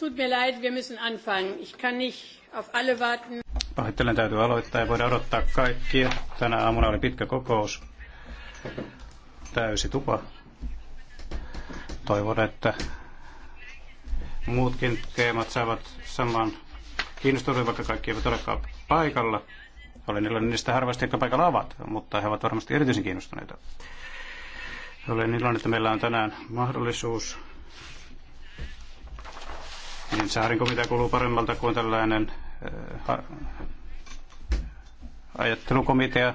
Tut mir leid, wir müssen anfangen. Ich kann nicht auf alle warten. Pahoittelen täytyy aloittaa ja voida odottaa kaikkia. Tänä aamuna oli pitkä kokous, täysi tupa. Toivon, että muutkin teemat saavat saman kiinnostuneet, vaikka kaikki eivät olekaan paikalla. Olen iloinen niistä harvasti, jotka paikalla ovat, mutta he ovat varmasti erityisen kiinnostuneita. Olen iloinen, että meillä on tänään mahdollisuus niin mitä kuuluu paremmalta kuin tällainen äh, ajattelukomitea.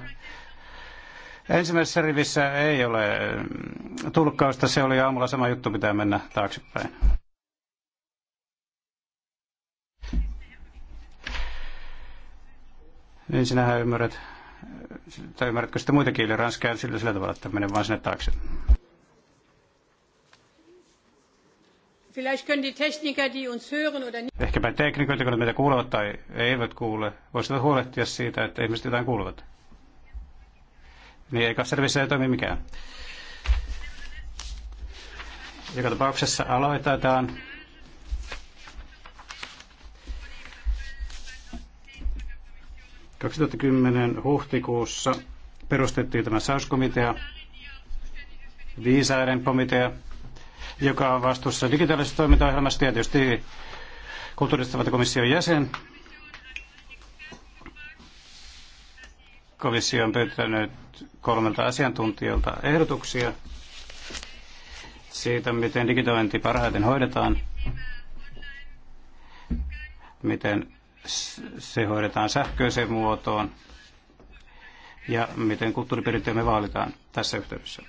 Ensimmäisessä rivissä ei ole mm, tulkkausta, se oli aamulla sama juttu, pitää mennä taaksepäin. Niin sinähän ymmärrät, äh, tai ymmärrätkö sitä muita kieliä ranskaa sillä, sillä tavalla, että menen vaan sinne taakse. Ehkäpä teknikoita, jotka meitä kuulevat tai eivät kuule, voisivat huolehtia siitä, että ihmiset jotain kuulevat. Niin eikä servissä ei toimi mikään. Joka tapauksessa aloitetaan. kymmenen huhtikuussa perustettiin tämä SAUS-komitea, viisaiden komitea, joka on vastuussa digitaalisesta toimintaohjelmasta ja tietysti kulttuurista komission jäsen. Komissio on pyytänyt kolmelta asiantuntijalta ehdotuksia siitä, miten digitointi parhaiten hoidetaan, miten se hoidetaan sähköiseen muotoon ja miten kulttuuriperinteemme vaalitaan tässä yhteydessä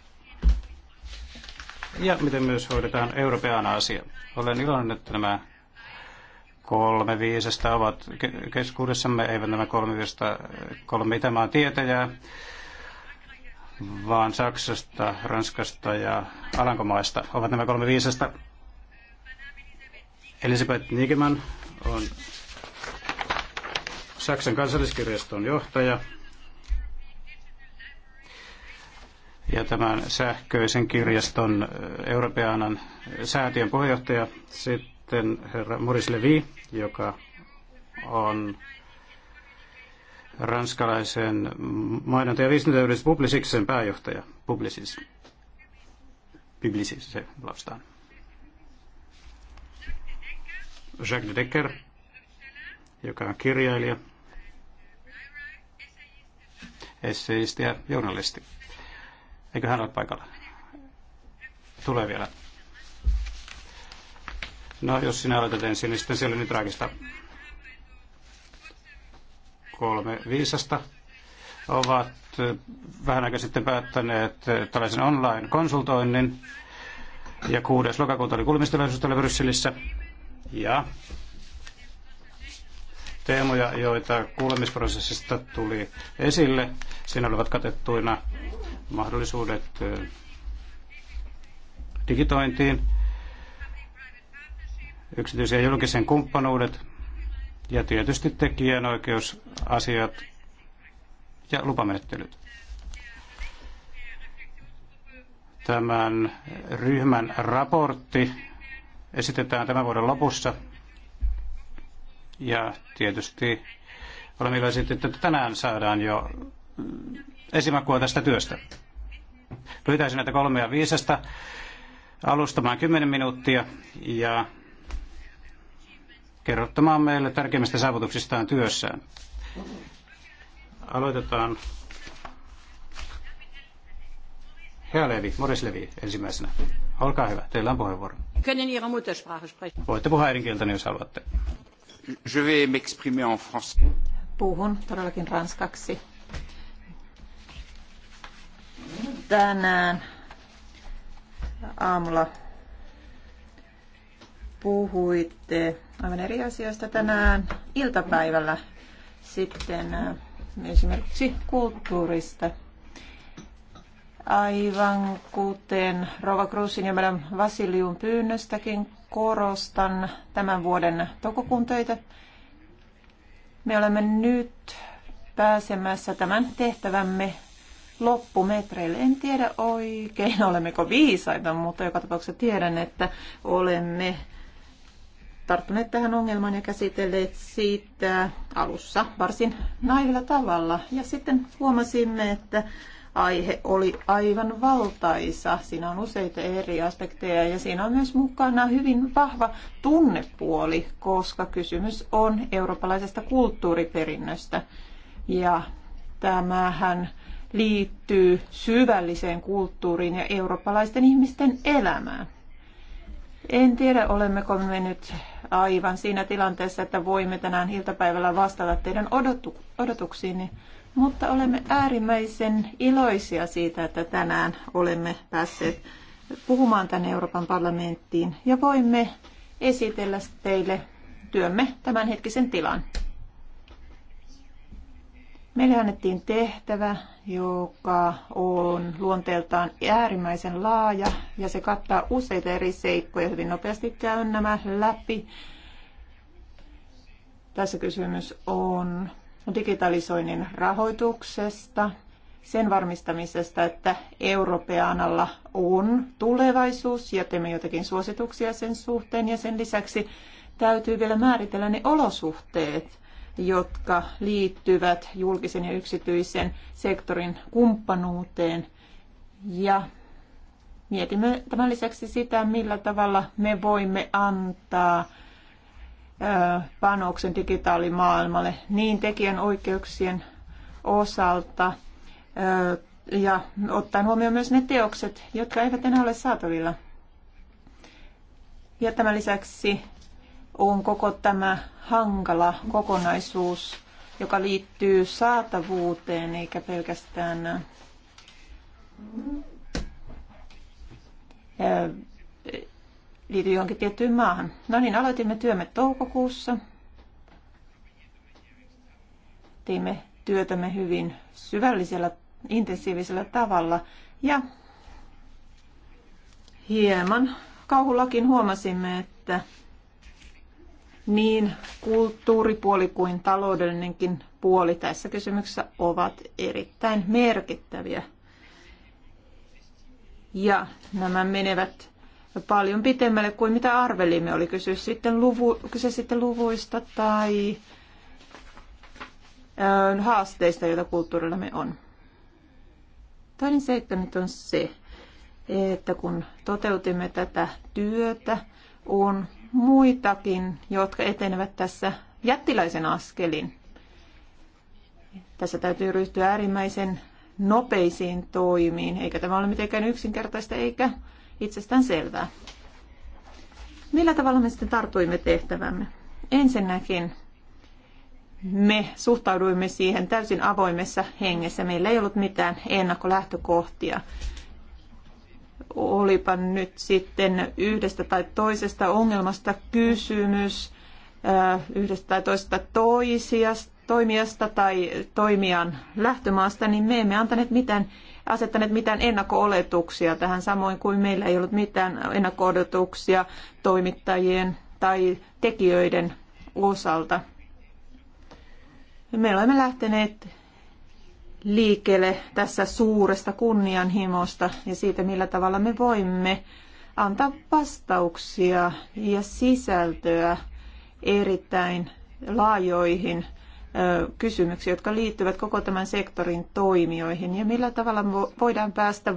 ja miten myös hoidetaan Euroopan asia. Olen iloinen, että nämä kolme viisestä ovat keskuudessamme, eivät nämä kolme viisestä kolme itämaan tietäjää, vaan Saksasta, Ranskasta ja Alankomaista ovat nämä kolme viisestä. Elisabeth Nigeman on Saksan kansalliskirjaston johtaja. ja tämän sähköisen kirjaston Euroopanan säätiön puheenjohtaja. Sitten herra Maurice Levy, joka on ranskalaisen mainonta- ja viestintäyhdistys Publisiksen pääjohtaja. publisis Publisis, se lapstaan. Jacques de Decker, joka on kirjailija, esseisti ja journalisti. Eikö hän ole paikalla? Tulee vielä. No, jos sinä aloitat ensin, niin sitten siellä nyt raakista Kolme viisasta ovat vähän aikaa sitten päättäneet tällaisen online-konsultoinnin. Ja 6. lokakuuta oli kuulemistilaisuus täällä Brysselissä. Ja teemoja, joita kuulemisprosessista tuli esille. Siinä olivat katettuina mahdollisuudet digitointiin, yksityisen ja julkisen kumppanuudet ja tietysti tekijänoikeusasiat ja lupamenettelyt. Tämän ryhmän raportti esitetään tämän vuoden lopussa ja tietysti olemme iloisia, että tänään saadaan jo esimakua tästä työstä. Pyytäisin näitä kolmea viisasta alustamaan 10 minuuttia ja kerrottamaan meille tärkeimmistä saavutuksistaan työssään. Aloitetaan Herr Levi, Moris Levi ensimmäisenä. Olkaa hyvä, teillä on puheenvuoro. Voitte puhua äidinkieltäni, jos haluatte. Je vais m'exprimer en français. Puhun todellakin ranskaksi. Tänään aamulla puhuitte aivan eri asioista tänään iltapäivällä sitten äh, esimerkiksi kulttuurista. Aivan kuten Rova Kruusin ja meidän Vasiliun pyynnöstäkin korostan tämän vuoden toukokuun töitä. Me olemme nyt pääsemässä tämän tehtävämme loppumetreille. En tiedä oikein, olemmeko viisaita, mutta joka tapauksessa tiedän, että olemme tarttuneet tähän ongelmaan ja käsitelleet siitä alussa varsin naivilla tavalla. Ja sitten huomasimme, että aihe oli aivan valtaisa. Siinä on useita eri aspekteja ja siinä on myös mukana hyvin vahva tunnepuoli, koska kysymys on eurooppalaisesta kulttuuriperinnöstä. Ja tämähän liittyy syvälliseen kulttuuriin ja eurooppalaisten ihmisten elämään. En tiedä, olemmeko me nyt aivan siinä tilanteessa, että voimme tänään iltapäivällä vastata teidän odotu- odotuksiinne. Niin mutta olemme äärimmäisen iloisia siitä, että tänään olemme päässeet puhumaan tänne Euroopan parlamenttiin ja voimme esitellä teille työmme tämänhetkisen tilan. Meille annettiin tehtävä, joka on luonteeltaan äärimmäisen laaja ja se kattaa useita eri seikkoja. Hyvin nopeasti käyn nämä läpi. Tässä kysymys on digitalisoinnin rahoituksesta, sen varmistamisesta, että Europeanalla on tulevaisuus ja teemme jotakin suosituksia sen suhteen ja sen lisäksi täytyy vielä määritellä ne olosuhteet, jotka liittyvät julkisen ja yksityisen sektorin kumppanuuteen ja mietimme tämän lisäksi sitä, millä tavalla me voimme antaa panoksen digitaalimaailmalle niin tekijänoikeuksien osalta ja ottaen huomioon myös ne teokset, jotka eivät enää ole saatavilla. Ja tämän lisäksi on koko tämä hankala kokonaisuus, joka liittyy saatavuuteen eikä pelkästään liity johonkin tiettyyn maahan. No niin, aloitimme työmme toukokuussa. Teimme työtämme hyvin syvällisellä, intensiivisellä tavalla ja hieman kauhullakin huomasimme, että niin kulttuuripuoli kuin taloudellinenkin puoli tässä kysymyksessä ovat erittäin merkittäviä. Ja nämä menevät paljon pitemmälle kuin mitä arvelimme. Oli kyse sitten, luvu, kyse sitten luvuista tai haasteista, joita kulttuurillamme on. Toinen seikka nyt on se, että kun toteutimme tätä työtä, on muitakin, jotka etenevät tässä jättiläisen askelin. Tässä täytyy ryhtyä äärimmäisen nopeisiin toimiin, eikä tämä ole mitenkään yksinkertaista eikä itsestään selvää. Millä tavalla me sitten tartuimme tehtävämme? Ensinnäkin me suhtauduimme siihen täysin avoimessa hengessä. Meillä ei ollut mitään ennakkolähtökohtia. Olipa nyt sitten yhdestä tai toisesta ongelmasta kysymys, yhdestä tai toisesta toisiasta toimijasta tai toimijan lähtömaasta, niin me emme antaneet mitään, asettaneet mitään ennakko-oletuksia tähän, samoin kuin meillä ei ollut mitään ennakko toimittajien tai tekijöiden osalta. Me olemme lähteneet liikkeelle tässä suuresta kunnianhimosta ja siitä, millä tavalla me voimme antaa vastauksia ja sisältöä erittäin laajoihin kysymyksiä, jotka liittyvät koko tämän sektorin toimijoihin ja millä tavalla voidaan päästä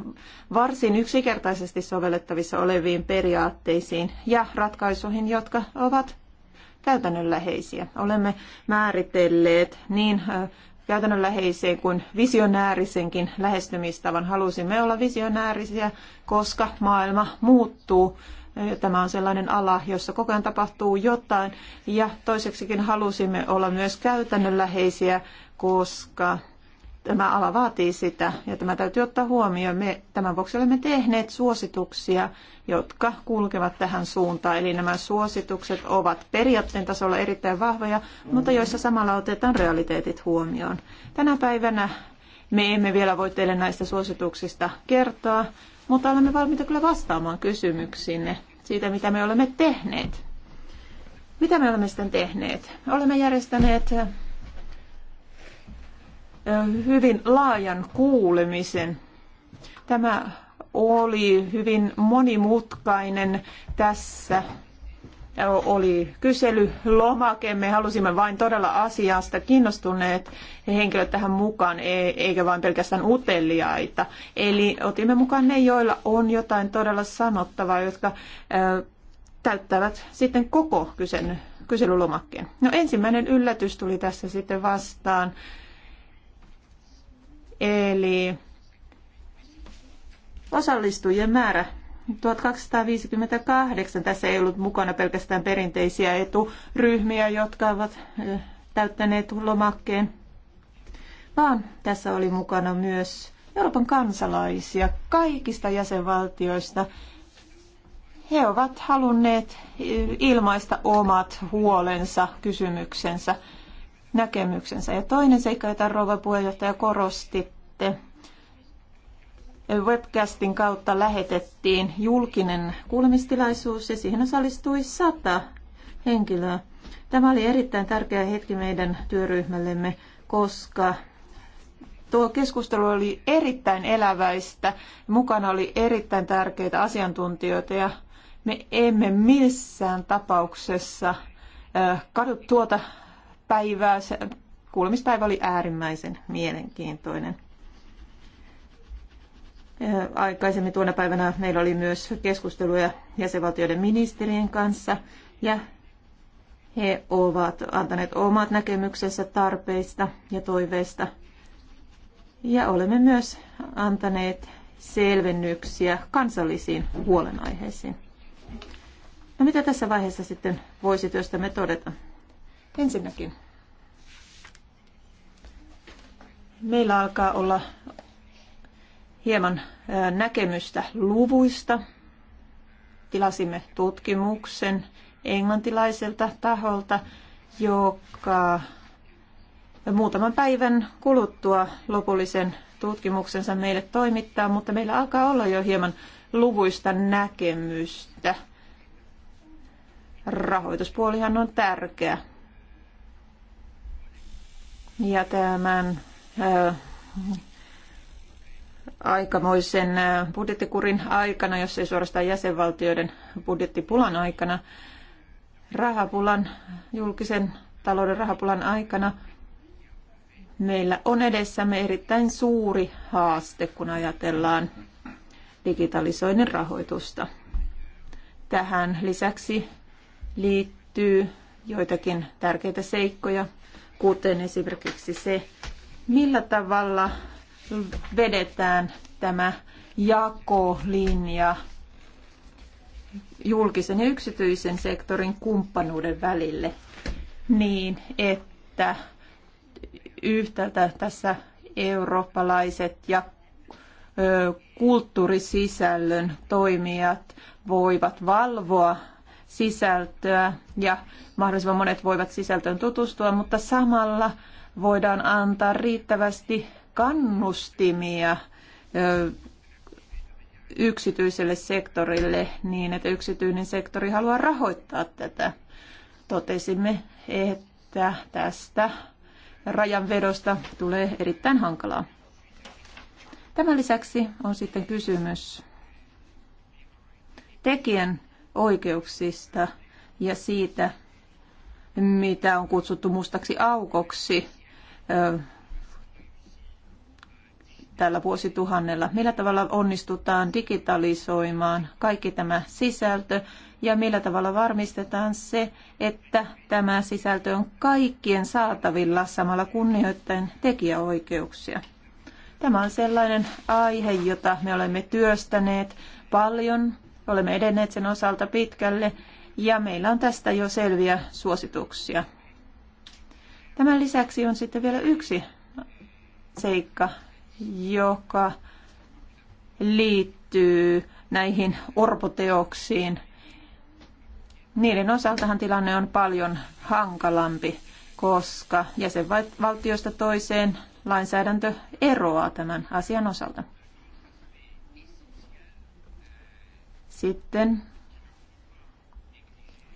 varsin yksinkertaisesti sovellettavissa oleviin periaatteisiin ja ratkaisuihin, jotka ovat käytännönläheisiä. Olemme määritelleet niin käytännönläheiseen kuin visionäärisenkin lähestymistavan. Halusimme olla visionäärisiä, koska maailma muuttuu Tämä on sellainen ala, jossa koko ajan tapahtuu jotain. Ja toiseksikin halusimme olla myös käytännönläheisiä, koska tämä ala vaatii sitä ja tämä täytyy ottaa huomioon. Me tämän vuoksi olemme tehneet suosituksia, jotka kulkevat tähän suuntaan. Eli nämä suositukset ovat periaatteen tasolla erittäin vahvoja, mutta joissa samalla otetaan realiteetit huomioon. Tänä päivänä me emme vielä voi teille näistä suosituksista kertoa, mutta olemme valmiita kyllä vastaamaan kysymyksiinne siitä, mitä me olemme tehneet. Mitä me olemme sitten tehneet? Olemme järjestäneet hyvin laajan kuulemisen. Tämä oli hyvin monimutkainen tässä oli kyselylomake. Me halusimme vain todella asiasta kiinnostuneet henkilöt tähän mukaan, e- eikä vain pelkästään uteliaita. Eli otimme mukaan ne, joilla on jotain todella sanottavaa, jotka täyttävät sitten koko kysen, kyselylomakkeen. No ensimmäinen yllätys tuli tässä sitten vastaan. Eli osallistujien määrä 1258. Tässä ei ollut mukana pelkästään perinteisiä eturyhmiä, jotka ovat täyttäneet lomakkeen, vaan tässä oli mukana myös Euroopan kansalaisia kaikista jäsenvaltioista. He ovat halunneet ilmaista omat huolensa, kysymyksensä, näkemyksensä. Ja toinen seikka, jota rouva puheenjohtaja korostitte, webcastin kautta lähetettiin julkinen kuulemistilaisuus ja siihen osallistui sata henkilöä. Tämä oli erittäin tärkeä hetki meidän työryhmällemme, koska tuo keskustelu oli erittäin eläväistä. Mukana oli erittäin tärkeitä asiantuntijoita ja me emme missään tapauksessa kadu tuota päivää. kuulemispäivä oli äärimmäisen mielenkiintoinen. Aikaisemmin tuona päivänä meillä oli myös keskusteluja jäsenvaltioiden ministerien kanssa ja he ovat antaneet omat näkemyksensä tarpeista ja toiveista. Ja olemme myös antaneet selvennyksiä kansallisiin huolenaiheisiin. No mitä tässä vaiheessa sitten voisi työstämme todeta? Ensinnäkin. Meillä alkaa olla hieman näkemystä luvuista. Tilasimme tutkimuksen englantilaiselta taholta, joka muutaman päivän kuluttua lopullisen tutkimuksensa meille toimittaa, mutta meillä alkaa olla jo hieman luvuista näkemystä. Rahoituspuolihan on tärkeä. Ja tämän aikamoisen budjettikurin aikana, jos ei suorastaan jäsenvaltioiden budjettipulan aikana, rahapulan, julkisen talouden rahapulan aikana meillä on edessämme erittäin suuri haaste, kun ajatellaan digitalisoinnin rahoitusta. Tähän lisäksi liittyy joitakin tärkeitä seikkoja, kuten esimerkiksi se, millä tavalla vedetään tämä jakolinja julkisen ja yksityisen sektorin kumppanuuden välille niin, että yhtäältä tässä eurooppalaiset ja kulttuurisisällön toimijat voivat valvoa sisältöä ja mahdollisimman monet voivat sisältöön tutustua, mutta samalla voidaan antaa riittävästi kannustimia yksityiselle sektorille niin, että yksityinen sektori haluaa rahoittaa tätä. Totesimme, että tästä rajanvedosta tulee erittäin hankalaa. Tämän lisäksi on sitten kysymys tekijän oikeuksista ja siitä, mitä on kutsuttu mustaksi aukoksi tällä vuosituhannella. Millä tavalla onnistutaan digitalisoimaan kaikki tämä sisältö ja millä tavalla varmistetaan se, että tämä sisältö on kaikkien saatavilla samalla kunnioittain tekijäoikeuksia. Tämä on sellainen aihe, jota me olemme työstäneet paljon, olemme edenneet sen osalta pitkälle ja meillä on tästä jo selviä suosituksia. Tämän lisäksi on sitten vielä yksi seikka, joka liittyy näihin orpoteoksiin. Niiden osaltahan tilanne on paljon hankalampi, koska jäsenvaltiosta toiseen lainsäädäntö eroaa tämän asian osalta. Sitten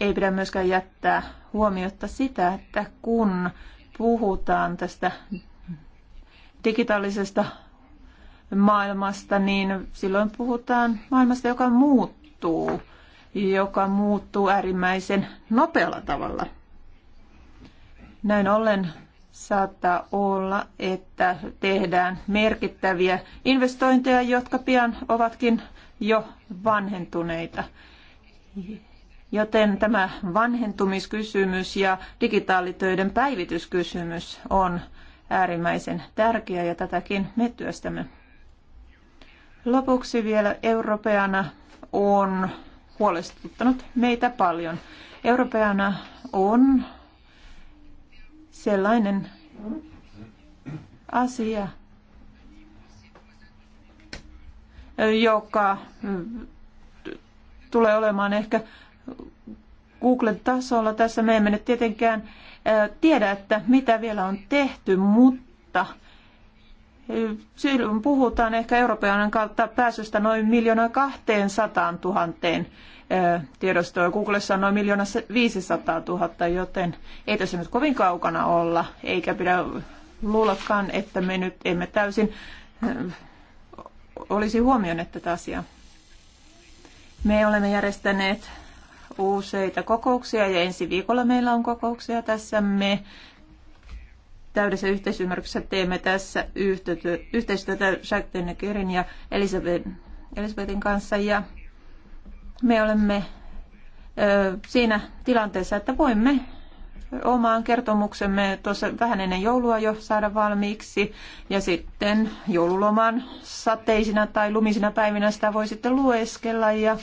ei pidä myöskään jättää huomiota sitä, että kun puhutaan tästä digitaalisesta maailmasta, niin silloin puhutaan maailmasta, joka muuttuu, joka muuttuu äärimmäisen nopealla tavalla. Näin ollen saattaa olla, että tehdään merkittäviä investointeja, jotka pian ovatkin jo vanhentuneita. Joten tämä vanhentumiskysymys ja digitaalitöiden päivityskysymys on äärimmäisen tärkeä ja tätäkin me työstämme. Lopuksi vielä europeana on huolestuttanut meitä paljon. Europeana on sellainen asia, joka tulee olemaan ehkä Googlen tasolla. Tässä me emme nyt tietenkään tiedä, että mitä vielä on tehty, mutta silloin puhutaan ehkä Euroopan kautta pääsystä noin miljoona sataan tuhanteen tiedostoa. Googlessa on noin miljoona 500 000, joten ei tässä nyt kovin kaukana olla, eikä pidä luullakaan, että me nyt emme täysin olisi huomioon tätä asiaa. Me olemme järjestäneet useita kokouksia ja ensi viikolla meillä on kokouksia tässä. Me täydessä yhteisymmärryksessä teemme tässä yhteistyötä Jacques Tennekerin ja Elisabetin kanssa ja me olemme siinä tilanteessa, että voimme omaan kertomuksemme tuossa vähän ennen joulua jo saada valmiiksi. Ja sitten joululoman sateisina tai lumisina päivinä sitä voi sitten lueskella ja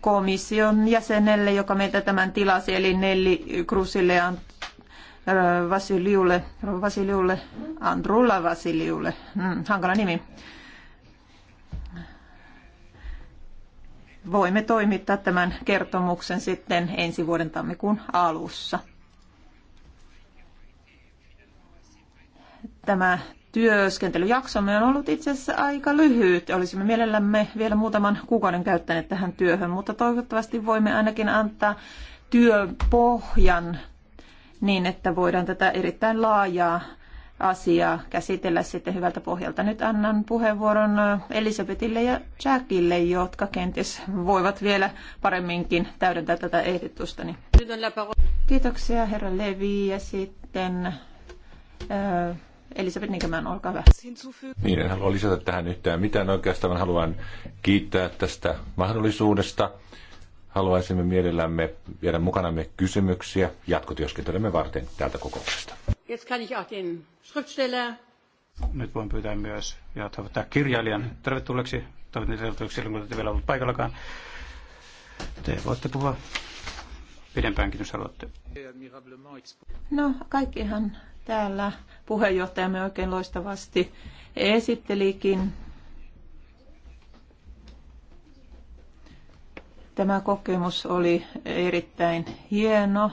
komission jäsenelle, joka meiltä tämän tilasi, eli Nelli Krusille ja äh, Vasiliulle, Vasiliulle, Andrulla Vasiliulle, hmm, hankala nimi. Voimme toimittaa tämän kertomuksen sitten ensi vuoden tammikuun alussa. Tämä työskentelyjaksomme on ollut itse asiassa aika lyhyt. Olisimme mielellämme vielä muutaman kuukauden käyttäneet tähän työhön, mutta toivottavasti voimme ainakin antaa työpohjan niin, että voidaan tätä erittäin laajaa asiaa käsitellä sitten hyvältä pohjalta. Nyt annan puheenvuoron Elisabetille ja Jackille, jotka kenties voivat vielä paremminkin täydentää tätä ehdotusta. Kiitoksia herra Levi ja sitten äh, Elisabeth Nikemään, olkaa hyvä. Niin, en halua lisätä tähän yhtään mitään. Oikeastaan haluan kiittää tästä mahdollisuudesta. Haluaisimme mielellämme viedä mukanamme kysymyksiä jatkotyöskentelemme varten täältä kokouksesta. Nyt voin pyytää myös ja toivottaa kirjailijan tervetulleeksi. Toivottavasti silloin, kun olette vielä ollut paikallakaan. Te voitte puhua pidempäänkin, jos haluatte. No, kaikkihan Täällä puheenjohtajamme oikein loistavasti esittelikin Tämä kokemus oli erittäin hieno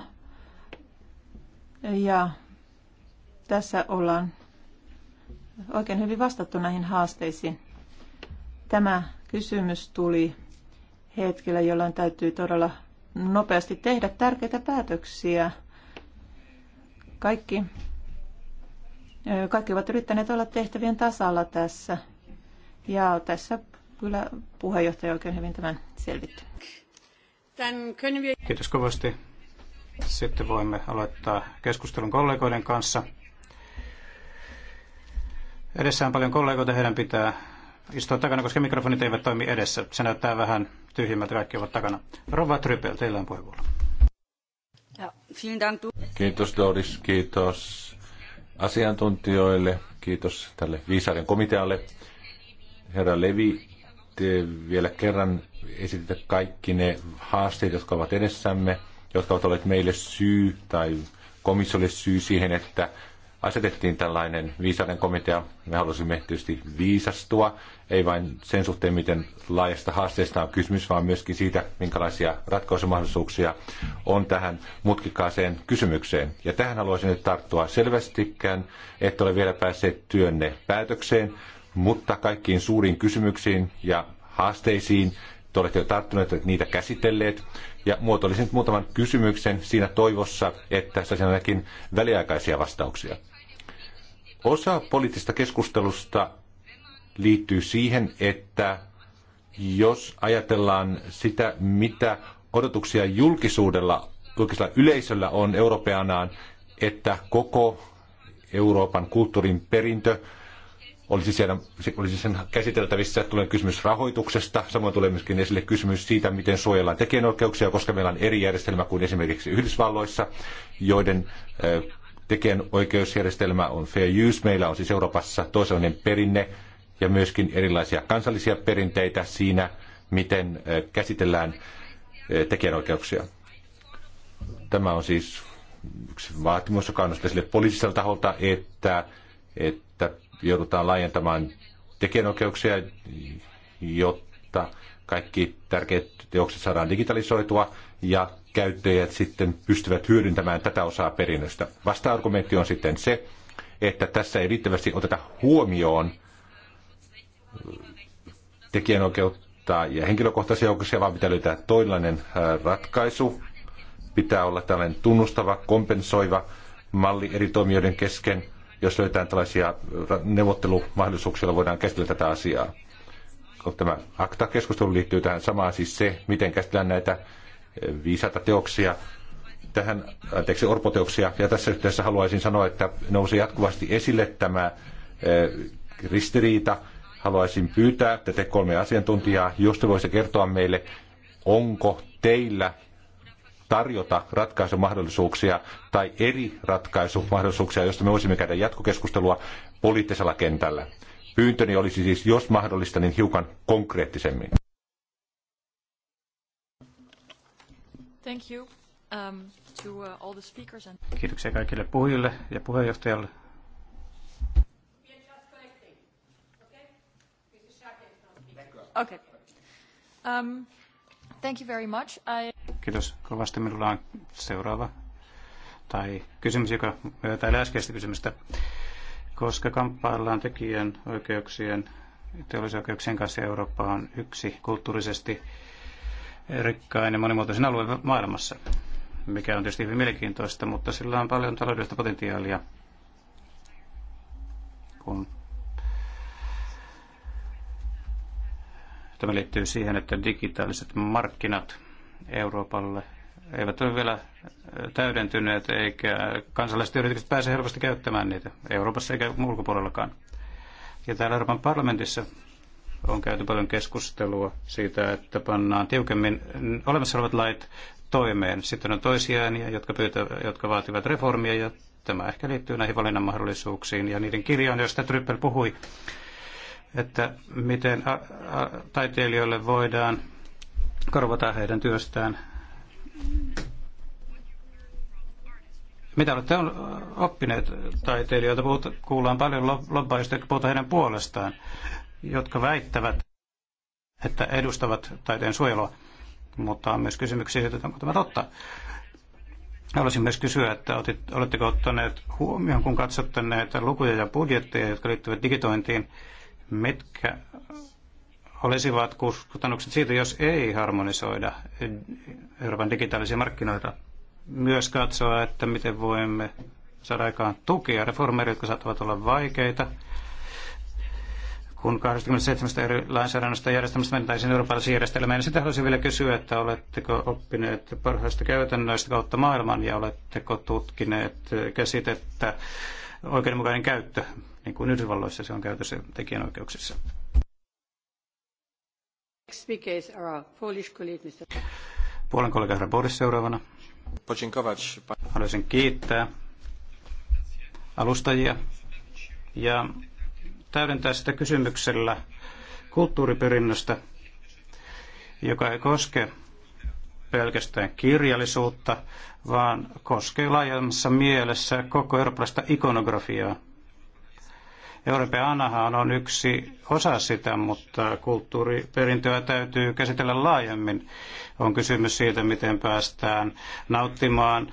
ja tässä ollaan oikein hyvin vastattu näihin haasteisiin. Tämä kysymys tuli hetkellä, jolloin täytyy todella nopeasti tehdä tärkeitä päätöksiä. Kaikki kaikki ovat yrittäneet olla tehtävien tasalla tässä. Ja tässä kyllä puheenjohtaja oikein hyvin tämän selvitti. Kiitos kovasti. Sitten voimme aloittaa keskustelun kollegoiden kanssa. Edessä on paljon kollegoita, heidän pitää istua takana, koska mikrofonit eivät toimi edessä. Se näyttää vähän tyhjimmältä, kaikki ovat takana. Rova Trypel, teillä on puheenvuoro. Kiitos Doris, kiitos asiantuntijoille, kiitos tälle viisaiden komitealle. Herra Levi, te vielä kerran esititte kaikki ne haasteet, jotka ovat edessämme, jotka ovat olleet meille syy tai komissiolle syy siihen, että asetettiin tällainen viisaiden komitea. Me halusimme tietysti viisastua ei vain sen suhteen, miten laajasta haasteesta on kysymys, vaan myöskin siitä, minkälaisia ratkaisumahdollisuuksia on tähän mutkikkaaseen kysymykseen. Ja tähän haluaisin nyt tarttua selvästikään, että ole vielä päässeet työnne päätökseen, mutta kaikkiin suuriin kysymyksiin ja haasteisiin te olette jo tarttuneet, niitä käsitelleet. Ja muotoilisin nyt muutaman kysymyksen siinä toivossa, että saisin ainakin väliaikaisia vastauksia. Osa poliittisesta keskustelusta liittyy siihen, että jos ajatellaan sitä, mitä odotuksia julkisuudella, julkisella yleisöllä on europeanaan, että koko Euroopan kulttuurin perintö olisi, siellä, olisi sen käsiteltävissä. Tulee kysymys rahoituksesta, samoin tulee myöskin esille kysymys siitä, miten suojellaan tekijänoikeuksia, koska meillä on eri järjestelmä kuin esimerkiksi Yhdysvalloissa, joiden tekijänoikeusjärjestelmä on fair use. Meillä on siis Euroopassa toisenlainen perinne, ja myöskin erilaisia kansallisia perinteitä siinä, miten käsitellään tekijänoikeuksia. Tämä on siis yksi vaatimus, joka on sille poliittiselta taholta, että, että joudutaan laajentamaan tekijänoikeuksia, jotta kaikki tärkeät teokset saadaan digitalisoitua ja käyttäjät sitten pystyvät hyödyntämään tätä osaa perinnöstä. Vasta-argumentti on sitten se, että tässä ei riittävästi oteta huomioon tekijänoikeutta ja henkilökohtaisia oikeuksia, vaan pitää löytää toinen äh, ratkaisu. Pitää olla tällainen tunnustava, kompensoiva malli eri toimijoiden kesken. Jos löytää tällaisia äh, neuvottelumahdollisuuksia, voidaan käsitellä tätä asiaa. Tämä akta-keskustelu liittyy tähän samaan, siis se, miten käsitellään näitä äh, viisaita teoksia, tähän, anteeksi, orpoteoksia. Ja tässä yhteydessä haluaisin sanoa, että nousi jatkuvasti esille tämä ristiriita haluaisin pyytää tätä kolme asiantuntijaa, jos te voisitte kertoa meille, onko teillä tarjota ratkaisumahdollisuuksia tai eri ratkaisumahdollisuuksia, joista me voisimme käydä jatkokeskustelua poliittisella kentällä. Pyyntöni olisi siis, jos mahdollista, niin hiukan konkreettisemmin. Thank you, um, to, uh, all the speakers and... Kiitoksia kaikille puhujille ja puheenjohtajalle Um, Kiitos kovasti. Minulla on seuraava tai kysymys, joka myötäilee äskeistä kysymystä. Koska kamppaillaan tekijän oikeuksien teollisoikeuksien kanssa Eurooppa on yksi kulttuurisesti rikkain ja monimuotoisin alue maailmassa, mikä on tietysti hyvin mielenkiintoista, mutta sillä on paljon taloudellista potentiaalia, kun Tämä liittyy siihen, että digitaaliset markkinat Euroopalle eivät ole vielä äh, täydentyneet, eikä kansalaiset yritykset pääse helposti käyttämään niitä Euroopassa eikä ulkopuolellakaan. Ja täällä Euroopan parlamentissa on käyty paljon keskustelua siitä, että pannaan tiukemmin olemassa olevat lait toimeen. Sitten on toisia ääniä, jotka, pyytä, jotka vaativat reformia, ja tämä ehkä liittyy näihin valinnan mahdollisuuksiin ja niiden kirjoon, joista Tryppel puhui että miten a, a, taiteilijoille voidaan korvata heidän työstään. Mitä olette oppineet taiteilijoilta? kuullaan paljon lobbaajista, jotka puhutaan heidän puolestaan, jotka väittävät, että edustavat taiteen suojelua, mutta on myös kysymyksiä siitä, onko tämä totta. Haluaisin myös kysyä, että otit, oletteko ottaneet huomioon, kun katsotte näitä lukuja ja budjetteja, jotka liittyvät digitointiin, Mitkä olisivat kustannukset siitä, jos ei harmonisoida Euroopan digitaalisia markkinoita? Myös katsoa, että miten voimme saada aikaan tukia reformeille, jotka saattavat olla vaikeita. Kun 27 eri lainsäädännöstä järjestelmästä mentäisiin eurooppalaisen järjestelmään, niin sitä haluaisin vielä kysyä, että oletteko oppineet parhaista käytännöistä kautta maailman ja oletteko tutkineet käsitettä oikeudenmukainen käyttö, niin kuin Yhdysvalloissa se on käytössä tekijänoikeuksissa. Puolen kollega herra Boris seuraavana. Haluaisin kiittää alustajia ja täydentää sitä kysymyksellä kulttuuriperinnöstä, joka ei koske pelkästään kirjallisuutta, vaan koskee laajemmassa mielessä koko eurooppalaista ikonografiaa. anahan on yksi osa sitä, mutta kulttuuriperintöä täytyy käsitellä laajemmin. On kysymys siitä, miten päästään nauttimaan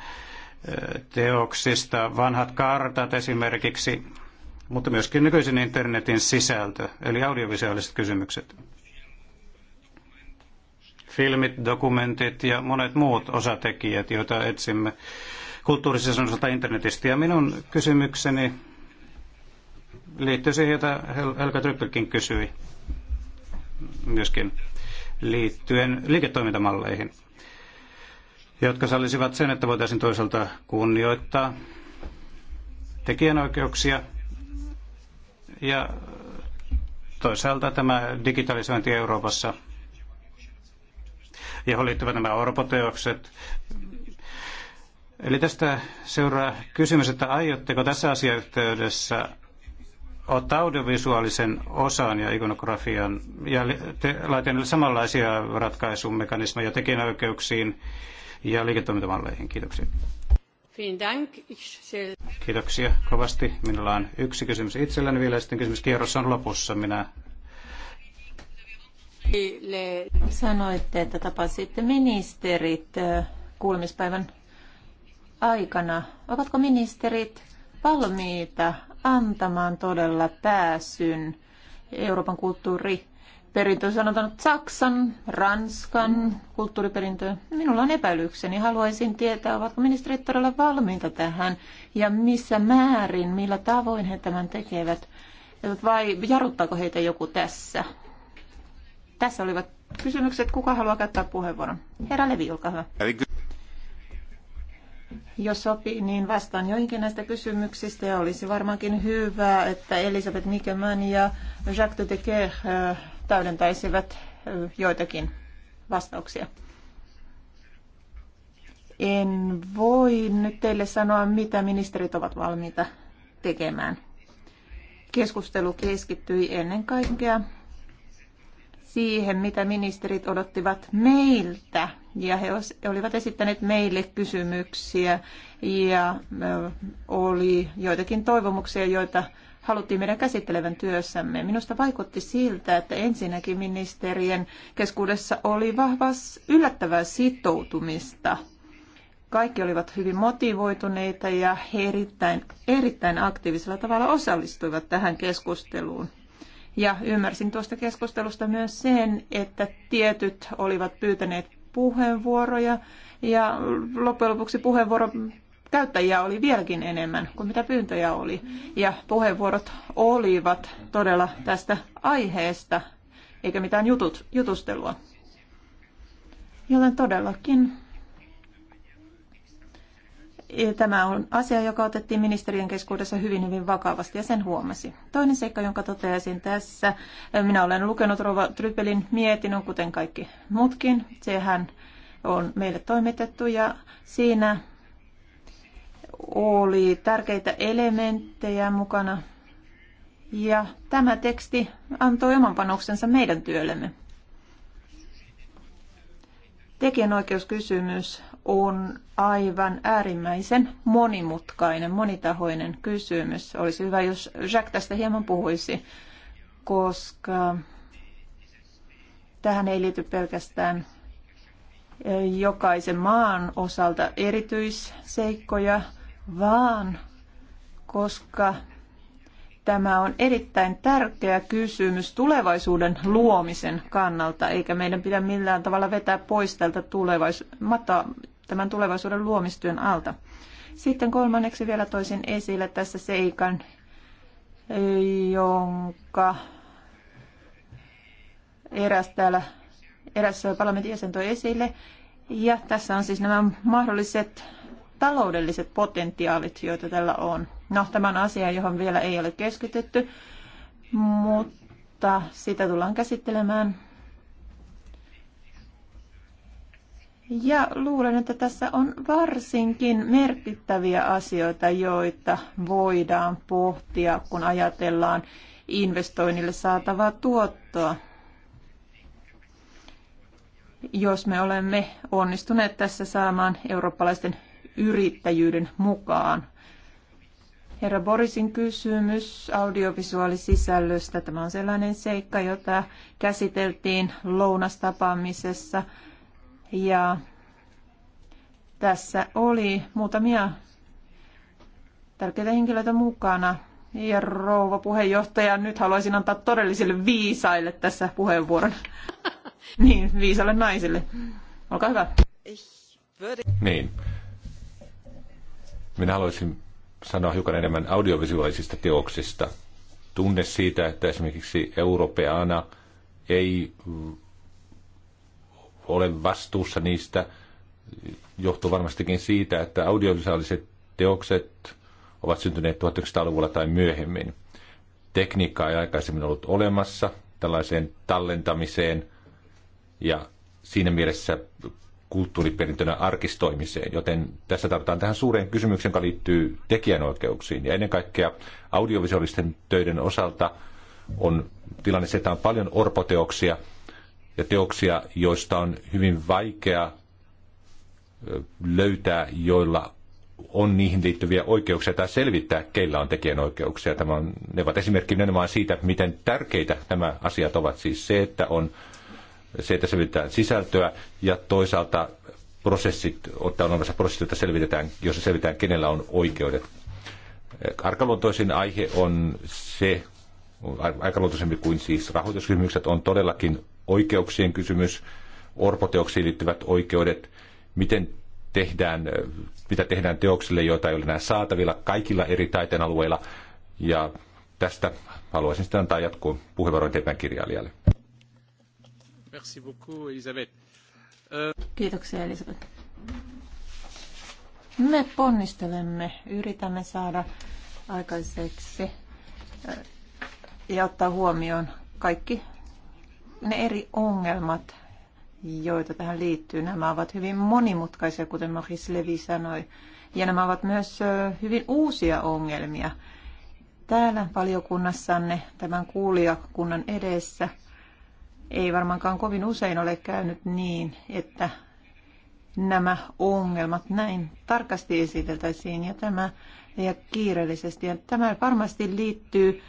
eh, teoksista, vanhat kartat esimerkiksi, mutta myöskin nykyisen internetin sisältö, eli audiovisuaaliset kysymykset filmit, dokumentit ja monet muut osatekijät, joita etsimme kulttuurisen osalta internetistä. Ja minun kysymykseni liittyy siihen, jota Helga Tryppelkin kysyi myöskin liittyen liiketoimintamalleihin, jotka sallisivat sen, että voitaisiin toisaalta kunnioittaa tekijänoikeuksia ja toisaalta tämä digitalisointi Euroopassa johon liittyvät nämä orpoteokset. Eli tästä seuraa kysymys, että aiotteko tässä asiayhteydessä ottaa audiovisuaalisen osan ja ikonografian ja laitteille samanlaisia ratkaisumekanismeja tekijänoikeuksiin ja liiketoimintamalleihin. Kiitoksia. Kiitoksia kovasti. Minulla on yksi kysymys itselläni vielä, sitten kysymys kierros on lopussa. Minä Sanoitte, että tapasitte ministerit kuulemispäivän aikana. Ovatko ministerit valmiita antamaan todella pääsyn Euroopan kulttuuri perintö, sanotaan Saksan, Ranskan kulttuuriperintöön. Minulla on epäilykseni. Haluaisin tietää, ovatko ministerit todella valmiita tähän ja missä määrin, millä tavoin he tämän tekevät. Vai jarruttaako heitä joku tässä? Tässä olivat kysymykset. Kuka haluaa käyttää puheenvuoron? Herra Levi, olkaa hyvä. Jos sopii, niin vastaan joihinkin näistä kysymyksistä ja olisi varmaankin hyvä, että Elisabeth Mikeman ja Jacques de Decker täydentäisivät joitakin vastauksia. En voi nyt teille sanoa, mitä ministerit ovat valmiita tekemään. Keskustelu keskittyi ennen kaikkea siihen, mitä ministerit odottivat meiltä. Ja he olivat esittäneet meille kysymyksiä ja oli joitakin toivomuksia, joita haluttiin meidän käsittelevän työssämme. Minusta vaikutti siltä, että ensinnäkin ministerien keskuudessa oli vahvaa yllättävää sitoutumista. Kaikki olivat hyvin motivoituneita ja he erittäin, erittäin aktiivisella tavalla osallistuivat tähän keskusteluun. Ja ymmärsin tuosta keskustelusta myös sen, että tietyt olivat pyytäneet puheenvuoroja ja loppujen lopuksi puheenvuoro käyttäjiä oli vieläkin enemmän kuin mitä pyyntöjä oli. Ja puheenvuorot olivat todella tästä aiheesta, eikä mitään jutut, jutustelua. Joten todellakin Tämä on asia, joka otettiin ministeriön keskuudessa hyvin, hyvin vakavasti ja sen huomasi. Toinen seikka, jonka toteaisin tässä, minä olen lukenut Rova Trypelin mietinnön, kuten kaikki muutkin. Sehän on meille toimitettu ja siinä oli tärkeitä elementtejä mukana. Ja tämä teksti antoi oman panoksensa meidän työllemme. Tekijänoikeuskysymys on aivan äärimmäisen monimutkainen, monitahoinen kysymys. Olisi hyvä, jos Jacques tästä hieman puhuisi, koska tähän ei liity pelkästään e, jokaisen maan osalta erityisseikkoja, vaan koska tämä on erittäin tärkeä kysymys tulevaisuuden luomisen kannalta, eikä meidän pidä millään tavalla vetää pois tältä tulevais- mata- tämän tulevaisuuden luomistyön alta. Sitten kolmanneksi vielä toisin esille tässä seikan, jonka eräs täällä eräs parlamentin jäsen toi esille. Ja tässä on siis nämä mahdolliset taloudelliset potentiaalit, joita tällä on. No, tämä on asia, johon vielä ei ole keskitytty, mutta sitä tullaan käsittelemään Ja luulen, että tässä on varsinkin merkittäviä asioita, joita voidaan pohtia, kun ajatellaan investoinnille saatavaa tuottoa. Jos me olemme onnistuneet tässä saamaan eurooppalaisten yrittäjyyden mukaan. Herra Borisin kysymys audiovisuaalisisällöstä. Tämä on sellainen seikka, jota käsiteltiin lounastapaamisessa ja tässä oli muutamia tärkeitä henkilöitä mukana. Ja rouva puheenjohtaja, nyt haluaisin antaa todellisille viisaille tässä puheenvuoron. niin, viisalle naisille. Olkaa hyvä. Niin. Minä haluaisin sanoa hiukan enemmän audiovisuaalisista teoksista. Tunne siitä, että esimerkiksi europeana ei ole vastuussa niistä, johtuu varmastikin siitä, että audiovisuaaliset teokset ovat syntyneet 1900-luvulla tai myöhemmin. Tekniikka ei aikaisemmin ollut olemassa tällaiseen tallentamiseen ja siinä mielessä kulttuuriperintönä arkistoimiseen, joten tässä tarvitaan tähän suureen kysymykseen, joka liittyy tekijänoikeuksiin. Ja ennen kaikkea audiovisuaalisten töiden osalta on tilanne se, että on paljon orpoteoksia – ja teoksia, joista on hyvin vaikea löytää, joilla on niihin liittyviä oikeuksia tai selvittää, keillä on tekijänoikeuksia. Tämä on, ne ovat esimerkki nimenomaan siitä, miten tärkeitä nämä asiat ovat. Siis se, että on se, että selvitetään sisältöä ja toisaalta prosessit, ottaa olemassa prosessit, joita selvitetään, jossa selvitetään, kenellä on oikeudet. Arkaluontoisin aihe on se, aikaluontoisempi kuin siis rahoituskysymykset, on todellakin oikeuksien kysymys, orpoteoksiin liittyvät oikeudet, miten tehdään, mitä tehdään teoksille, joita ei ole enää saatavilla kaikilla eri taiteen alueilla. Ja tästä haluaisin sitten antaa jatkuu puheenvuoron teidän kirjailijalle. Merci beaucoup, Elisabeth. Kiitoksia, Elisabeth. Me ponnistelemme, yritämme saada aikaiseksi ja ottaa huomioon kaikki ne eri ongelmat, joita tähän liittyy, nämä ovat hyvin monimutkaisia, kuten Maris Levi sanoi. Ja nämä ovat myös hyvin uusia ongelmia. Täällä valiokunnassanne tämän kuulijakunnan edessä ei varmaankaan kovin usein ole käynyt niin, että nämä ongelmat näin tarkasti esiteltäisiin ja tämä ja kiireellisesti. Ja tämä varmasti liittyy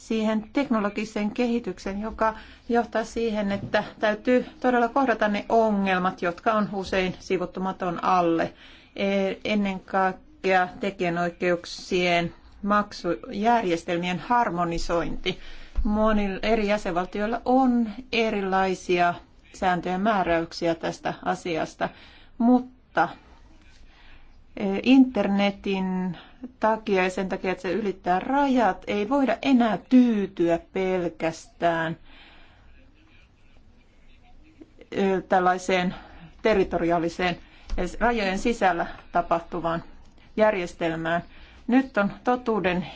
siihen teknologiseen kehitykseen, joka johtaa siihen, että täytyy todella kohdata ne ongelmat, jotka on usein sivuttumaton alle. E, ennen kaikkea tekijänoikeuksien maksujärjestelmien harmonisointi. Monilla eri jäsenvaltioilla on erilaisia sääntöjä ja määräyksiä tästä asiasta, mutta e, internetin takia ja sen takia, että se ylittää rajat, ei voida enää tyytyä pelkästään tällaiseen territoriaaliseen rajojen sisällä tapahtuvaan järjestelmään. Nyt on totuuden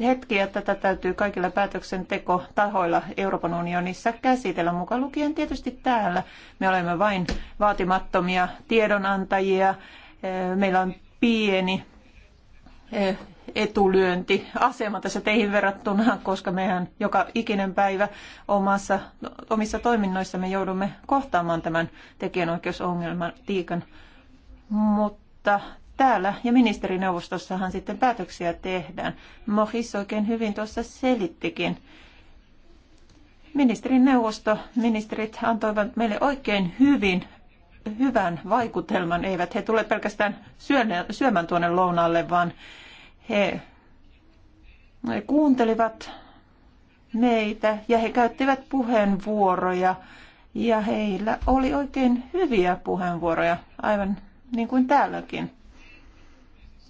hetki, että tätä täytyy kaikilla päätöksentekotahoilla Euroopan unionissa käsitellä, mukaan lukien tietysti täällä. Me olemme vain vaatimattomia tiedonantajia, meillä on pieni Eh, etulyöntiasema tässä teihin verrattuna, koska mehän joka ikinen päivä omassa, omissa toiminnoissamme joudumme kohtaamaan tämän tekijänoikeusongelman tiikan. Mutta täällä ja ministerineuvostossahan sitten päätöksiä tehdään. Mohis oikein hyvin tuossa selittikin. Ministerineuvosto, ministerit antoivat meille oikein hyvin hyvän vaikutelman. Eivät he tule pelkästään syömään tuonne lounaalle, vaan he kuuntelivat meitä ja he käyttivät puheenvuoroja ja heillä oli oikein hyviä puheenvuoroja, aivan niin kuin täälläkin.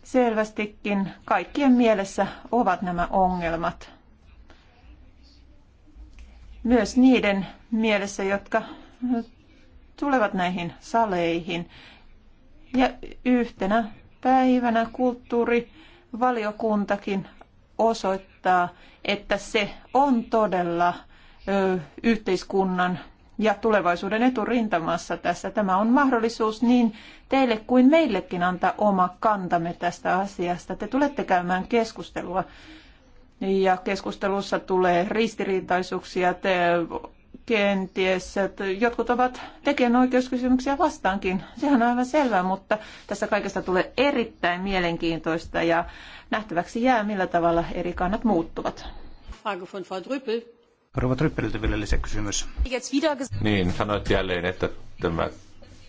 Selvästikin kaikkien mielessä ovat nämä ongelmat. Myös niiden mielessä, jotka tulevat näihin saleihin. Ja yhtenä päivänä kulttuuri valiokuntakin osoittaa, että se on todella yhteiskunnan ja tulevaisuuden eturintamassa tässä. Tämä on mahdollisuus niin teille kuin meillekin antaa oma kantamme tästä asiasta. Te tulette käymään keskustelua ja keskustelussa tulee ristiriitaisuuksia, te kenties, että jotkut ovat oikeuskysymyksiä vastaankin. Sehän on aivan selvää, mutta tässä kaikesta tulee erittäin mielenkiintoista ja nähtäväksi jää, millä tavalla eri kannat muuttuvat. Frage von Frau Drüppel. Rouva Tryppeliltä vielä lisäkysymys. Niin, sanoit jälleen, että tämä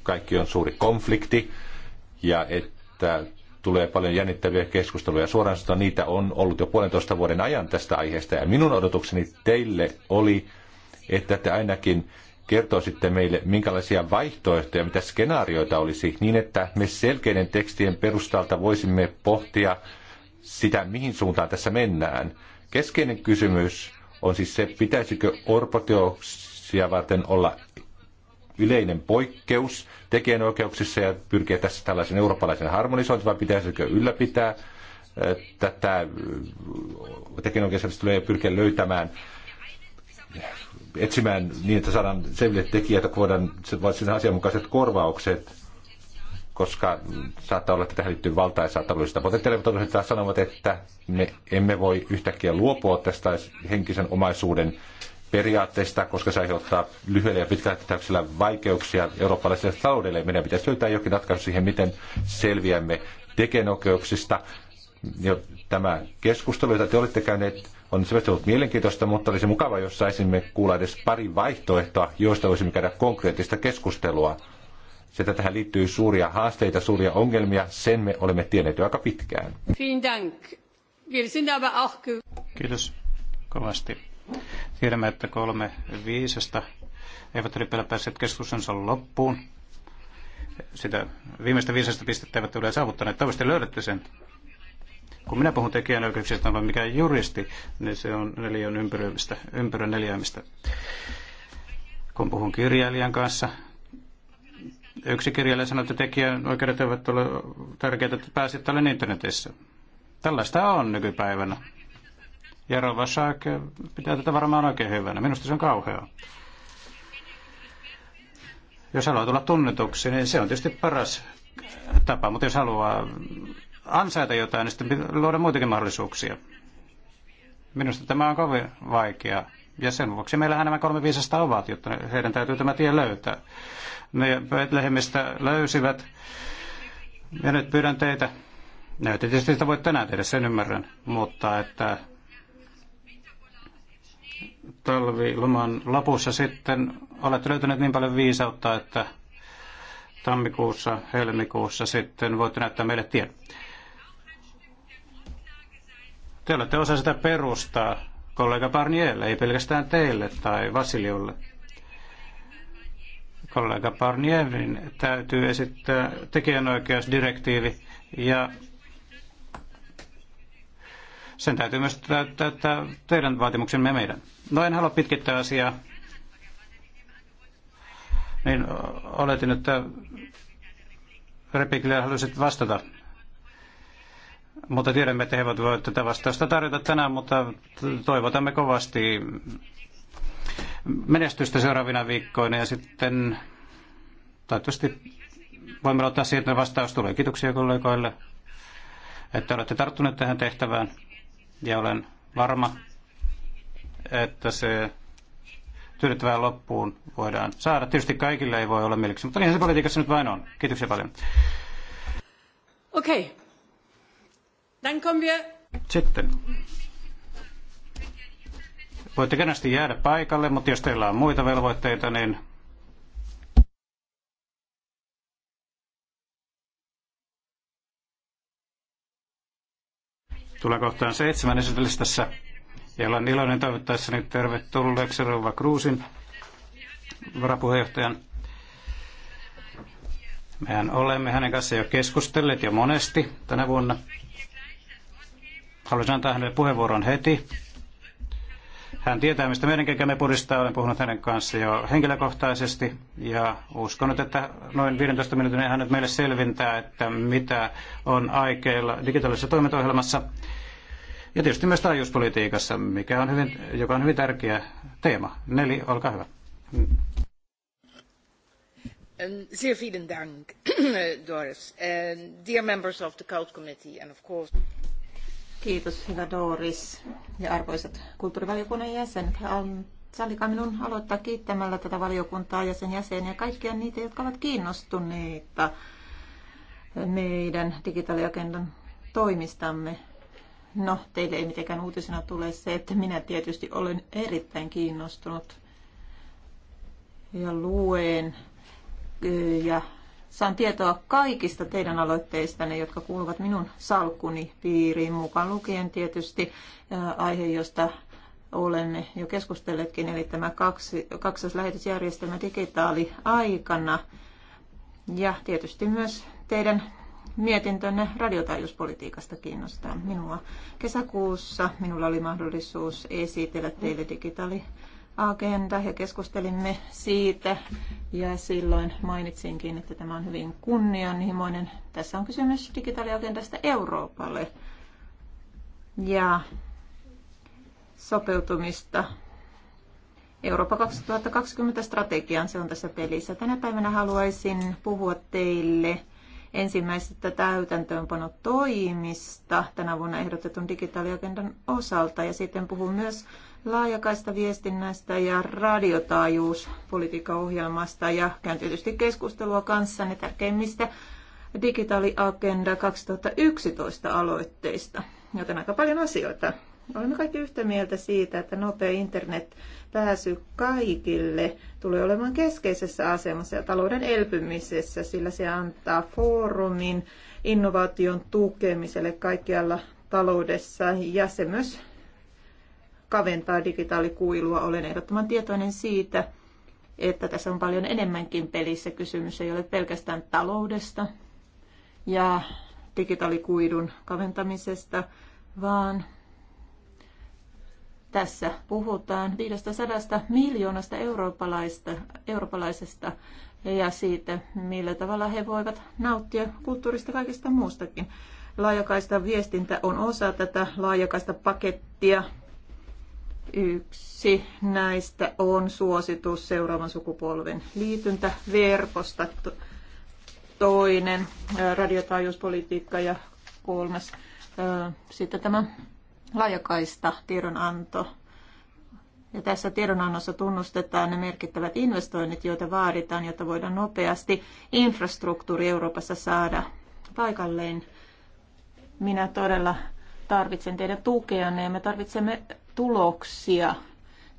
kaikki on suuri konflikti ja että tulee paljon jännittäviä keskusteluja. Suoraan sanottuna niitä on ollut jo puolentoista vuoden ajan tästä aiheesta ja minun odotukseni teille oli, että te ainakin kertoisitte meille, minkälaisia vaihtoehtoja, mitä skenaarioita olisi, niin että me selkeiden tekstien perustalta voisimme pohtia sitä, mihin suuntaan tässä mennään. Keskeinen kysymys on siis se, pitäisikö orpoteoksia varten olla yleinen poikkeus tekijänoikeuksissa ja pyrkiä tässä tällaisen eurooppalaisen harmonisointiin, vai pitäisikö ylläpitää tätä tekijänoikeusjärjestelyä ja pyrkiä löytämään etsimään niin, että saadaan selville tekijät, että voidaan sen asianmukaiset korvaukset, koska saattaa olla, että tähän liittyy valtaisaa taloudellista potentiaalia, taas sanovat, että me emme voi yhtäkkiä luopua tästä henkisen omaisuuden periaatteesta, koska se aiheuttaa lyhyellä ja pitkällä tähtäyksellä vaikeuksia eurooppalaiselle taloudelle. Meidän pitäisi löytää jokin ratkaisu siihen, miten selviämme tekijänoikeuksista. tämä keskustelu, jota te olette käyneet on selvästi ollut mielenkiintoista, mutta olisi mukava, jos saisimme kuulla edes pari vaihtoehtoa, joista voisimme käydä konkreettista keskustelua. Se, tähän liittyy suuria haasteita, suuria ongelmia, sen me olemme tienneet jo aika pitkään. Kiitos kovasti. Tiedämme, että kolme viisasta eivät ole vielä päässeet keskustelunsa loppuun. Sitä viimeistä viisasta pistettä eivät ole saavuttaneet. Toivottavasti löydätte sen kun minä puhun tekijänoikeuksista, vaan mikä juristi, niin se on neljön ympyröimistä, ympyrön neljäämistä. Kun puhun kirjailijan kanssa, yksi kirjailija sanoi, että tekijänoikeudet eivät ole tärkeitä, että pääsit olen internetissä. Tällaista on nykypäivänä. Jaro Vashak pitää tätä varmaan oikein hyvänä. Minusta se on kauheaa. Jos haluaa tulla tunnetuksi, niin se on tietysti paras tapa, mutta jos haluaa ansaita jotain, niin sitten pitää luoda muitakin mahdollisuuksia. Minusta tämä on kovin vaikea. Ja sen vuoksi meillähän nämä kolme viisasta ovat, jotta heidän täytyy tämä tie löytää. Ne Betlehemistä löysivät. Ja nyt pyydän teitä, no tietysti sitä voi tänään tehdä, sen ymmärrän, mutta että talviloman lopussa sitten olette löytäneet niin paljon viisautta, että tammikuussa, helmikuussa sitten voitte näyttää meille tien. Te olette osa sitä perustaa kollega Barnielle, ei pelkästään teille tai Vasiliolle. Kollega Barnierin täytyy esittää tekijänoikeusdirektiivi ja sen täytyy myös täyttää teidän vaatimuksenne meidän. No en halua pitkittää asiaa. Niin oletin, että Repikille haluaisit vastata mutta tiedämme, että he voi tätä vastausta tarjota tänään, mutta toivotamme kovasti menestystä seuraavina viikkoina ja sitten toivottavasti voimme ottaa siihen, että vastaus tulee. Kiitoksia kollegoille, että olette tarttuneet tähän tehtävään ja olen varma, että se tyydyttävään loppuun voidaan saada. Tietysti kaikille ei voi olla mieliksi, mutta niin se politiikassa nyt vain on. Kiitoksia paljon. Okei. Okay. Dann kommen wir... Sitten. Voitte kenästi jäädä paikalle, mutta jos teillä on muita velvoitteita, niin Tullaan kohtaan seitsemän esitellistässä. ja olen iloinen toivottaessani tervetulleeksi Rova Kruusin varapuheenjohtajan. Mehän olemme hänen kanssaan jo keskustelleet jo monesti tänä vuonna Haluaisin antaa hänelle puheenvuoron heti. Hän tietää, mistä meidän kekämme puristaa. Olen puhunut hänen kanssaan jo henkilökohtaisesti ja uskon nyt, että noin 15 minuutin hän nyt meille selvintää, että mitä on aikeilla digitaalisessa toimintaohjelmassa ja tietysti myös taajuuspolitiikassa, mikä on hyvin, joka on hyvin tärkeä teema. Neli, olkaa hyvä. Sehr vielen Dank, Doris. Eh, dear members of the Cult Committee and of course... Kiitos, hyvä Doris ja arvoisat kulttuurivaliokunnan jäsenet. Sallikaa minun aloittaa kiittämällä tätä valiokuntaa ja sen jäseniä ja kaikkia niitä, jotka ovat kiinnostuneita meidän digitaaliagendan toimistamme. No, teille ei mitenkään uutisena tule se, että minä tietysti olen erittäin kiinnostunut ja luen ja Saan tietoa kaikista teidän aloitteistanne, jotka kuuluvat minun salkkuni piiriin, mukaan lukien tietysti aihe, josta olemme jo keskustelleetkin, eli tämä kaksi, kaksoslähetysjärjestelmä digitaaliaikana ja tietysti myös teidän mietintönne radiotaajuuspolitiikasta kiinnostaa minua. Kesäkuussa minulla oli mahdollisuus esitellä teille digitaali agenda ja keskustelimme siitä. Ja silloin mainitsinkin, että tämä on hyvin kunnianhimoinen. Tässä on kysymys digitaaliagendasta Euroopalle ja sopeutumista Eurooppa 2020 strategian Se on tässä pelissä. Tänä päivänä haluaisin puhua teille ensimmäisestä täytäntöönpanotoimista tänä vuonna ehdotetun digitaaliagendan osalta. Ja sitten puhun myös laajakaista viestinnästä ja radiotaajuuspolitiikkaohjelmasta ja käyn tietysti keskustelua kanssanne tärkeimmistä Agenda 2011 aloitteista, joten aika paljon asioita. Olemme kaikki yhtä mieltä siitä, että nopea internet pääsy kaikille tulee olemaan keskeisessä asemassa ja talouden elpymisessä, sillä se antaa foorumin innovaation tukemiselle kaikkialla taloudessa ja se myös kaventaa digitaalikuilua. Olen ehdottoman tietoinen siitä, että tässä on paljon enemmänkin pelissä. Kysymys ei ole pelkästään taloudesta ja digitaalikuidun kaventamisesta, vaan tässä puhutaan 500 miljoonasta eurooppalaista, eurooppalaisesta ja siitä, millä tavalla he voivat nauttia kulttuurista kaikesta muustakin. Laajakaista viestintä on osa tätä laajakaista pakettia. Yksi näistä on suositus seuraavan sukupolven liityntäverkosta, toinen radiotaajuuspolitiikka ja kolmas sitten tämä laajakaista tiedonanto. Ja tässä tiedonannossa tunnustetaan ne merkittävät investoinnit, joita vaaditaan, jotta voidaan nopeasti infrastruktuuri Euroopassa saada paikalleen. Minä todella tarvitsen teidän tukeanne ja me tarvitsemme tuloksia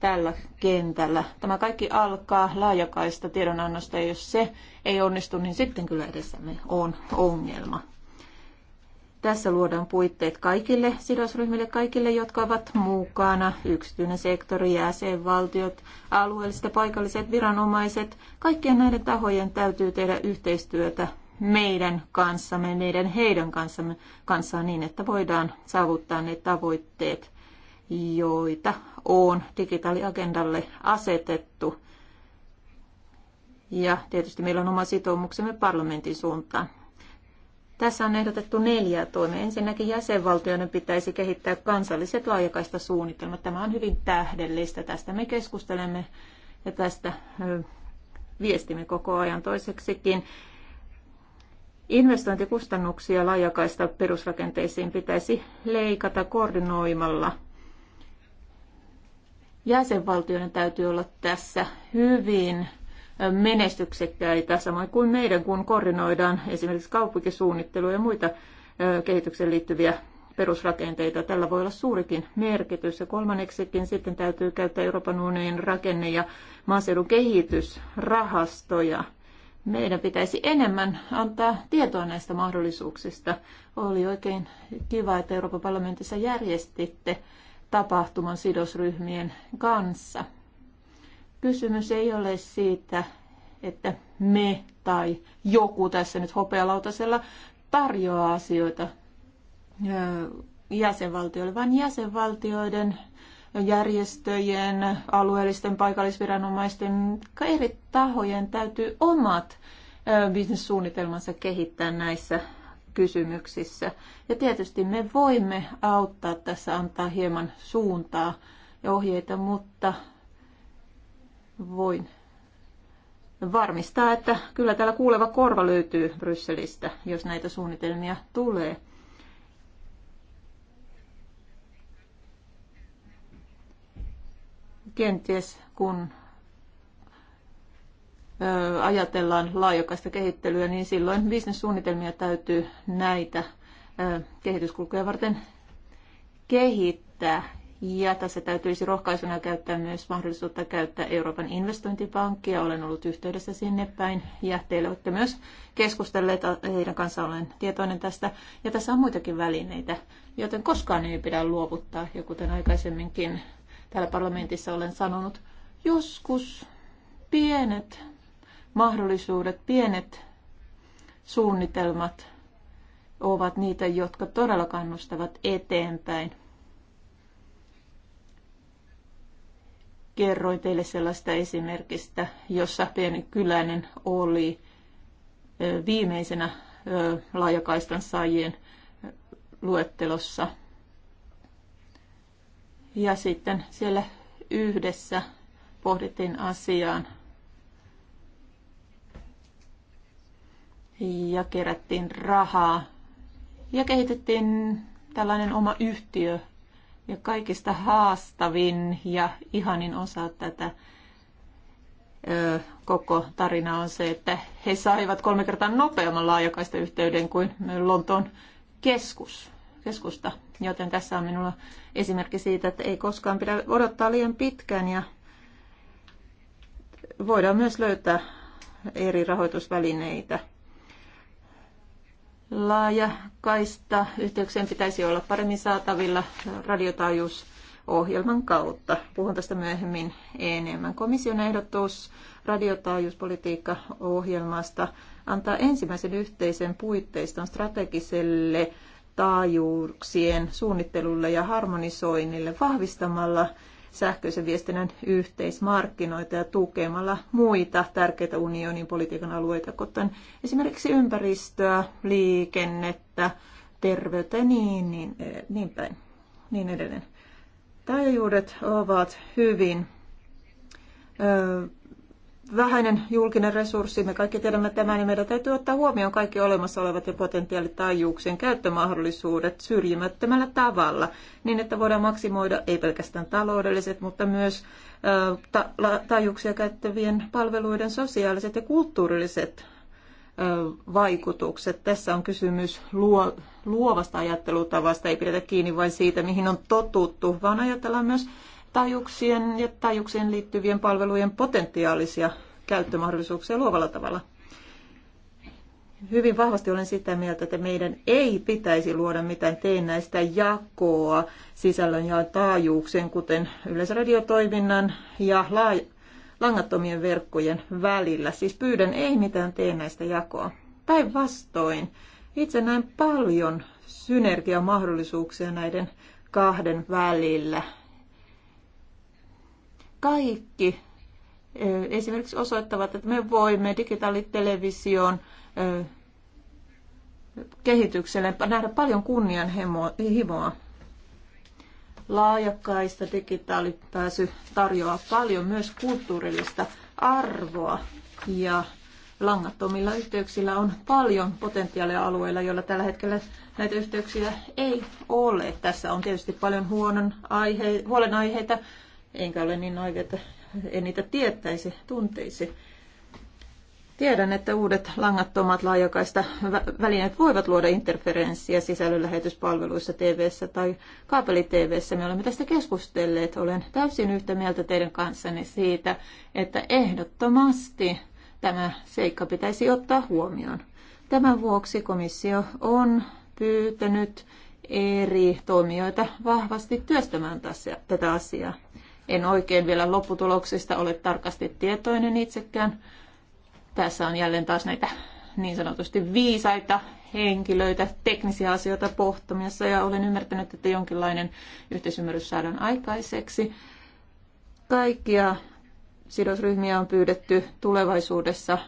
tällä kentällä. Tämä kaikki alkaa laajakaista tiedonannosta, ja jos se ei onnistu, niin sitten kyllä edessämme on ongelma. Tässä luodaan puitteet kaikille sidosryhmille, kaikille, jotka ovat mukana, yksityinen sektori, jäsenvaltiot, alueelliset ja paikalliset viranomaiset. Kaikkien näiden tahojen täytyy tehdä yhteistyötä meidän kanssamme, meidän heidän kanssamme, kanssaan niin, että voidaan saavuttaa ne tavoitteet, joita on digitaaliagendalle asetettu. Ja tietysti meillä on oma sitoumuksemme parlamentin suuntaan. Tässä on ehdotettu neljä toimea. Ensinnäkin jäsenvaltioiden pitäisi kehittää kansalliset laajakaistasuunnitelmat. Tämä on hyvin tähdellistä. Tästä me keskustelemme ja tästä viestimme koko ajan toiseksikin. Investointikustannuksia laajakaista perusrakenteisiin pitäisi leikata koordinoimalla – jäsenvaltioiden täytyy olla tässä hyvin menestyksekkäitä, samoin kuin meidän, kun koordinoidaan esimerkiksi kaupunkisuunnittelua ja muita kehitykseen liittyviä perusrakenteita. Tällä voi olla suurikin merkitys. Ja kolmanneksikin sitten täytyy käyttää Euroopan unionin rakenne- ja maaseudun kehitysrahastoja. Meidän pitäisi enemmän antaa tietoa näistä mahdollisuuksista. Oli oikein kiva, että Euroopan parlamentissa järjestitte tapahtuman sidosryhmien kanssa. Kysymys ei ole siitä, että me tai joku tässä nyt hopealautasella tarjoaa asioita jäsenvaltioille, vaan jäsenvaltioiden, järjestöjen, alueellisten paikallisviranomaisten, eri tahojen täytyy omat bisnessuunnitelmansa kehittää näissä kysymyksissä. Ja tietysti me voimme auttaa tässä, antaa hieman suuntaa ja ohjeita, mutta voin varmistaa, että kyllä täällä kuuleva korva löytyy Brysselistä, jos näitä suunnitelmia tulee. Kenties kun ajatellaan laajakasta kehittelyä, niin silloin bisnessuunnitelmia täytyy näitä kehityskulkuja varten kehittää. Ja tässä täytyisi rohkaisuna käyttää myös mahdollisuutta käyttää Euroopan investointipankkia. Olen ollut yhteydessä sinne päin ja teille olette myös keskustelleet heidän kanssa olen tietoinen tästä. Ja tässä on muitakin välineitä, joten koskaan ei pidä luovuttaa. Ja kuten aikaisemminkin täällä parlamentissa olen sanonut, joskus pienet mahdollisuudet, pienet suunnitelmat ovat niitä, jotka todella kannustavat eteenpäin. Kerroin teille sellaista esimerkistä, jossa pieni kyläinen oli viimeisenä laajakaistan saajien luettelossa. Ja sitten siellä yhdessä pohdittiin asiaan ja kerättiin rahaa ja kehitettiin tällainen oma yhtiö. Ja kaikista haastavin ja ihanin osa tätä ö, koko tarina on se, että he saivat kolme kertaa nopeamman laajakaista yhteyden kuin Lontoon keskus, keskusta. Joten tässä on minulla esimerkki siitä, että ei koskaan pidä odottaa liian pitkään ja voidaan myös löytää eri rahoitusvälineitä – laaja kaista yhteyksien pitäisi olla paremmin saatavilla radiotaajuus ohjelman kautta. Puhun tästä myöhemmin enemmän. Komission ehdotus radiotaajuuspolitiikka-ohjelmasta antaa ensimmäisen yhteisen puitteiston strategiselle taajuuksien suunnittelulle ja harmonisoinnille vahvistamalla sähköisen viestinnän yhteismarkkinoita ja tukemalla muita tärkeitä unionin politiikan alueita, kuten esimerkiksi ympäristöä, liikennettä, terveyttä ja niin, niin, eh, niin päin, niin edelleen. Taajuudet ovat hyvin vähäinen julkinen resurssi, me kaikki tiedämme tämän, niin meidän täytyy ottaa huomioon kaikki olemassa olevat ja potentiaalit taajuuksien käyttömahdollisuudet syrjimättömällä tavalla, niin että voidaan maksimoida ei pelkästään taloudelliset, mutta myös ta- taajuuksia käyttävien palveluiden sosiaaliset ja kulttuurilliset vaikutukset. Tässä on kysymys luo, luovasta ajattelutavasta, ei pidetä kiinni vain siitä, mihin on totuttu, vaan ajatellaan myös tajuksien ja tajuksien liittyvien palvelujen potentiaalisia käyttömahdollisuuksia luovalla tavalla. Hyvin vahvasti olen sitä mieltä, että meidän ei pitäisi luoda mitään teennäistä jakoa sisällön ja taajuuksien, kuten yleisradiotoiminnan ja langattomien verkkojen välillä. Siis pyydän ei mitään teennäistä jakoa. Päinvastoin, itse näen paljon synergiamahdollisuuksia näiden kahden välillä kaikki esimerkiksi osoittavat, että me voimme digitaalitelevisioon kehitykselle nähdä paljon kunnianhimoa. Laajakaista digitaalipääsy tarjoaa paljon myös kulttuurillista arvoa ja langattomilla yhteyksillä on paljon potentiaalia alueilla, joilla tällä hetkellä näitä yhteyksiä ei ole. Tässä on tietysti paljon huonon aihe, huolenaiheita enkä ole niin naivi, että en niitä tietäisi, tunteisi. Tiedän, että uudet langattomat laajakaista välineet voivat luoda interferenssiä sisällönlähetyspalveluissa tv tai kaapeli-TV. Me olemme tästä keskustelleet. Olen täysin yhtä mieltä teidän kanssanne siitä, että ehdottomasti tämä seikka pitäisi ottaa huomioon. Tämän vuoksi komissio on pyytänyt eri toimijoita vahvasti työstämään tässä, tätä asiaa. En oikein vielä lopputuloksista ole tarkasti tietoinen itsekään. Tässä on jälleen taas näitä niin sanotusti viisaita henkilöitä teknisiä asioita pohtamassa ja olen ymmärtänyt, että jonkinlainen yhteisymmärrys saadaan aikaiseksi. Kaikkia sidosryhmiä on pyydetty tulevaisuudessa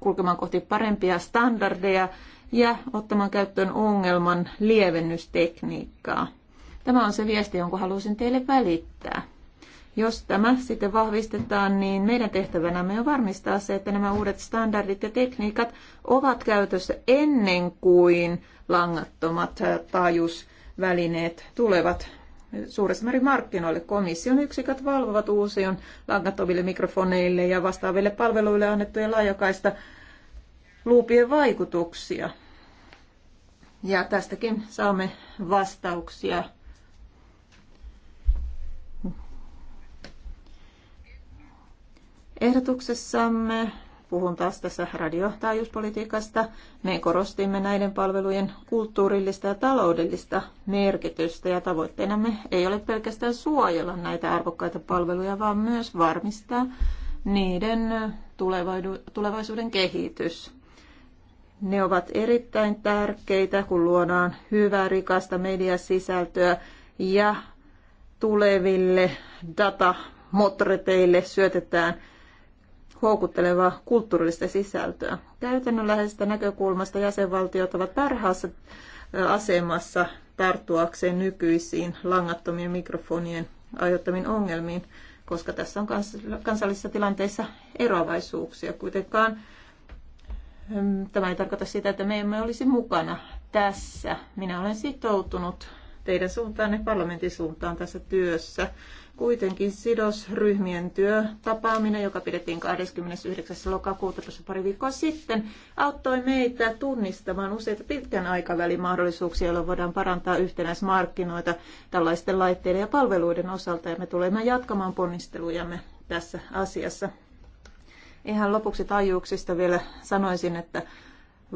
kulkemaan kohti parempia standardeja ja ottamaan käyttöön ongelman lievennystekniikkaa. Tämä on se viesti, jonka halusin teille välittää. Jos tämä sitten vahvistetaan, niin meidän tehtävänämme on varmistaa se, että nämä uudet standardit ja tekniikat ovat käytössä ennen kuin langattomat taajuusvälineet tulevat suuressa määrin markkinoille. Komission yksiköt valvovat uusien langattomille mikrofoneille ja vastaaville palveluille annettujen laajakaista luupien vaikutuksia. Ja tästäkin saamme vastauksia Ehdotuksessamme, puhun taas tässä radiotaajuuspolitiikasta, me korostimme näiden palvelujen kulttuurillista ja taloudellista merkitystä ja tavoitteenamme ei ole pelkästään suojella näitä arvokkaita palveluja, vaan myös varmistaa niiden tulevaisuuden kehitys. Ne ovat erittäin tärkeitä, kun luodaan hyvää, rikasta mediasisältöä ja tuleville datamotreteille syötetään – houkuttelevaa kulttuurillista sisältöä. Käytännönläheisestä näkökulmasta jäsenvaltiot ovat parhaassa asemassa tarttuakseen nykyisiin langattomien mikrofonien aiheuttamiin ongelmiin, koska tässä on kansallisissa tilanteissa eroavaisuuksia. Kuitenkaan tämä ei tarkoita sitä, että me emme olisi mukana tässä. Minä olen sitoutunut teidän suuntaanne parlamentin suuntaan tässä työssä Kuitenkin sidosryhmien työtapaaminen, joka pidettiin 29. lokakuuta tuossa pari viikkoa sitten, auttoi meitä tunnistamaan useita pitkän aikavälin mahdollisuuksia, joilla voidaan parantaa yhtenäismarkkinoita tällaisten laitteiden ja palveluiden osalta, ja me tulemme jatkamaan ponnistelujamme tässä asiassa. Ihan lopuksi taajuuksista vielä sanoisin, että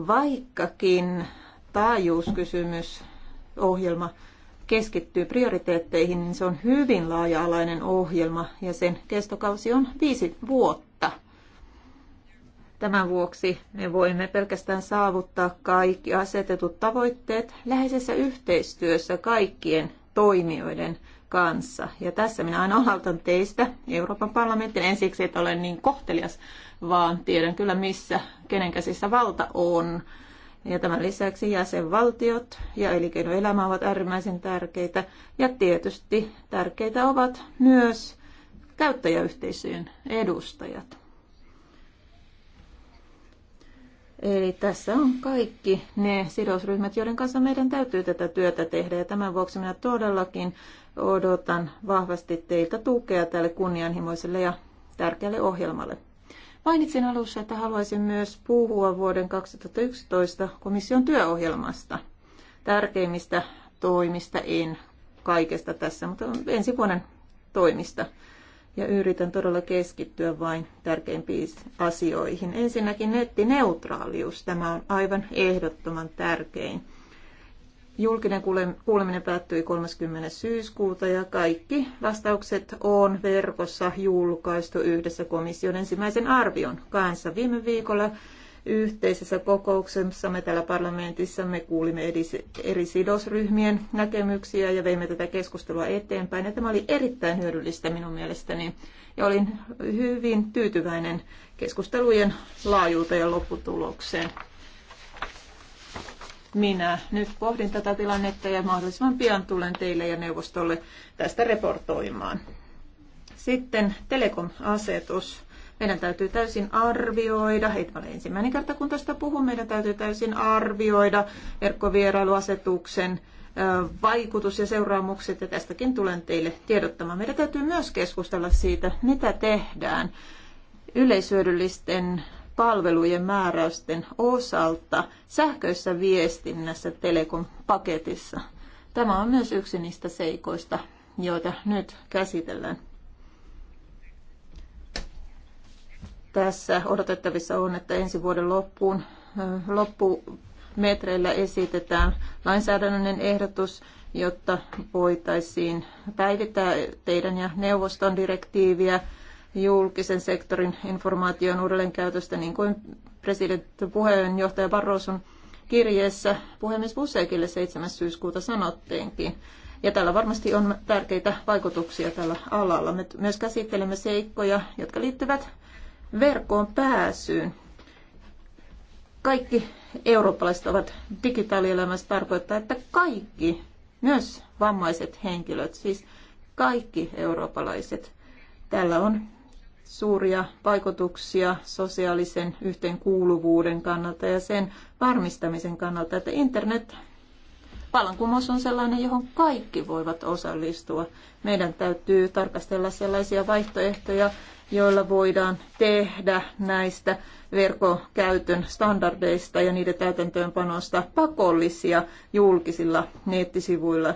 vaikkakin taajuuskysymys ohjelma keskittyy prioriteetteihin, niin se on hyvin laaja-alainen ohjelma ja sen kestokausi on viisi vuotta. Tämän vuoksi me voimme pelkästään saavuttaa kaikki asetetut tavoitteet läheisessä yhteistyössä kaikkien toimijoiden kanssa. Ja tässä minä aina aloitan teistä Euroopan parlamentin ensiksi, että olen niin kohtelias, vaan tiedän kyllä missä, kenen käsissä valta on ja tämän lisäksi jäsenvaltiot ja elinkeinoelämä ovat äärimmäisen tärkeitä. Ja tietysti tärkeitä ovat myös käyttäjäyhteisöjen edustajat. Eli tässä on kaikki ne sidosryhmät, joiden kanssa meidän täytyy tätä työtä tehdä. Ja tämän vuoksi minä todellakin odotan vahvasti teiltä tukea tälle kunnianhimoiselle ja tärkeälle ohjelmalle. Mainitsin alussa, että haluaisin myös puhua vuoden 2011 komission työohjelmasta. Tärkeimmistä toimista en kaikesta tässä, mutta ensi vuoden toimista. Ja yritän todella keskittyä vain tärkeimpiin asioihin. Ensinnäkin nettineutraalius. Tämä on aivan ehdottoman tärkein Julkinen kuuleminen päättyi 30. syyskuuta ja kaikki vastaukset on verkossa julkaistu yhdessä komission ensimmäisen arvion kanssa. Viime viikolla yhteisessä kokouksessa me täällä parlamentissa me kuulimme eri sidosryhmien näkemyksiä ja veimme tätä keskustelua eteenpäin. Ja tämä oli erittäin hyödyllistä minun mielestäni ja olin hyvin tyytyväinen keskustelujen laajuuteen ja lopputulokseen minä nyt pohdin tätä tilannetta ja mahdollisimman pian tulen teille ja neuvostolle tästä raportoimaan. Sitten Telekom-asetus. Meidän täytyy täysin arvioida, ei tämä ole ensimmäinen kerta kun tästä puhun, meidän täytyy täysin arvioida verkkovierailuasetuksen vaikutus ja seuraamukset, ja tästäkin tulen teille tiedottamaan. Meidän täytyy myös keskustella siitä, mitä tehdään yleisyödyllisten palvelujen määräysten osalta sähköisessä viestinnässä Telekom-paketissa. Tämä on myös yksi niistä seikoista, joita nyt käsitellään. Tässä odotettavissa on, että ensi vuoden loppuun, loppumetreillä esitetään lainsäädännön ehdotus, jotta voitaisiin päivittää teidän ja neuvoston direktiiviä julkisen sektorin informaation uudelleenkäytöstä, niin kuin presidentti puheenjohtaja Barroson kirjeessä puhemies Busekille 7. syyskuuta sanottiinkin. Ja tällä varmasti on tärkeitä vaikutuksia tällä alalla. Me myös käsittelemme seikkoja, jotka liittyvät verkkoon pääsyyn. Kaikki eurooppalaiset ovat digitaalielämässä tarkoittaa, että kaikki, myös vammaiset henkilöt, siis kaikki eurooppalaiset. Tällä on suuria vaikutuksia sosiaalisen yhteenkuuluvuuden kannalta ja sen varmistamisen kannalta, että internet vallankumous on sellainen, johon kaikki voivat osallistua. Meidän täytyy tarkastella sellaisia vaihtoehtoja, joilla voidaan tehdä näistä verkokäytön standardeista ja niiden täytäntöönpanosta pakollisia julkisilla nettisivuilla.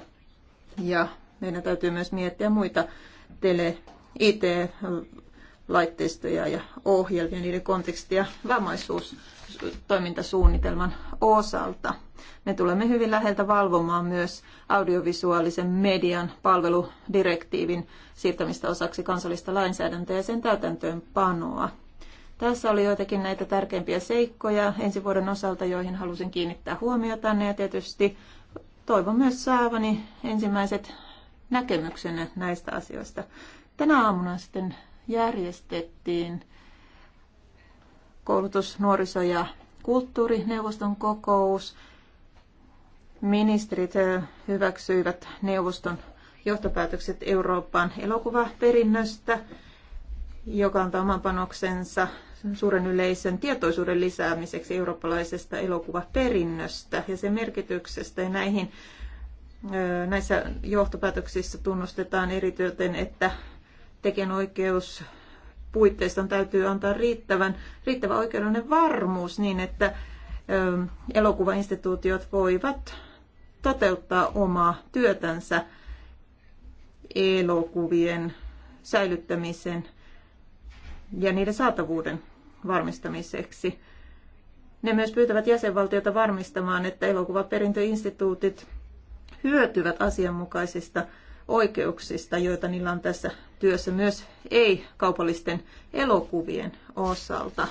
Ja meidän täytyy myös miettiä muita tele, IT, laitteistoja ja ohjelmia, niiden kontekstia vammaisuustoimintasuunnitelman osalta. Me tulemme hyvin läheltä valvomaan myös audiovisuaalisen median palveludirektiivin siirtämistä osaksi kansallista lainsäädäntöä ja sen täytäntöönpanoa. Tässä oli joitakin näitä tärkeimpiä seikkoja ensi vuoden osalta, joihin halusin kiinnittää huomiota. Ja tietysti toivon myös saavani ensimmäiset näkemyksenne näistä asioista. Tänä aamuna sitten järjestettiin koulutus-, nuoriso- ja kulttuurineuvoston kokous. Ministerit eh, hyväksyivät neuvoston johtopäätökset Euroopan elokuvaperinnöstä, joka antaa oman panoksensa suuren yleisön tietoisuuden lisäämiseksi eurooppalaisesta elokuvaperinnöstä ja sen merkityksestä. Ja näihin, eh, näissä johtopäätöksissä tunnustetaan erityisen, että tekijänoikeus puitteista täytyy antaa riittävän, riittävä oikeudellinen varmuus niin, että ö, elokuvainstituutiot voivat toteuttaa omaa työtänsä elokuvien säilyttämisen ja niiden saatavuuden varmistamiseksi. Ne myös pyytävät jäsenvaltiota varmistamaan, että elokuvaperintöinstituutit hyötyvät asianmukaisista oikeuksista, joita niillä on tässä työssä myös ei-kaupallisten elokuvien osalta.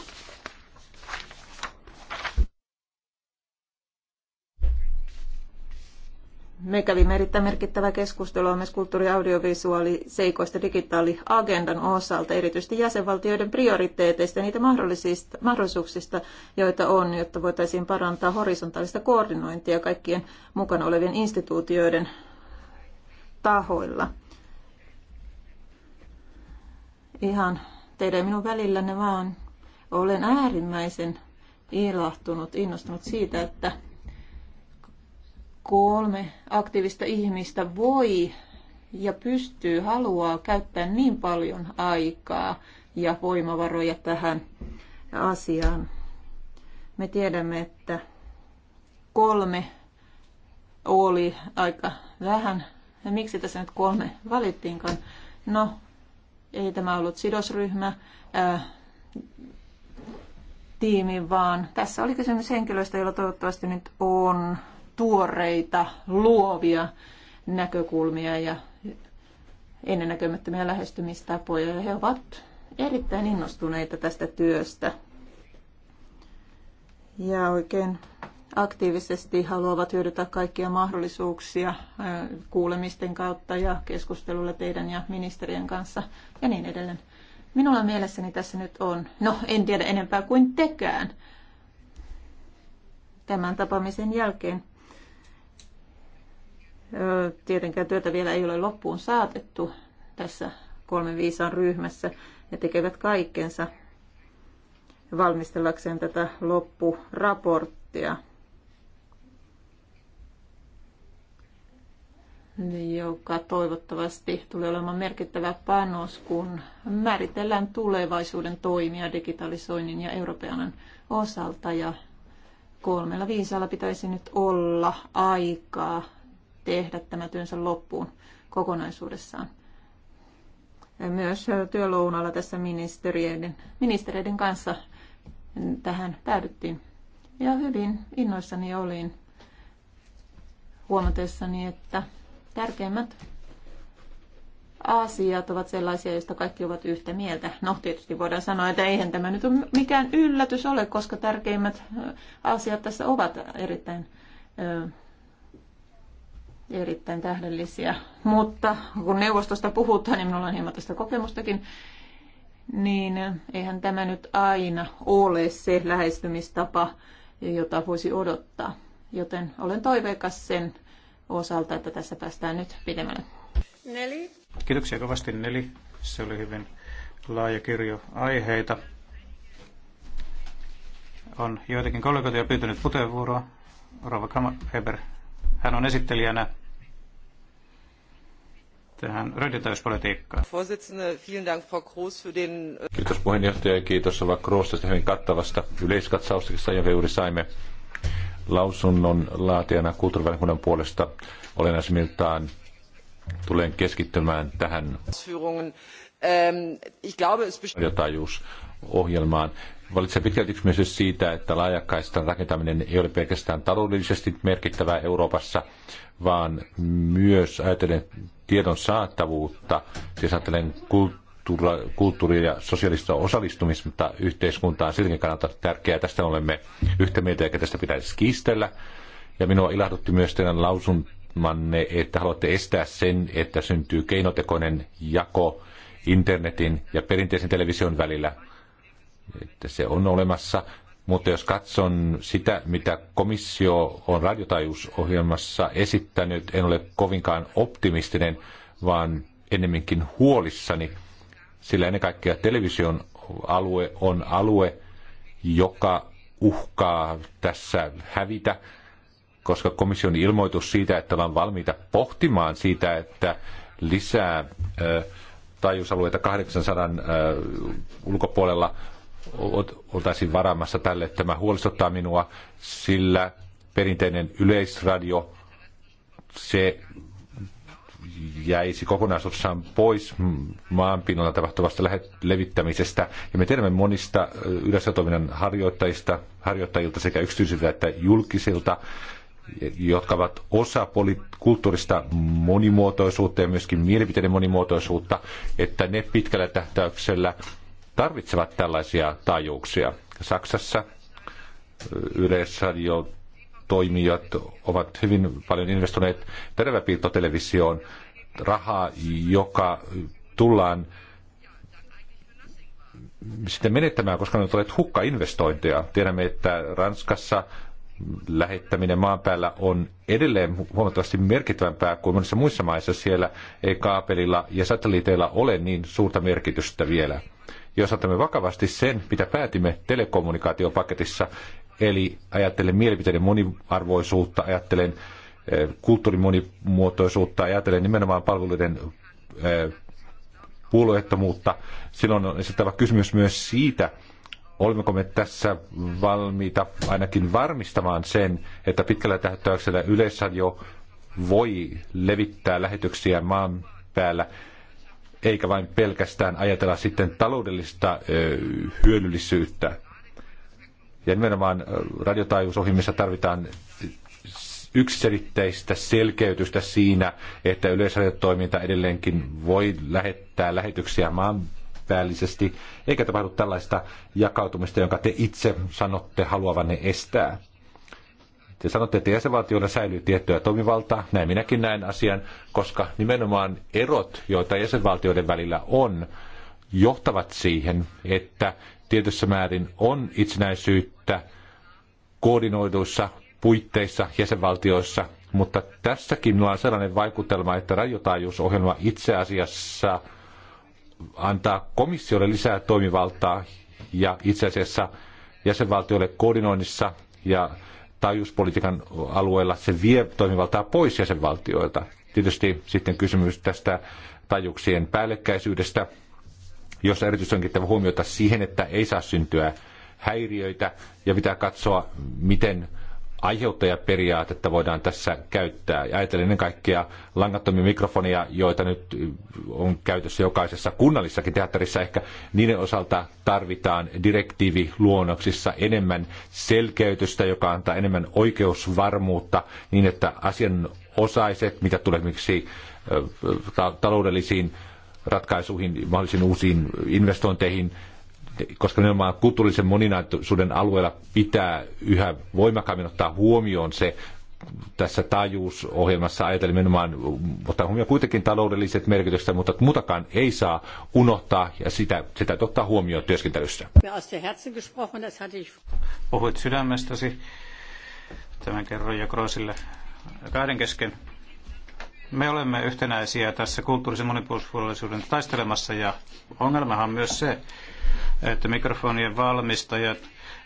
Me kävimme erittäin merkittävää keskustelua myös kulttuuri- ja audiovisuaaliseikoista digitaaliagendan osalta, erityisesti jäsenvaltioiden prioriteeteista ja niitä mahdollisista, mahdollisuuksista, joita on, jotta voitaisiin parantaa horisontaalista koordinointia kaikkien mukana olevien instituutioiden tahoilla. Ihan teidän ja minun välillänne vaan olen äärimmäisen ilahtunut, innostunut siitä, että kolme aktiivista ihmistä voi ja pystyy, haluaa käyttää niin paljon aikaa ja voimavaroja tähän asiaan. Me tiedämme, että kolme oli aika vähän ja no miksi tässä nyt kolme valittiinkaan? No, ei tämä ollut sidosryhmä, ää, tiimi, vaan tässä oli kysymys henkilöistä, joilla toivottavasti nyt on tuoreita, luovia näkökulmia ja ennennäkemättömiä lähestymistapoja. Ja he ovat erittäin innostuneita tästä työstä. Ja oikein aktiivisesti haluavat hyödyntää kaikkia mahdollisuuksia kuulemisten kautta ja keskustelulla teidän ja ministerien kanssa ja niin edelleen. Minulla mielessäni tässä nyt on, no en tiedä enempää kuin tekään tämän tapaamisen jälkeen. Tietenkään työtä vielä ei ole loppuun saatettu tässä kolmen viisaan ryhmässä Ne tekevät kaikkensa valmistellakseen tätä loppuraporttia. joka toivottavasti tulee olemaan merkittävä panos, kun määritellään tulevaisuuden toimia digitalisoinnin ja Euroopan osalta. Ja kolmella viisalla pitäisi nyt olla aikaa tehdä tämä työnsä loppuun kokonaisuudessaan. Myös työlounalla tässä ministeriöiden, ministeriöiden kanssa tähän päädyttiin. Ja hyvin innoissani olin huomatessani, että tärkeimmät asiat ovat sellaisia, joista kaikki ovat yhtä mieltä. No, tietysti voidaan sanoa, että eihän tämä nyt ole mikään yllätys ole, koska tärkeimmät asiat tässä ovat erittäin, erittäin tähdellisiä. Mutta kun neuvostosta puhutaan, niin minulla on hieman tästä kokemustakin, niin eihän tämä nyt aina ole se lähestymistapa, jota voisi odottaa. Joten olen toiveikas sen osalta, että tässä päästään nyt pidemmälle. Neli. Kiitoksia kovasti Neli. Se oli hyvin laaja kirjo aiheita. On joitakin kollegoita jo pyytänyt puheenvuoroa. Rova Kammerheber, hän on esittelijänä tähän radiotäyspolitiikkaan. Äh, kiitos puheenjohtaja ja kiitos Rova Kroos tästä hyvin kattavasta yleiskatsauksesta, jonka juuri saimme lausunnon laatijana kulttuurivaliokunnan puolesta olennaismiltaan tulen keskittymään tähän ähm, ohjelmaan. Valitsen pitkälti myös siitä, että laajakaistan rakentaminen ei ole pelkästään taloudellisesti merkittävää Euroopassa, vaan myös ajatellen tiedon saattavuutta. siis ajatellen kulttuuria kulttuuri- ja sosiaalista osallistumista yhteiskuntaan silläkin kannalta tärkeää. Tästä olemme yhtä mieltä, eikä tästä pitäisi kiistellä. Ja minua ilahdutti myös teidän lausumanne, että haluatte estää sen, että syntyy keinotekoinen jako internetin ja perinteisen television välillä. Että se on olemassa. Mutta jos katson sitä, mitä komissio on radiotajuusohjelmassa esittänyt, en ole kovinkaan optimistinen, vaan ennemminkin huolissani sillä ennen kaikkea television alue on alue, joka uhkaa tässä hävitä, koska komission ilmoitus siitä, että ollaan valmiita pohtimaan siitä, että lisää taajuusalueita 800 ulkopuolella oltaisiin varaamassa tälle. Tämä huolestuttaa minua, sillä perinteinen yleisradio, se jäisi kokonaisuudessaan pois maanpinnalla tapahtuvasta levittämisestä. Ja me tiedämme monista yleisötoiminnan harjoittajista, harjoittajilta sekä yksityisiltä että julkisilta, jotka ovat osa kulttuurista monimuotoisuutta ja myöskin mielipiteiden monimuotoisuutta, että ne pitkällä tähtäyksellä tarvitsevat tällaisia taajuuksia. Saksassa yleisradio toimijat ovat hyvin paljon investoineet televisioon rahaa, joka tullaan sitten menettämään, koska ne ovat olleet hukka-investointeja. Tiedämme, että Ranskassa lähettäminen maan päällä on edelleen huomattavasti merkittävämpää kuin monissa muissa maissa. Siellä ei kaapelilla ja satelliiteilla ole niin suurta merkitystä vielä. Jos otamme vakavasti sen, mitä päätimme telekommunikaatiopaketissa, Eli ajattelen mielipiteiden moniarvoisuutta, ajattelen eh, kulttuurin monimuotoisuutta, ajattelen nimenomaan palveluiden eh, puolueettomuutta. Silloin on esittävä kysymys myös siitä, olemmeko me tässä valmiita ainakin varmistamaan sen, että pitkällä tähtäyksellä Yleisradio voi levittää lähetyksiä maan päällä, eikä vain pelkästään ajatella sitten taloudellista ö, eh, hyödyllisyyttä. Ja nimenomaan radiotaajuusohjelmissa tarvitaan yksiselitteistä selkeytystä siinä, että yleisradiotoiminta edelleenkin voi lähettää lähetyksiä maan päällisesti, eikä tapahdu tällaista jakautumista, jonka te itse sanotte haluavanne estää. Te sanotte, että jäsenvaltioilla säilyy tiettyä toimivaltaa, näin minäkin näen asian, koska nimenomaan erot, joita jäsenvaltioiden välillä on, johtavat siihen, että tietyssä määrin on itsenäisyyttä koordinoiduissa puitteissa jäsenvaltioissa, mutta tässäkin on sellainen vaikutelma, että radiotaajuusohjelma itse asiassa antaa komissiolle lisää toimivaltaa ja itse asiassa jäsenvaltioille koordinoinnissa ja taajuuspolitiikan alueella se vie toimivaltaa pois jäsenvaltioilta. Tietysti sitten kysymys tästä tajuksien päällekkäisyydestä jossa erityisesti on kiinnittävä huomiota siihen, että ei saa syntyä häiriöitä ja pitää katsoa, miten aiheuttajaperiaatetta voidaan tässä käyttää. Ja ajatellen ennen kaikkea langattomia mikrofonia, joita nyt on käytössä jokaisessa kunnallissakin teatterissa, ehkä niiden osalta tarvitaan direktiiviluonnoksissa enemmän selkeytystä, joka antaa enemmän oikeusvarmuutta niin, että asianosaiset, mitä tulee esimerkiksi taloudellisiin ratkaisuihin, mahdollisiin uusiin investointeihin, koska nimenomaan kulttuurisen moninaisuuden alueella pitää yhä voimakkaammin ottaa huomioon se tässä taajuusohjelmassa ajatellen nimenomaan ottaa huomioon kuitenkin taloudelliset merkitykset, mutta muutakaan ei saa unohtaa ja sitä, sitä täytyy ottaa huomioon työskentelyssä. Puhuit sydämestäsi. Tämän kerroin jo Kroosille kahden kesken. Me olemme yhtenäisiä tässä kulttuurisen monipuolisuuden taistelemassa ja ongelmahan on myös se, että mikrofonien valmistajat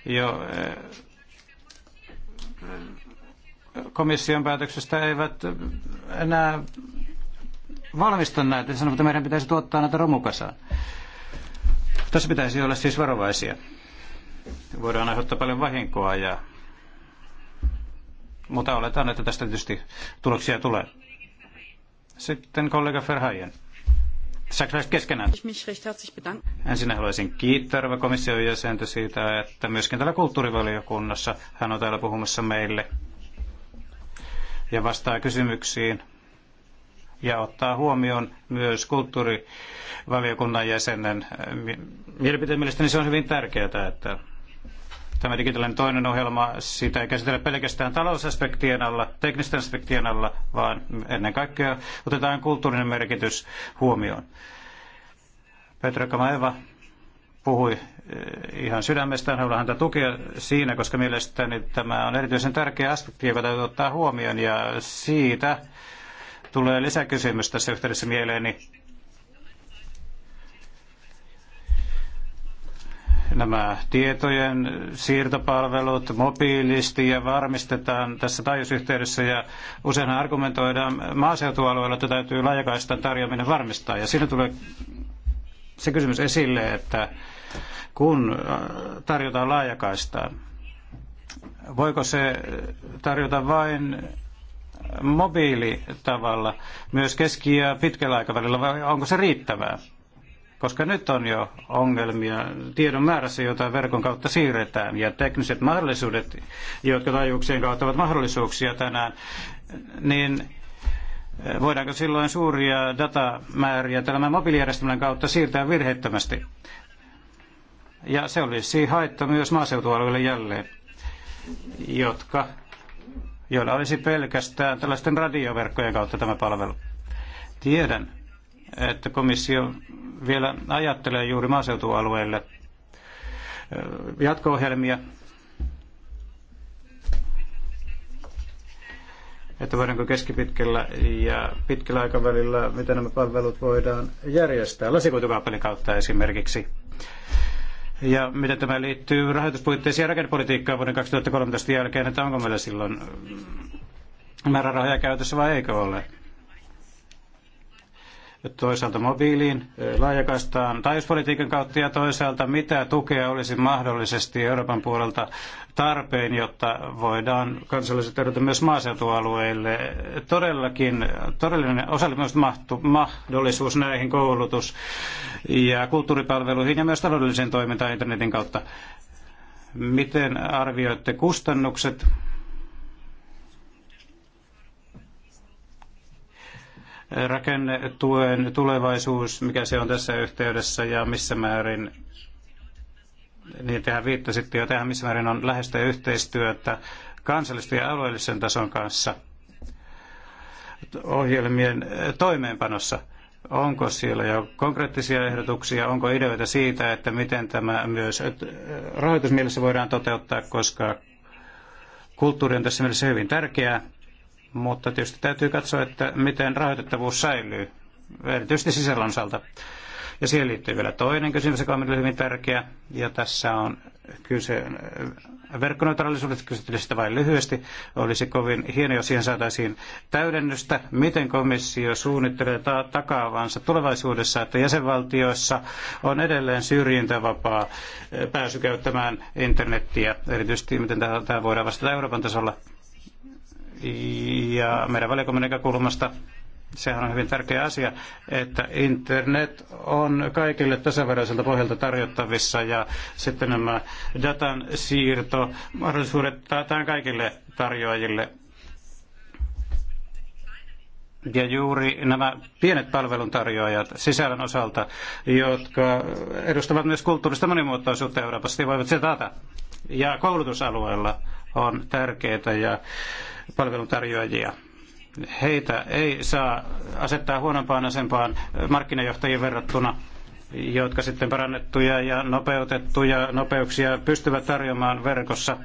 jo eh, komission päätöksestä eivät enää valmista näitä sanoo, että meidän pitäisi tuottaa näitä romukasaan. Tässä pitäisi olla siis varovaisia. Voidaan aiheuttaa paljon vahinkoa ja mutta oletan, että tästä tietysti tuloksia tulee. Sitten kollega Verhaajan. Saksalaiset keskenään. Ensin haluaisin kiittää Rova komission jäsentä siitä, että myöskin täällä kulttuurivaliokunnassa hän on täällä puhumassa meille ja vastaa kysymyksiin ja ottaa huomioon myös kulttuurivaliokunnan jäsenen mielipiteen. Mielestäni niin se on hyvin tärkeää, että Tämä digitaalinen toinen ohjelma, sitä ei käsitellä pelkästään talousaspektien alla, teknisten aspektien alla, vaan ennen kaikkea otetaan kulttuurinen merkitys huomioon. Petra Kamaeva puhui eh, ihan sydämestään, haluan häntä tukea siinä, koska mielestäni tämä on erityisen tärkeä aspekti, joka täytyy ottaa huomioon, ja siitä tulee lisäkysymys tässä yhteydessä mieleeni nämä tietojen siirtopalvelut mobiilisti ja varmistetaan tässä taajuusyhteydessä ja usein argumentoidaan maaseutualueella, että täytyy laajakaistan tarjoaminen varmistaa ja siinä tulee se kysymys esille, että kun äh, tarjotaan laajakaistaa, voiko se tarjota vain mobiilitavalla myös keski- ja pitkällä aikavälillä vai onko se riittävää? koska nyt on jo ongelmia tiedon määrässä, jota verkon kautta siirretään, ja tekniset mahdollisuudet, jotka taajuuksien kautta ovat mahdollisuuksia tänään, niin eh, voidaanko silloin suuria datamääriä tämän mobiilijärjestelmän kautta siirtää virheettömästi? Ja se olisi haitta myös maaseutualueille jälleen, jotka, joilla olisi pelkästään tällaisten radioverkkojen kautta tämä palvelu. Tiedän, että komissio vielä ajattelee juuri maaseutualueille jatko-ohjelmia, että voidaanko keskipitkällä ja pitkällä aikavälillä, miten nämä palvelut voidaan järjestää lasikuitukaapelin kautta esimerkiksi. Ja miten tämä liittyy rahoituspuitteisiin ja rakennepolitiikkaan vuoden 2013 jälkeen, että onko meillä silloin määrärahoja käytössä vai eikö ole? toisaalta mobiiliin laajakaistaan taajuuspolitiikan kautta ja toisaalta mitä tukea olisi mahdollisesti Euroopan puolelta tarpeen, jotta voidaan kansalaiset tarjota myös maaseutualueille. Todellakin todellinen osallistumismahdollisuus näihin koulutus- ja kulttuuripalveluihin ja myös taloudelliseen toimintaan internetin kautta. Miten arvioitte kustannukset? rakennetuen tulevaisuus, mikä se on tässä yhteydessä ja missä määrin, niin tehän viittasitte jo tähän, missä määrin on läheistä yhteistyötä kansallisten ja alueellisen tason kanssa ohjelmien toimeenpanossa. Onko siellä jo konkreettisia ehdotuksia, onko ideoita siitä, että miten tämä myös äh, rahoitusmielessä voidaan toteuttaa, koska kulttuuri on tässä mielessä hyvin tärkeää mutta tietysti täytyy katsoa, että miten rahoitettavuus säilyy, erityisesti sisällön osalta. Ja siihen liittyy vielä toinen kysymys, joka on meille hyvin tärkeä, ja tässä on kyse äh, verkkoneutraalisuudesta, kysyttiin sitä vain lyhyesti. Olisi kovin hieno, jos siihen saataisiin täydennystä, miten komissio suunnittelee ta- takaavansa tulevaisuudessa, että jäsenvaltioissa on edelleen syrjintävapaa äh, pääsy käyttämään internettiä, erityisesti miten tämä voidaan vastata Euroopan tasolla ja meidän valiokunnan näkökulmasta sehän on hyvin tärkeä asia, että internet on kaikille tasaveroiselta pohjalta tarjottavissa ja sitten nämä datan siirto, mahdollisuudet taataan kaikille tarjoajille. Ja juuri nämä pienet palveluntarjoajat sisällön osalta, jotka edustavat myös kulttuurista monimuotoisuutta Euroopassa, voivat se taata. Ja koulutusalueella on tärkeää ja palveluntarjoajia. Heitä ei saa asettaa huonompaan asempaan markkinajohtajien verrattuna jotka sitten parannettuja ja nopeutettuja nopeuksia pystyvät tarjoamaan verkossa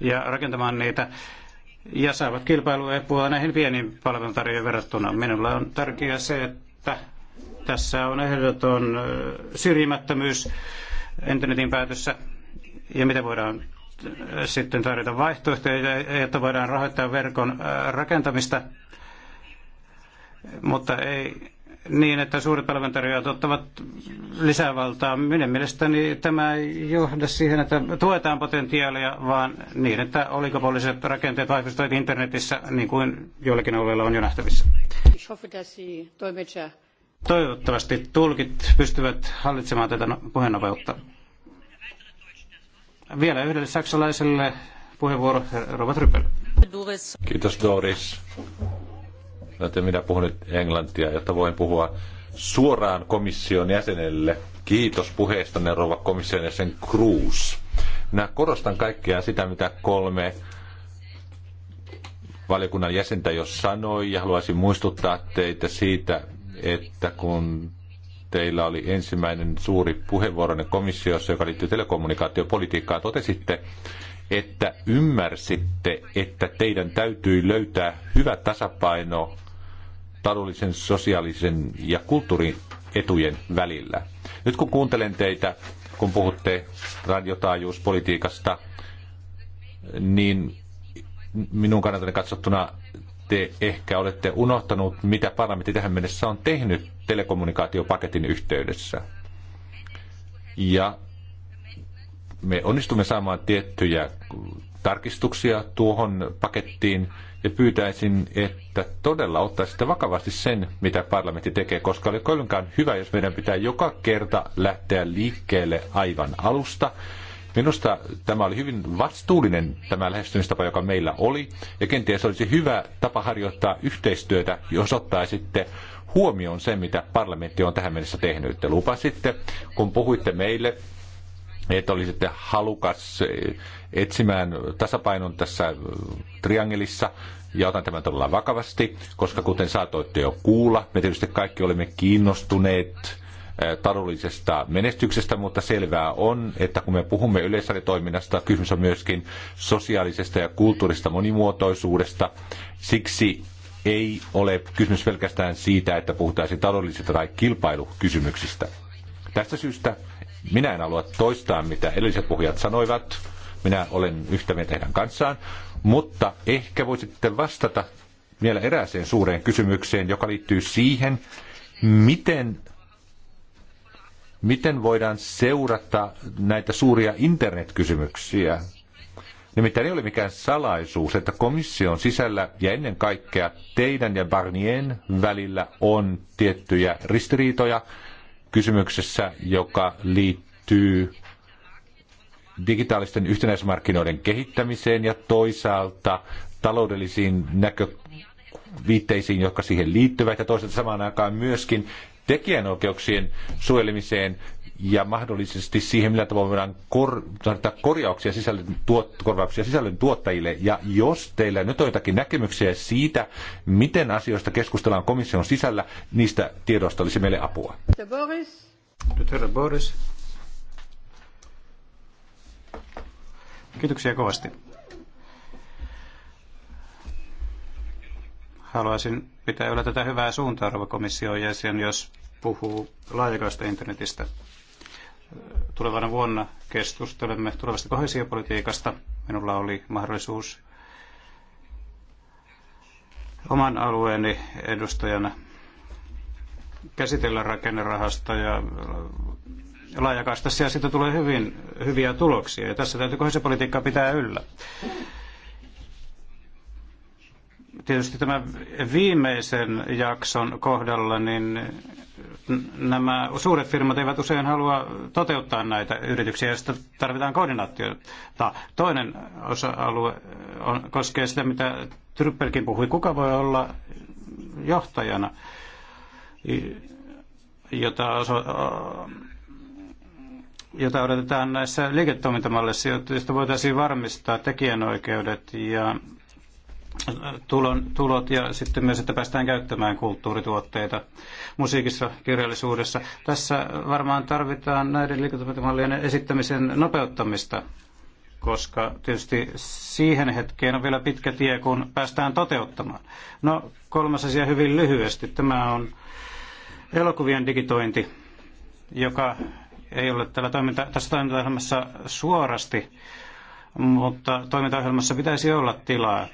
ja rakentamaan niitä ja saavat kilpailuepua näihin pieniin palveluntarjoajien verrattuna. Minulla on tärkeää se, että tässä on ehdoton syrjimättömyys internetin päätössä ja mitä voidaan sitten tarjota vaihtoehtoja, jotta voidaan rahoittaa verkon äh, rakentamista, mutta ei niin, että suuret palveluntarjoajat ottavat lisävaltaa. Minun mielestäni tämä ei johda siihen, että tuetaan potentiaalia, vaan niin, että oligopoliset rakenteet vaihtoehtoja internetissä, niin kuin joillakin alueilla on jo nähtävissä. Toivottavasti tulkit pystyvät hallitsemaan tätä no-, puheenopeutta. Vielä yhdelle saksalaiselle puheenvuoro, Robert Kiitos Doris. Minä puhun nyt englantia, jotta voin puhua suoraan komission jäsenelle. Kiitos puheestanne, rouva komission jäsen Cruz. Minä korostan kaikkea sitä, mitä kolme valiokunnan jäsentä jo sanoi, ja haluaisin muistuttaa teitä siitä, että kun teillä oli ensimmäinen suuri puheenvuoronne komissiossa, joka liittyy telekommunikaatiopolitiikkaan. Totesitte, että ymmärsitte, että teidän täytyy löytää hyvä tasapaino taloudellisen, sosiaalisen ja kulttuurin etujen välillä. Nyt kun kuuntelen teitä, kun puhutte radiotaajuuspolitiikasta, niin minun kannaltani katsottuna te ehkä olette unohtanut, mitä parlamentti tähän mennessä on tehnyt telekommunikaatiopaketin yhteydessä. Ja me onnistumme saamaan tiettyjä tarkistuksia tuohon pakettiin ja pyytäisin, että todella ottaisitte vakavasti sen, mitä parlamentti tekee, koska oli kovinkaan hyvä, jos meidän pitää joka kerta lähteä liikkeelle aivan alusta Minusta tämä oli hyvin vastuullinen tämä lähestymistapa, joka meillä oli, ja kenties olisi hyvä tapa harjoittaa yhteistyötä, jos ottaisitte huomioon sen, mitä parlamentti on tähän mennessä tehnyt. Te lupasitte, kun puhuitte meille, että olisitte halukas eh, etsimään tasapainon tässä eh, triangelissa, ja otan tämän todella vakavasti, koska kuten saatoitte jo kuulla, me tietysti kaikki olemme kiinnostuneet taloudellisesta menestyksestä, mutta selvää on, että kun me puhumme yleisradiotoiminnasta, kysymys on myöskin sosiaalisesta ja kulttuurista monimuotoisuudesta. Siksi ei ole kysymys pelkästään siitä, että puhutaan taloudellisista tai kilpailukysymyksistä. Tästä syystä minä en halua toistaa, mitä edelliset puhujat sanoivat. Minä olen yhtä mieltä heidän kanssaan. Mutta ehkä voisitte vastata vielä erääseen suureen kysymykseen, joka liittyy siihen, miten miten voidaan seurata näitä suuria internetkysymyksiä. Nimittäin ei ole mikään salaisuus, että komission sisällä ja ennen kaikkea teidän ja Barnien välillä on tiettyjä ristiriitoja kysymyksessä, joka liittyy digitaalisten yhtenäismarkkinoiden kehittämiseen ja toisaalta taloudellisiin näköviitteisiin, jotka siihen liittyvät, ja toisaalta samaan aikaan myöskin tekijänoikeuksien suojelemiseen ja mahdollisesti siihen, millä tavalla voidaan kor- korjauksia sisällön, tuot- korvauksia sisällön tuottajille. Ja jos teillä nyt on jotakin näkemyksiä siitä, miten asioista keskustellaan komission sisällä, niistä tiedoista olisi meille apua. Boris. herra Boris. Kiitoksia kovasti. Haluaisin pitää yllä tätä hyvää suuntaa, arvo komission jäsen, jos puhuu laajakaista internetistä. Tulevana vuonna keskustelemme tulevasta kohesiopolitiikasta. Minulla oli mahdollisuus oman alueeni edustajana käsitellä rakennerahasta ja laajakaistassa ja siitä tulee hyvin, hyviä tuloksia. Ja tässä täytyy kohesiopolitiikkaa pitää yllä tietysti tämän viimeisen jakson kohdalla, niin nämä suuret firmat eivät usein halua toteuttaa näitä yrityksiä, joista tarvitaan koordinaatiota. Toinen osa-alue on, koskee sitä, mitä Tryppelkin puhui, kuka voi olla johtajana, jota, jota odotetaan näissä liiketoimintamalleissa, josta voitaisiin varmistaa tekijänoikeudet ja tulon, tulot ja sitten myös, että päästään käyttämään kulttuurituotteita musiikissa, kirjallisuudessa. Tässä varmaan tarvitaan näiden liikuntamallien esittämisen nopeuttamista, koska tietysti siihen hetkeen on vielä pitkä tie, kun päästään toteuttamaan. No, kolmas asia hyvin lyhyesti. Tämä on elokuvien digitointi, joka ei ole tällä toiminta, tässä toimintaohjelmassa suorasti, mutta toimintaohjelmassa pitäisi olla tilaa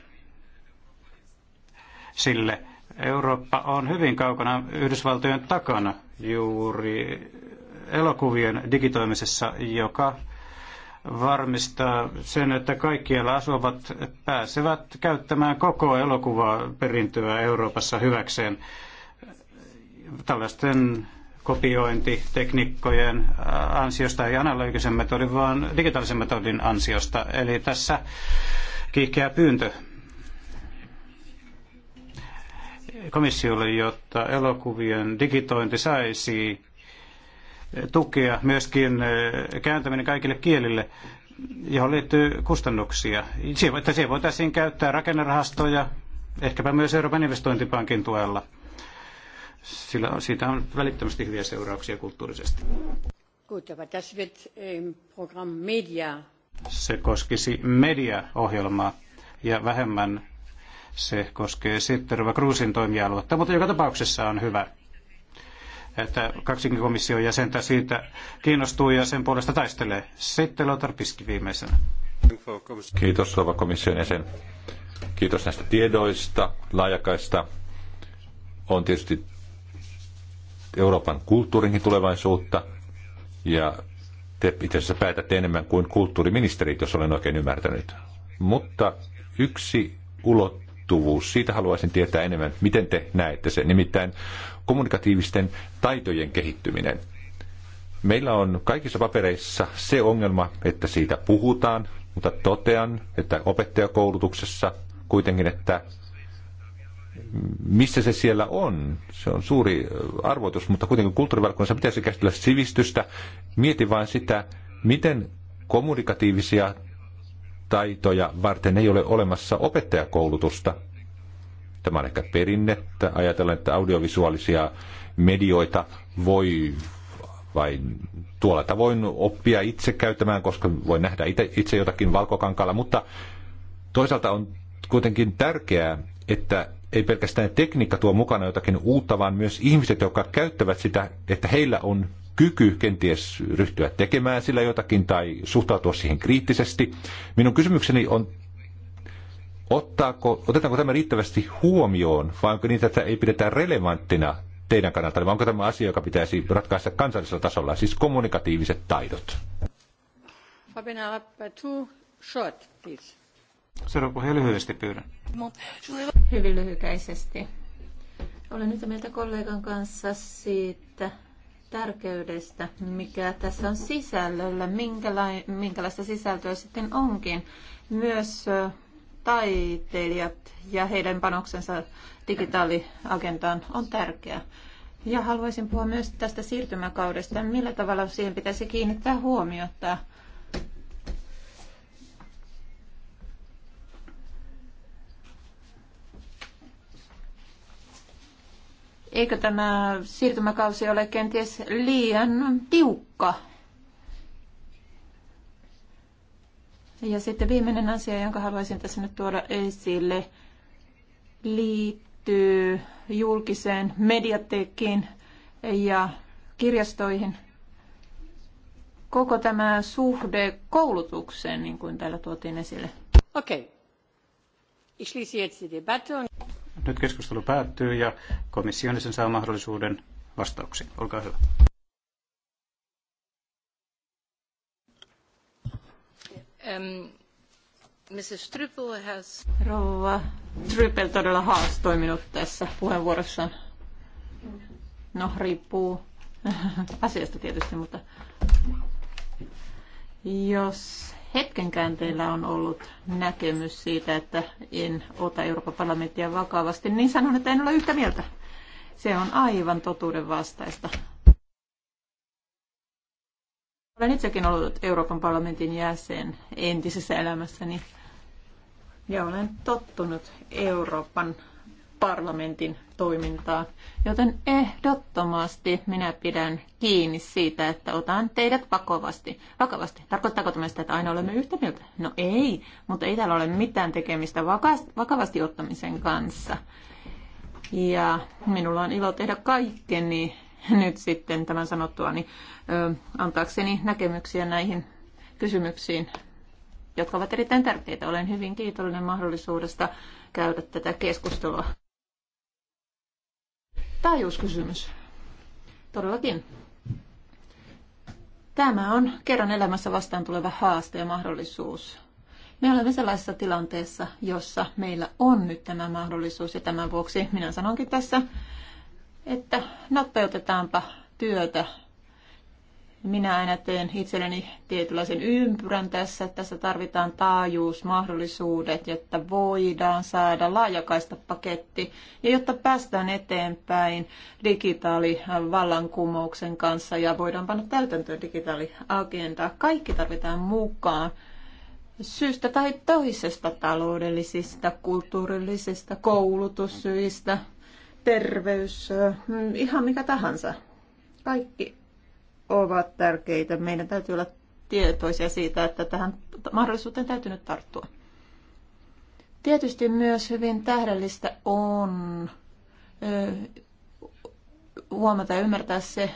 sille. Eurooppa on hyvin kaukana Yhdysvaltojen takana juuri elokuvien digitoimisessa, joka varmistaa sen, että kaikkialla asuvat pääsevät käyttämään koko elokuvaa perintöä Euroopassa hyväkseen. Tällaisten kopiointitekniikkojen ansiosta, ei analogisen metodin, vaan digitaalisen metodin ansiosta. Eli tässä kiihkeä pyyntö komissiolle, jotta elokuvien digitointi saisi tukea myöskin eh, kääntäminen kaikille kielille, johon liittyy kustannuksia. Että siihen voitaisiin käyttää rakennerahastoja, ehkäpä myös Euroopan investointipankin tuella. Sillä siitä on välittömästi hyviä seurauksia kulttuurisesti. Gut, Media. Se koskisi mediaohjelmaa ja vähemmän se koskee sitten Kruusin toimialuetta, mutta joka tapauksessa on hyvä, että kaksinkin komission jäsentä siitä kiinnostuu ja sen puolesta taistelee. Sitten Lothar Piski viimeisenä. Kiitos Rova komission jäsen. Kiitos näistä tiedoista, laajakaista. On tietysti Euroopan kulttuurinkin tulevaisuutta ja te itse asiassa päätätte enemmän kuin kulttuuriministerit, jos olen oikein ymmärtänyt. Mutta yksi ulot, ulottuvuus. Siitä haluaisin tietää enemmän, miten te näette sen, nimittäin kommunikatiivisten taitojen kehittyminen. Meillä on kaikissa papereissa se ongelma, että siitä puhutaan, mutta totean, että opettajakoulutuksessa kuitenkin, että missä se siellä on. Se on suuri arvoitus, mutta kuitenkin kulttuurivalkoissa pitäisi käsitellä sivistystä. Mieti vain sitä, miten kommunikatiivisia taitoja varten ei ole olemassa opettajakoulutusta. Tämä on ehkä perinne, että ajatellaan, että audiovisuaalisia medioita voi vain tuolla tavoin oppia itse käyttämään, koska voi nähdä itse, itse jotakin valkokankaalla, mutta toisaalta on kuitenkin tärkeää, että ei pelkästään tekniikka tuo mukana jotakin uutta, vaan myös ihmiset, jotka käyttävät sitä, että heillä on kyky kenties ryhtyä tekemään sillä jotakin tai suhtautua siihen kriittisesti. Minun kysymykseni on, ottaako, otetaanko tämä riittävästi huomioon vai onko niitä, että ei pidetä relevanttina teidän kannalta, vai onko tämä asia, joka pitäisi ratkaista kansallisella tasolla, siis kommunikatiiviset taidot? Fabina short, please. Seuraava puhe lyhyesti pyydän. Hyvin lyhykäisesti. Olen nyt mieltä kollegan kanssa siitä, tärkeydestä, mikä tässä on sisällöllä, minkäla- minkälaista sisältöä sitten onkin. Myös taiteilijat ja heidän panoksensa digitaaliagendaan on tärkeää. Ja haluaisin puhua myös tästä siirtymäkaudesta, millä tavalla siihen pitäisi kiinnittää huomiota. Eikö tämä siirtymäkausi ole kenties liian tiukka? Ja sitten viimeinen asia, jonka haluaisin tässä nyt tuoda esille, liittyy julkiseen mediatekkiin ja kirjastoihin. Koko tämä suhde koulutukseen, niin kuin täällä tuotiin esille. Okei. Okay. Ich schließe jetzt die Debatte. Nyt keskustelu päättyy ja komission sen saa mahdollisuuden vastauksiin. Olkaa hyvä. Ähm, Mrs. has... Rouva Trypel todella haastoi minut tässä puheenvuorossa. No, riippuu asiasta tietysti, mutta jos hetken käänteillä on ollut näkemys siitä, että en ota Euroopan parlamenttia vakavasti, niin sanon, että en ole yhtä mieltä. Se on aivan totuuden vastaista. Olen itsekin ollut Euroopan parlamentin jäsen entisessä elämässäni ja olen tottunut Euroopan parlamentin toimintaa, Joten ehdottomasti minä pidän kiinni siitä, että otan teidät vakavasti. vakavasti. Tarkoittaako tämä sitä, että aina olemme yhtä mieltä? No ei, mutta ei täällä ole mitään tekemistä vakavasti ottamisen kanssa. Ja minulla on ilo tehdä kaikkeni nyt sitten tämän sanottua, niin antaakseni näkemyksiä näihin kysymyksiin, jotka ovat erittäin tärkeitä. Olen hyvin kiitollinen mahdollisuudesta käydä tätä keskustelua taajuuskysymys. Todellakin. Tämä on kerran elämässä vastaan tuleva haaste ja mahdollisuus. Me olemme sellaisessa tilanteessa, jossa meillä on nyt tämä mahdollisuus ja tämän vuoksi minä sanonkin tässä, että nopeutetaanpa työtä minä aina teen itselleni tietynlaisen ympyrän tässä. Tässä tarvitaan taajuusmahdollisuudet, jotta voidaan saada laajakaista paketti ja jotta päästään eteenpäin digitaalivallankumouksen kanssa ja voidaan panna täytäntöön digitaaliagendaa. Kaikki tarvitaan mukaan syystä tai toisesta taloudellisista, kulttuurillisista, koulutussyistä, terveys, mm, ihan mikä tahansa. Kaikki ovat tärkeitä. Meidän täytyy olla tietoisia siitä, että tähän mahdollisuuteen täytyy nyt tarttua. Tietysti myös hyvin tähdellistä on huomata ja ymmärtää se,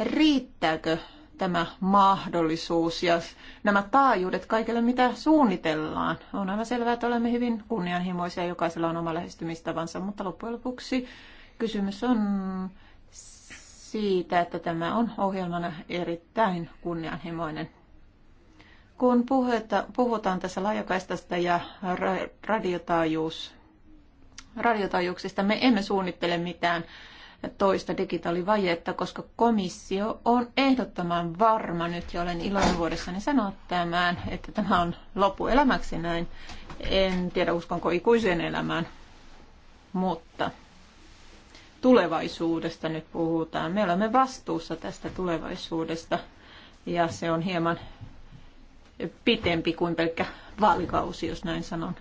riittääkö tämä mahdollisuus ja nämä taajuudet kaikille, mitä suunnitellaan. On aivan selvää, että olemme hyvin kunnianhimoisia, jokaisella on oma lähestymistavansa, mutta loppujen lopuksi kysymys on siitä, että tämä on ohjelmana erittäin kunnianhimoinen. Kun puhuta, puhutaan tässä laajakaistasta ja radiotaajuus, radiotaajuuksista, me emme suunnittele mitään toista digitaalivajetta, koska komissio on ehdottoman varma nyt, ja olen iloinen vuodessani sanoa tämän, että tämä on loppuelämäksi näin. En tiedä, uskonko ikuiseen elämään, mutta tulevaisuudesta nyt puhutaan. Me olemme vastuussa tästä tulevaisuudesta ja se on hieman pitempi kuin pelkkä vaalikausi, jos näin sanon.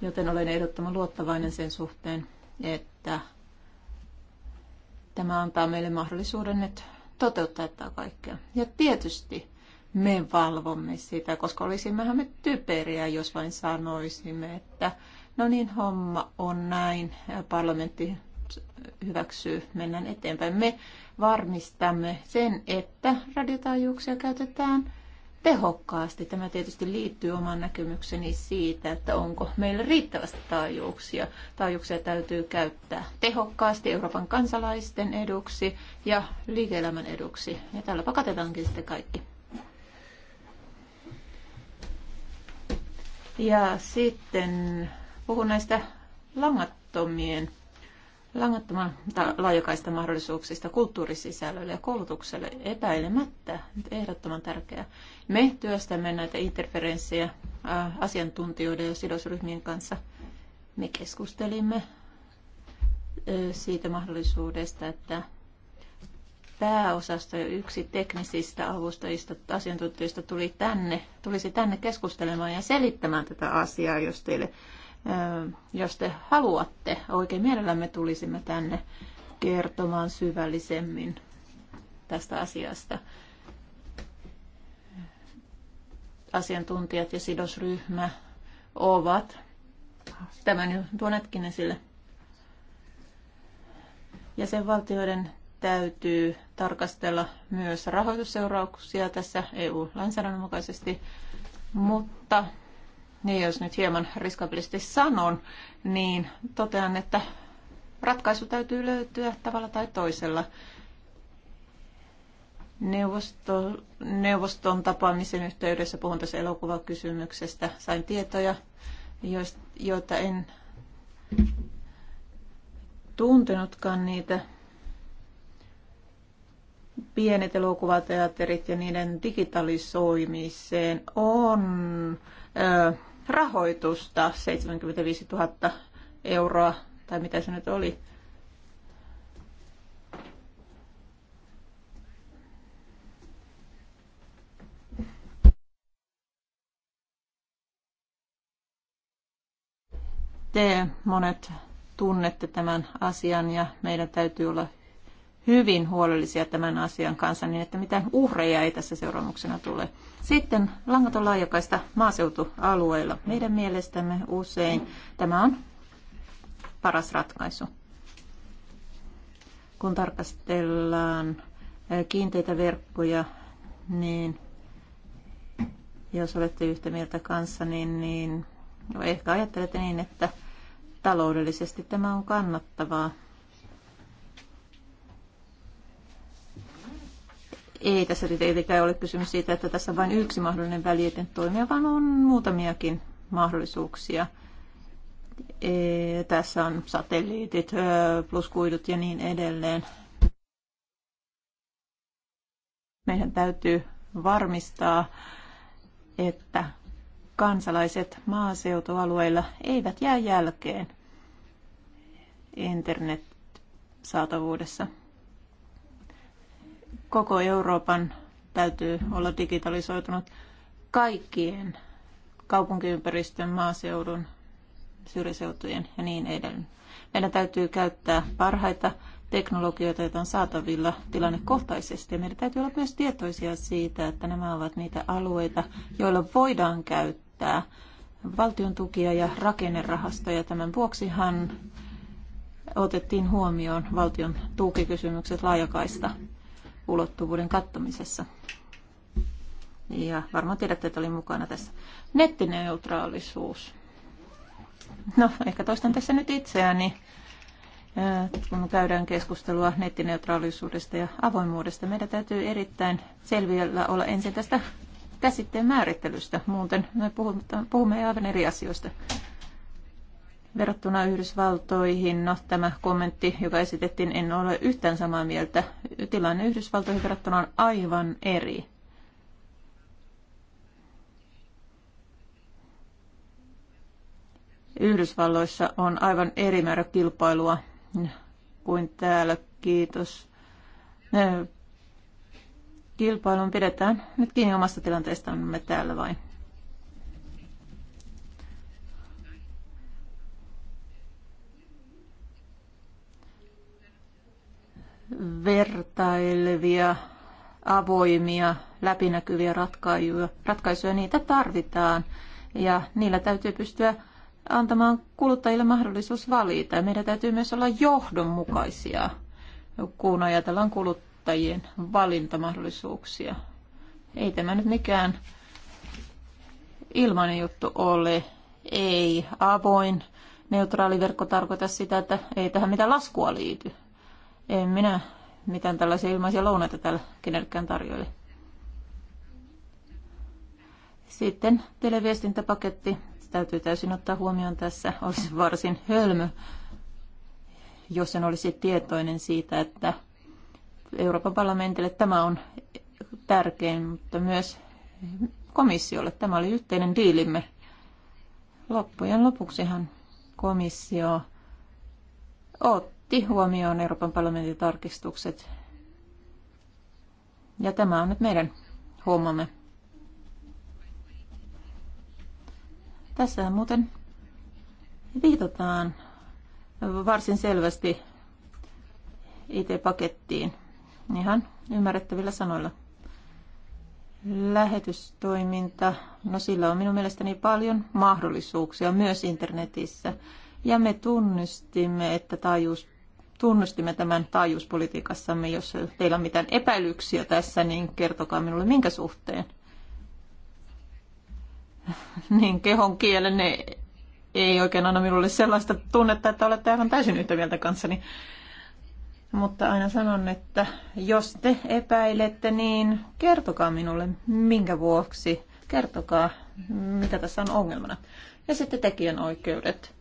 Joten olen ehdottoman luottavainen sen suhteen, että tämä antaa meille mahdollisuuden nyt toteuttaa tätä kaikkea. Ja tietysti me valvomme sitä, koska olisimmehän me typeriä, jos vain sanoisimme, että no niin, homma on näin, parlamentti hyväksyy, mennään eteenpäin. Me varmistamme sen, että radiotaajuuksia käytetään tehokkaasti. Tämä tietysti liittyy omaan näkemykseni siitä, että onko meillä riittävästi taajuuksia. Taajuuksia täytyy käyttää tehokkaasti Euroopan kansalaisten eduksi ja liike-elämän eduksi. Ja tällä pakatetaankin sitten kaikki. Ja sitten puhun näistä langattomien langattoman laajakaista mahdollisuuksista kulttuurisisällölle ja koulutukselle epäilemättä ehdottoman tärkeää. Me työstämme näitä interferenssejä asiantuntijoiden ja sidosryhmien kanssa. Me keskustelimme siitä mahdollisuudesta, että pääosasta ja yksi teknisistä avustajista, asiantuntijoista tuli tänne, tulisi tänne keskustelemaan ja selittämään tätä asiaa, jos teille jos te haluatte, oikein mielellämme tulisimme tänne kertomaan syvällisemmin tästä asiasta. Asiantuntijat ja sidosryhmä ovat tämän jo tuonetkin esille. Jäsenvaltioiden täytyy tarkastella myös rahoitusseurauksia tässä EU-lainsäädännön mukaisesti, mutta niin jos nyt hieman riskabilisti sanon, niin totean, että ratkaisu täytyy löytyä tavalla tai toisella. Neuvosto, neuvoston tapaamisen yhteydessä, puhun tässä elokuvakysymyksestä, sain tietoja, joita en tuntenutkaan niitä pienet elokuvateatterit ja niiden digitalisoimiseen on rahoitusta, 75 000 euroa, tai mitä se nyt oli. Te monet tunnette tämän asian ja meidän täytyy olla hyvin huolellisia tämän asian kanssa, niin että mitään uhreja ei tässä seuraamuksena tule. Sitten langaton laajakaista maaseutualueilla. Meidän mielestämme usein tämä on paras ratkaisu. Kun tarkastellaan kiinteitä verkkoja, niin jos olette yhtä mieltä kanssa, niin, niin ehkä ajattelette niin, että taloudellisesti tämä on kannattavaa Ei tässä tietenkään ole kysymys siitä, että tässä on vain yksi mahdollinen välieten toimija, vaan on muutamiakin mahdollisuuksia. E, tässä on satelliitit, pluskuidut ja niin edelleen. Meidän täytyy varmistaa, että kansalaiset maaseutualueilla eivät jää jälkeen internet-saatavuudessa koko Euroopan täytyy olla digitalisoitunut kaikkien kaupunkiympäristön, maaseudun, syrjäseutujen ja niin edelleen. Meidän täytyy käyttää parhaita teknologioita, joita on saatavilla tilannekohtaisesti. Ja meidän täytyy olla myös tietoisia siitä, että nämä ovat niitä alueita, joilla voidaan käyttää valtion tukia ja rakennerahastoja. Tämän vuoksihan otettiin huomioon valtion tukikysymykset laajakaista ulottuvuuden kattamisessa. Ja varmaan tiedätte, että olin mukana tässä. Nettineutraalisuus. No, ehkä toistan tässä nyt itseäni, kun käydään keskustelua nettineutraalisuudesta ja avoimuudesta. Meidän täytyy erittäin selviällä olla ensin tästä käsitteen määrittelystä. Muuten me puhumme aivan eri asioista. Verrattuna Yhdysvaltoihin, no tämä kommentti, joka esitettiin, en ole yhtään samaa mieltä. Tilanne Yhdysvaltoihin verrattuna on aivan eri. Yhdysvalloissa on aivan eri määrä kilpailua kuin täällä. Kiitos. Kilpailun pidetään nyt kiinni omasta tilanteestamme täällä vain. vertailevia, avoimia, läpinäkyviä ratkaisuja. ratkaisuja. Niitä tarvitaan ja niillä täytyy pystyä antamaan kuluttajille mahdollisuus valita. Meidän täytyy myös olla johdonmukaisia, kun ajatellaan kuluttajien valintamahdollisuuksia. Ei tämä nyt mikään ilmainen juttu ole. Ei avoin neutraali verkko tarkoita sitä, että ei tähän mitään laskua liity. En minä mitään tällaisia ilmaisia lounaita täällä kenellekään tarjoile. Sitten televiestintäpaketti. Se täytyy täysin ottaa huomioon tässä. Olisi varsin hölmö, jos en olisi tietoinen siitä, että Euroopan parlamentille tämä on tärkein, mutta myös komissiolle. Tämä oli yhteinen diilimme. Loppujen lopuksihan komissio ottaa otti huomioon Euroopan parlamentin tarkistukset. Ja tämä on nyt meidän huomamme. Tässä muuten viitataan varsin selvästi IT-pakettiin ihan ymmärrettävillä sanoilla. Lähetystoiminta, no sillä on minun mielestäni paljon mahdollisuuksia myös internetissä. Ja me tunnistimme, että taajuus tunnustimme tämän taajuuspolitiikassamme. Jos teillä on mitään epäilyksiä tässä, niin kertokaa minulle minkä suhteen. Niin kehon kielenne ei oikein anna minulle sellaista tunnetta, että olette aivan täysin yhtä mieltä kanssani. Mutta aina sanon, että jos te epäilette, niin kertokaa minulle minkä vuoksi. Kertokaa, mitä tässä on ongelmana. Ja sitten tekijän oikeudet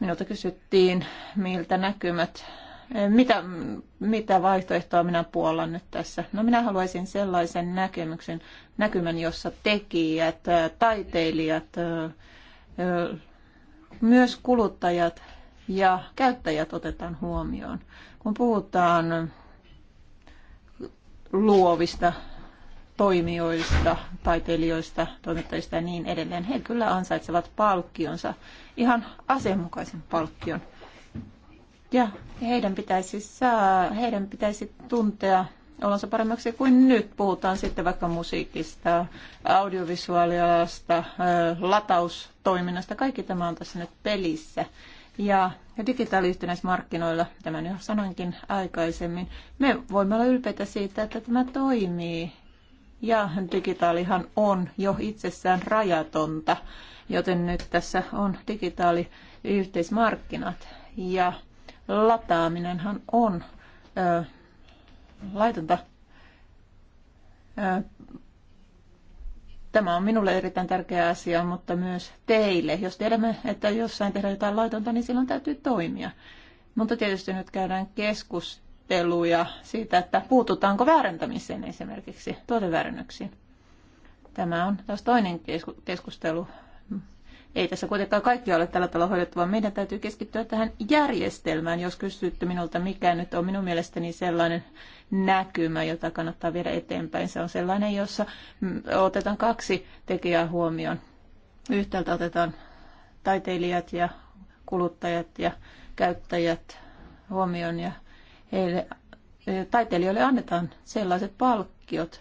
minulta kysyttiin, miltä näkymät, eh, mitä, mitä vaihtoehtoa minä puolan nyt tässä. No minä haluaisin sellaisen näkemyksen, näkymän, jossa tekijät, eh, taiteilijat, eh, myös kuluttajat ja käyttäjät otetaan huomioon. Kun puhutaan luovista toimijoista, taiteilijoista, toimittajista ja niin edelleen. He kyllä ansaitsevat palkkionsa, ihan asianmukaisen palkkion. Ja heidän pitäisi, saa, heidän pitäisi tuntea olonsa paremmaksi kuin nyt. Puhutaan sitten vaikka musiikista, audiovisuaalialasta, lataustoiminnasta. Kaikki tämä on tässä nyt pelissä. Ja digitaaliyhtenäismarkkinoilla, tämän jo sanoinkin aikaisemmin, me voimme olla ylpeitä siitä, että tämä toimii ja digitaalihan on jo itsessään rajatonta, joten nyt tässä on digitaaliyhteismarkkinat ja lataaminenhan on ö, laitonta. Ö, tämä on minulle erittäin tärkeä asia, mutta myös teille. Jos tiedämme, että jossain tehdään jotain laitonta, niin silloin täytyy toimia. Mutta tietysti nyt käydään keskustelua keskusteluja siitä, että puututaanko väärentämiseen esimerkiksi tuoteväärennöksiin. Tämä on taas toinen keskustelu. Ei tässä kuitenkaan kaikki ole tällä tavalla hoidettu, vaan meidän täytyy keskittyä tähän järjestelmään. Jos kysytty minulta, mikä nyt on minun mielestäni sellainen näkymä, jota kannattaa viedä eteenpäin, se on sellainen, jossa mm, otetaan kaksi tekijää huomioon. Yhtäältä otetaan taiteilijat ja kuluttajat ja käyttäjät huomioon ja heille, taiteilijoille annetaan sellaiset palkkiot,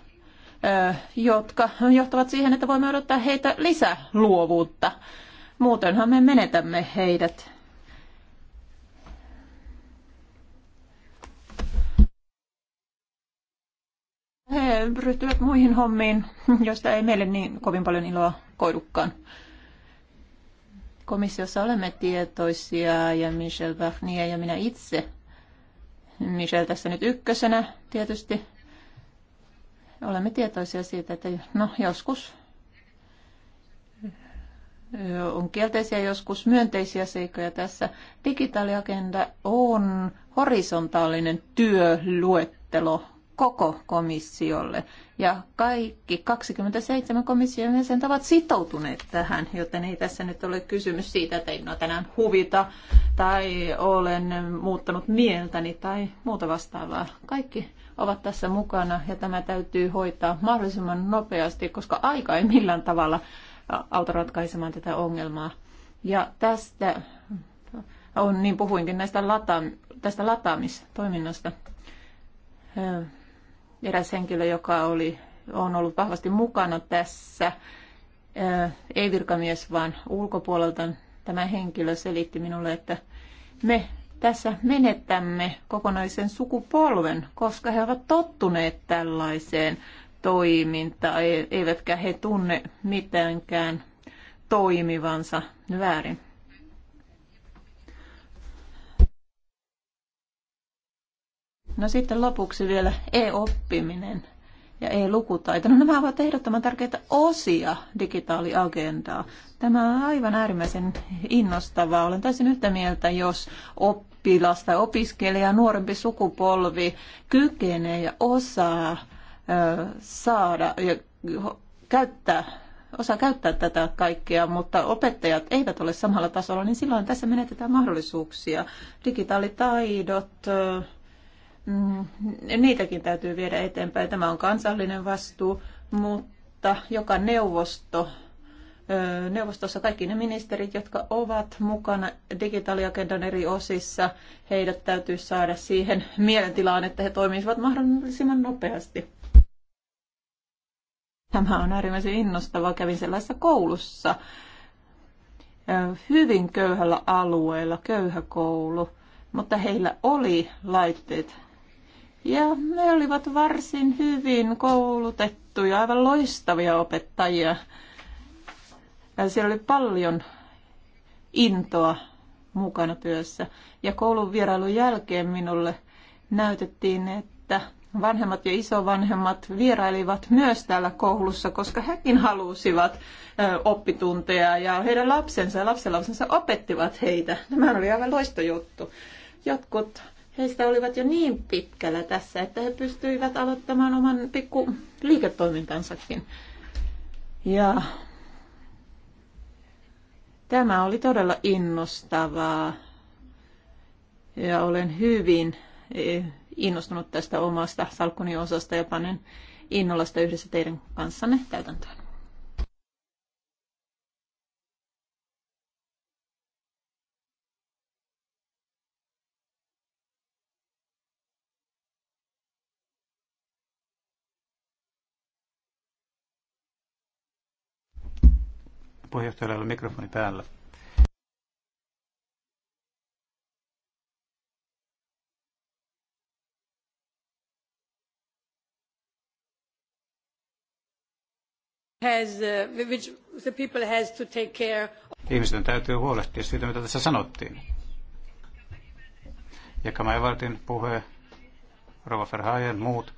jotka johtavat siihen, että voimme odottaa heitä lisäluovuutta. Muutenhan me menetämme heidät. He ryhtyvät muihin hommiin, joista ei meille niin kovin paljon iloa koidukkaan. Komissiossa olemme tietoisia ja Michel Barnier ja minä itse Michel tässä nyt ykkösenä tietysti. Olemme tietoisia siitä, että no, joskus on kielteisiä, joskus myönteisiä seikkoja tässä. Digitaaliagenda on horisontaalinen työluettelo koko komissiolle. Ja kaikki 27 komission jäsentä ovat sitoutuneet tähän, joten ei tässä nyt ole kysymys siitä, että ei no tänään huvita tai olen muuttanut mieltäni tai muuta vastaavaa. Kaikki ovat tässä mukana ja tämä täytyy hoitaa mahdollisimman nopeasti, koska aika ei millään tavalla auta ratkaisemaan tätä ongelmaa. Ja tästä on, niin puhuinkin näistä lata, tästä lataamistoiminnasta eräs henkilö, joka oli, on ollut vahvasti mukana tässä, ei virkamies, vaan ulkopuolelta tämä henkilö selitti minulle, että me tässä menetämme kokonaisen sukupolven, koska he ovat tottuneet tällaiseen toimintaan, e-, eivätkä he tunne mitenkään toimivansa väärin. No sitten lopuksi vielä e-oppiminen ja e-lukutaito. No nämä ovat ehdottoman tärkeitä osia digitaaliagendaa. Tämä on aivan äärimmäisen innostavaa. Olen täysin yhtä mieltä, jos oppilas tai opiskelija, nuorempi sukupolvi kykenee ja osaa ö, saada ja käyttää osaa käyttää tätä kaikkea, mutta opettajat eivät ole samalla tasolla, niin silloin tässä menetetään mahdollisuuksia. Digitaalitaidot, Mm, niitäkin täytyy viedä eteenpäin. Tämä on kansallinen vastuu, mutta joka neuvosto, neuvostossa kaikki ne ministerit, jotka ovat mukana digitaaliagendan eri osissa, heidät täytyy saada siihen mielentilaan, että he toimisivat mahdollisimman nopeasti. Tämä on äärimmäisen innostavaa. Kävin sellaisessa koulussa, hyvin köyhällä alueella, köyhä koulu, mutta heillä oli laitteet ja ne olivat varsin hyvin koulutettuja, aivan loistavia opettajia. Ja siellä oli paljon intoa mukana työssä. Ja koulun vierailun jälkeen minulle näytettiin, että vanhemmat ja isovanhemmat vierailivat myös täällä koulussa, koska hekin halusivat oppitunteja ja heidän lapsensa ja lapsenlapsensa opettivat heitä. Nämä oli aivan loistojuttu. Jotkut heistä olivat jo niin pitkällä tässä, että he pystyivät aloittamaan oman pikku liiketoimintansakin. Ja tämä oli todella innostavaa. Ja olen hyvin eh, innostunut tästä omasta salkkuni osasta ja panen innolla sitä yhdessä teidän kanssanne täytäntöön. Puheenjohtajalla on mikrofoni päällä. Has, uh, which the people has to take care. Ihmisten täytyy huolehtia siitä, mitä tässä sanottiin. Ja Kamaevaltin puhe, Rova Ferhaajan, muut.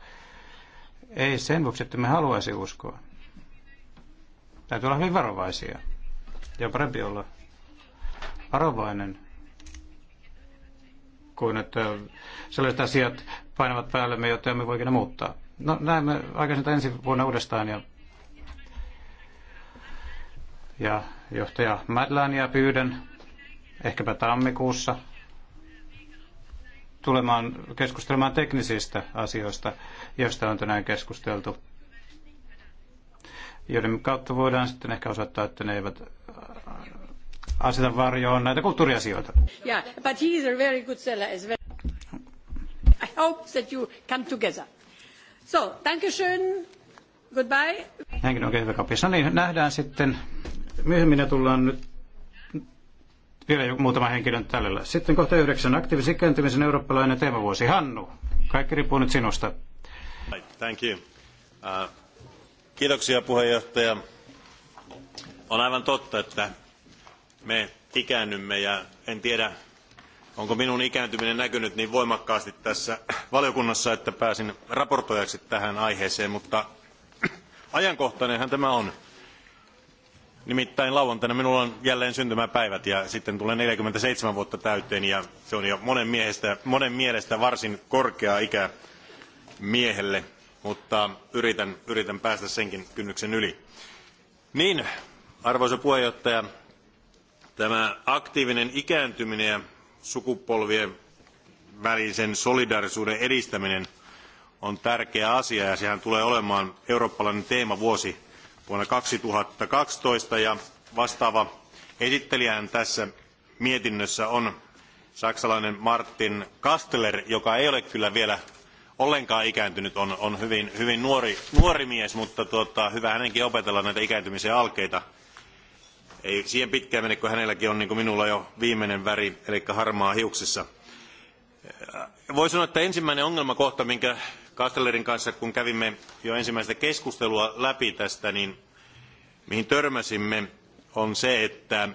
Ei sen vuoksi, että me haluaisi uskoa. Täytyy olla hyvin varovaisia. Ja on parempi olla varovainen kuin että sellaiset asiat painavat päälle joita emme voi ikinä muuttaa. No näemme aikaisin ensi vuonna uudestaan ja, ja johtaja Madlania pyydän ehkäpä tammikuussa tulemaan keskustelemaan teknisistä asioista, joista on tänään keskusteltu joiden kautta voidaan sitten ehkä osoittaa, että ne eivät äh, aseta varjoon näitä kulttuuriasioita. Yeah, but he is a very good seller as well. I hope that you come together. So, danke schön. Goodbye. Näinkin oikein hyvä kapissa. No niin, nähdään sitten. Myöhemmin ja tullaan nyt vielä joku muutama henkilön tällä. Sitten kohta yhdeksän. Aktiivisen ikääntymisen eurooppalainen teemavuosi. Hannu, kaikki riippuu nyt sinusta. Thank you. Uh... Kiitoksia puhemies On aivan totta, että me ikäännymme ja en tiedä, onko minun ikääntyminen näkynyt niin voimakkaasti tässä valiokunnassa, että pääsin esittelijäksi tähän aiheeseen, mutta ajankohtainenhan tämä on. Nimittäin lauantaina minulla on jälleen syntymäpäivät ja sitten tulee neljäkymmentäseitsemän vuotta täyteen ja se on jo monen, miehestä, monen mielestä varsin korkea ikä miehelle mutta yritän, yritän päästä senkin kynnyksen yli. Niin, arvoisa puheenjohtaja, tämä aktiivinen ikääntyminen ja sukupolvien välisen solidaarisuuden edistäminen on tärkeä asia ja sehän tulee olemaan eurooppalainen teemavuosi vuonna kaksituhatta kaksitoista ja vastaava esittelijähän tässä mietinnössä on saksalainen martin kastler joka ei ole kyllä vielä ollenkaan ikääntynyt, on, on hyvin, hyvin nuori, nuori, mies, mutta tuota, hyvä hänenkin opetella näitä ikääntymisen alkeita. Ei siihen pitkään mene, kun hänelläkin on niin kuin minulla jo viimeinen väri, eli harmaa hiuksissa. Äh, voi sanoa, että ensimmäinen ongelmakohta, minkä Kastellerin kanssa, kun kävimme jo ensimmäistä keskustelua läpi tästä, niin mihin törmäsimme, on se, että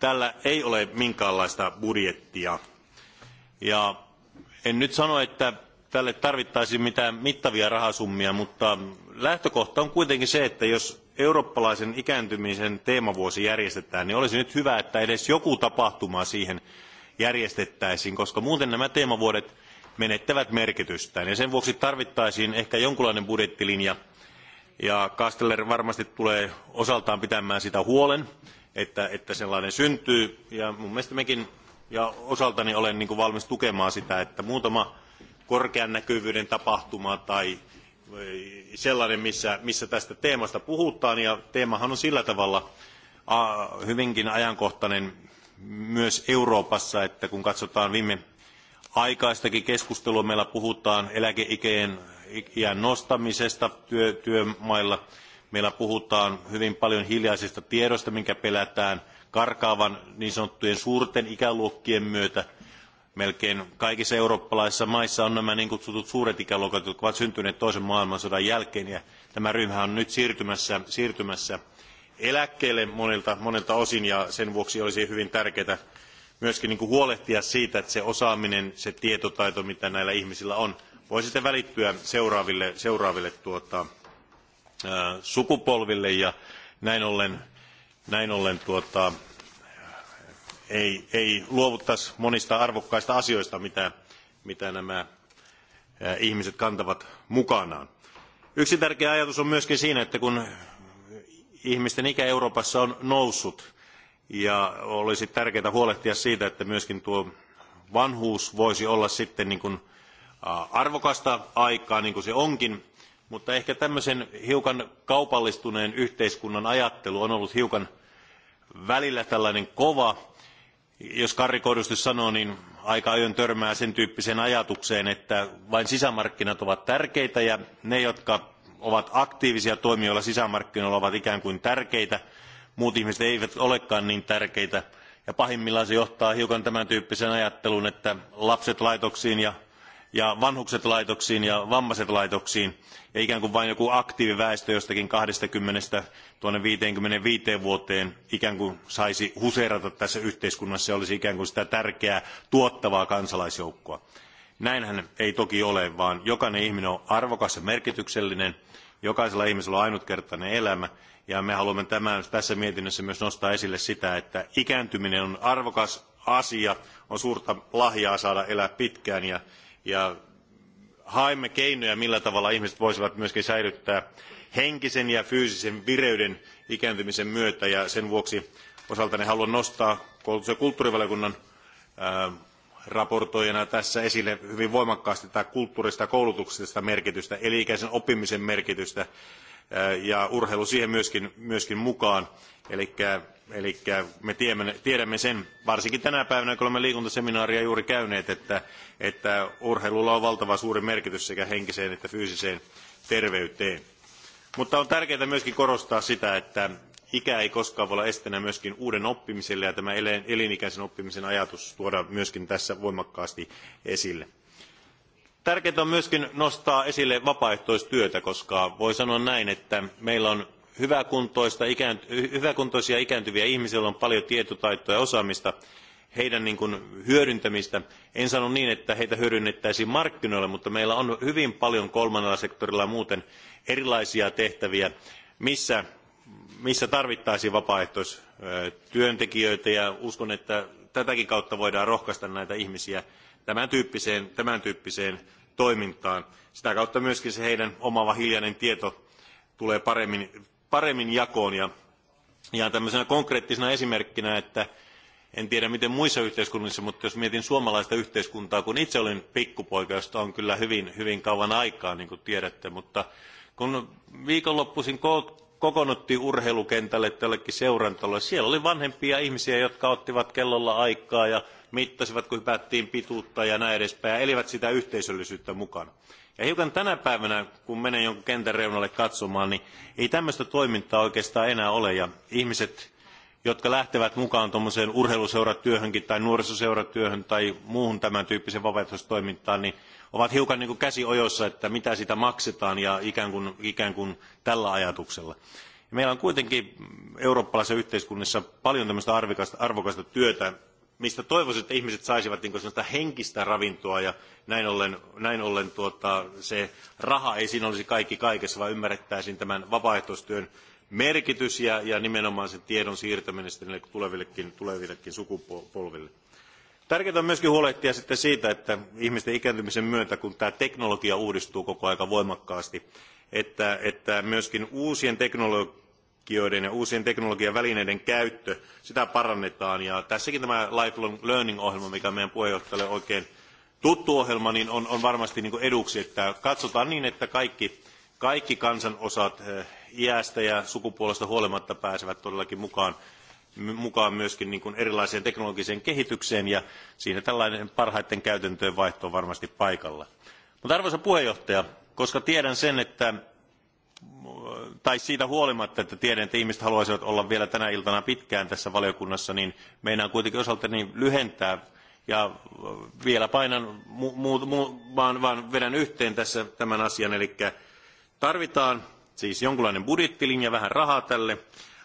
tällä ei ole minkäänlaista budjettia. Ja en nyt sano, että tälle tarvittaisi mitään mittavia rahasummia mutta lähtökohta on kuitenkin se että jos eurooppalaisen ikääntymisen teemavuosi järjestetään niin olisi nyt hyvä että edes joku tapahtuma siihen järjestettäisiin koska muuten nämä teemavuodet menettävät merkitystään ja sen vuoksi tarvittaisiin ehkä jonkinlainen budjettilinja ja casteller varmasti tulee osaltaan pitämään siitä huolen että, että sellainen syntyy ja mun mielestä mekin ja osaltani olen niin valmis tukemaan sitä että muutama korkean näkyvyyden tapahtuma tai sellainen, missä, missä tästä teemasta puhutaan. Ja teemahan on sillä tavalla hyvinkin ajankohtainen myös Euroopassa, että kun katsotaan viime aikaistakin keskustelua, meillä puhutaan eläkeikien iän nostamisesta työ, työmailla, meillä puhutaan hyvin paljon hiljaisesta tiedosta, minkä pelätään karkaavan niin sanottujen suurten ikäluokkien myötä – melkein kaikissa eurooppalaisissa maissa on nämä niin kutsutut suuret ikäluokat, jotka ovat syntyneet toisen maailmansodan jälkeen. Ja tämä ryhmä on nyt siirtymässä, siirtymässä eläkkeelle monilta, monilta osin ja sen vuoksi olisi hyvin tärkeää myös niin huolehtia siitä, että se osaaminen, se tietotaito, mitä näillä ihmisillä on, voi sitten välittyä seuraaville, seuraaville tuota, sukupolville ja näin ollen, näin ollen tuota, ei, luovuttaisi monista arvokkaista asioista, mitä, nämä ihmiset kantavat mukanaan. Yksi tärkeä ajatus on myöskin siinä, että kun ihmisten ikä Euroopassa on noussut ja olisi tärkeää huolehtia siitä, että myöskin tuo vanhuus voisi olla sitten niin kuin arvokasta aikaa, niin kuin se onkin, mutta ehkä tämmöisen hiukan kaupallistuneen yhteiskunnan ajattelu on ollut hiukan välillä tällainen kova jos karrikoidusti sanoo, niin aika ajoin törmää sen tyyppiseen ajatukseen, että vain sisämarkkinat ovat tärkeitä ja ne, jotka ovat aktiivisia toimijoilla sisämarkkinoilla, ovat ikään kuin tärkeitä. Muut ihmiset eivät olekaan niin tärkeitä. Ja pahimmillaan se johtaa hiukan tämän tyyppiseen ajatteluun, että lapset laitoksiin ja ja vanhukset laitoksiin ja vammaiset laitoksiin ja ikään kuin vain joku aktiiviväestö jostakin 20 tuonne 55 vuoteen ikään kuin saisi huseerata tässä yhteiskunnassa ja olisi ikään kuin sitä tärkeää tuottavaa kansalaisjoukkoa. Näinhän ei toki ole, vaan jokainen ihminen on arvokas ja merkityksellinen, jokaisella ihmisellä on ainutkertainen elämä ja me haluamme tämän, tässä mietinnössä myös nostaa esille sitä, että ikääntyminen on arvokas asia, on suurta lahjaa saada elää pitkään ja ja haemme keinoja millä tavalla ihmiset voisivat myös säilyttää henkisen ja fyysisen vireyden ikääntymisen myötä ja sen vuoksi osaltani haluan nostaa koulutus ja kulttuurivaliokunnan raportoijana tässä esille hyvin voimakkaasti tätä kulttuurista ja koulutuksellista merkitystä elinikäisen oppimisen merkitystä ja urheilu siihen myöskin, myöskin mukaan. Eli me tiedämme, tiedämme sen, varsinkin tänä päivänä, kun olemme liikuntaseminaaria juuri käyneet, että, että urheilulla on valtava suuri merkitys sekä henkiseen että fyysiseen terveyteen. Mutta on tärkeää myöskin korostaa sitä, että ikä ei koskaan voi olla esteenä myöskin uuden oppimiselle ja tämä elinikäisen oppimisen ajatus tuoda myöskin tässä voimakkaasti esille tärkeää on myös nostaa esille vapaaehtoistyötä koska voi sanoa näin että meillä on hyväkuntoisia ikääntyviä ihmisiä joilla on paljon tietotaitoa ja osaamista heidän niin kuin hyödyntämistä en sano niin että heitä hyödynnettäisiin markkinoilla mutta meillä on hyvin paljon kolmannella sektorilla ja muuten erilaisia tehtäviä missä, missä tarvittaisiin vapaaehtoistyöntekijöitä ja uskon että tätäkin kautta voidaan rohkaista näitä ihmisiä tämän tyyppiseen, tämän tyyppiseen toimintaan. Sitä kautta myöskin se heidän omava hiljainen tieto tulee paremmin, paremmin jakoon. Ja ihan tämmöisenä konkreettisena esimerkkinä, että en tiedä miten muissa yhteiskunnissa, mutta jos mietin suomalaista yhteiskuntaa, kun itse olin pikkupoika, josta on kyllä hyvin, hyvin kauan aikaa, niin kuin tiedätte, mutta kun viikonloppuisin kokoonnuttiin urheilukentälle tällekin seurantalolle. Siellä oli vanhempia ihmisiä, jotka ottivat kellolla aikaa ja mittasivat kun hypättiin pituutta ja näin edespäin ja elivät sitä yhteisöllisyyttä mukana. Ja hiukan tänä päivänä, kun menen jonkun kentän reunalle katsomaan, niin ei tämmöistä toimintaa oikeastaan enää ole. Ja ihmiset, jotka lähtevät mukaan tuommoiseen urheiluseuratyöhönkin tai nuorisoseuratyöhön tai muuhun tämän tyyppiseen vapaaehtoistoimintaan, niin ovat hiukan niin kuin käsi ojossa, että mitä sitä maksetaan ja ikään kuin, ikään kuin tällä ajatuksella. meillä on kuitenkin eurooppalaisessa yhteiskunnissa paljon tämmöistä arvokasta, arvokasta työtä, mistä toivoisin, että ihmiset saisivat niin sellaista henkistä ravintoa ja näin ollen, näin ollen tuota, se raha ei siinä olisi kaikki kaikessa, vaan ymmärrettäisiin tämän vapaaehtoistyön merkitys ja, ja nimenomaan sen tiedon siirtäminen sitten tulevillekin, tulevillekin sukupolville. Tärkeää on myöskin huolehtia sitten siitä, että ihmisten ikääntymisen myötä, kun tämä teknologia uudistuu koko aika voimakkaasti, että, että myöskin uusien teknologioiden tutkijoiden ja uusien teknologian välineiden käyttö, sitä parannetaan. Ja tässäkin tämä Lifelong Learning-ohjelma, mikä meidän puheenjohtajalle oikein tuttu ohjelma, niin on, on varmasti niin eduksi, että katsotaan niin, että kaikki, kaikki kansanosat eh, iästä ja sukupuolesta huolimatta pääsevät todellakin mukaan mukaan myöskin niin erilaiseen teknologiseen kehitykseen ja siinä tällainen parhaiten käytäntöjen vaihto on varmasti paikalla. Mutta arvoisa puheenjohtaja, koska tiedän sen, että tai siitä huolimatta, että tiedän, että ihmiset haluaisivat olla vielä tänä iltana pitkään tässä valiokunnassa, niin meinaan kuitenkin osaltani lyhentää ja vielä painan, mu, mu, mu, vaan, vaan vedän yhteen tässä tämän asian, eli tarvitaan siis jonkinlainen budjettilinja, vähän rahaa tälle,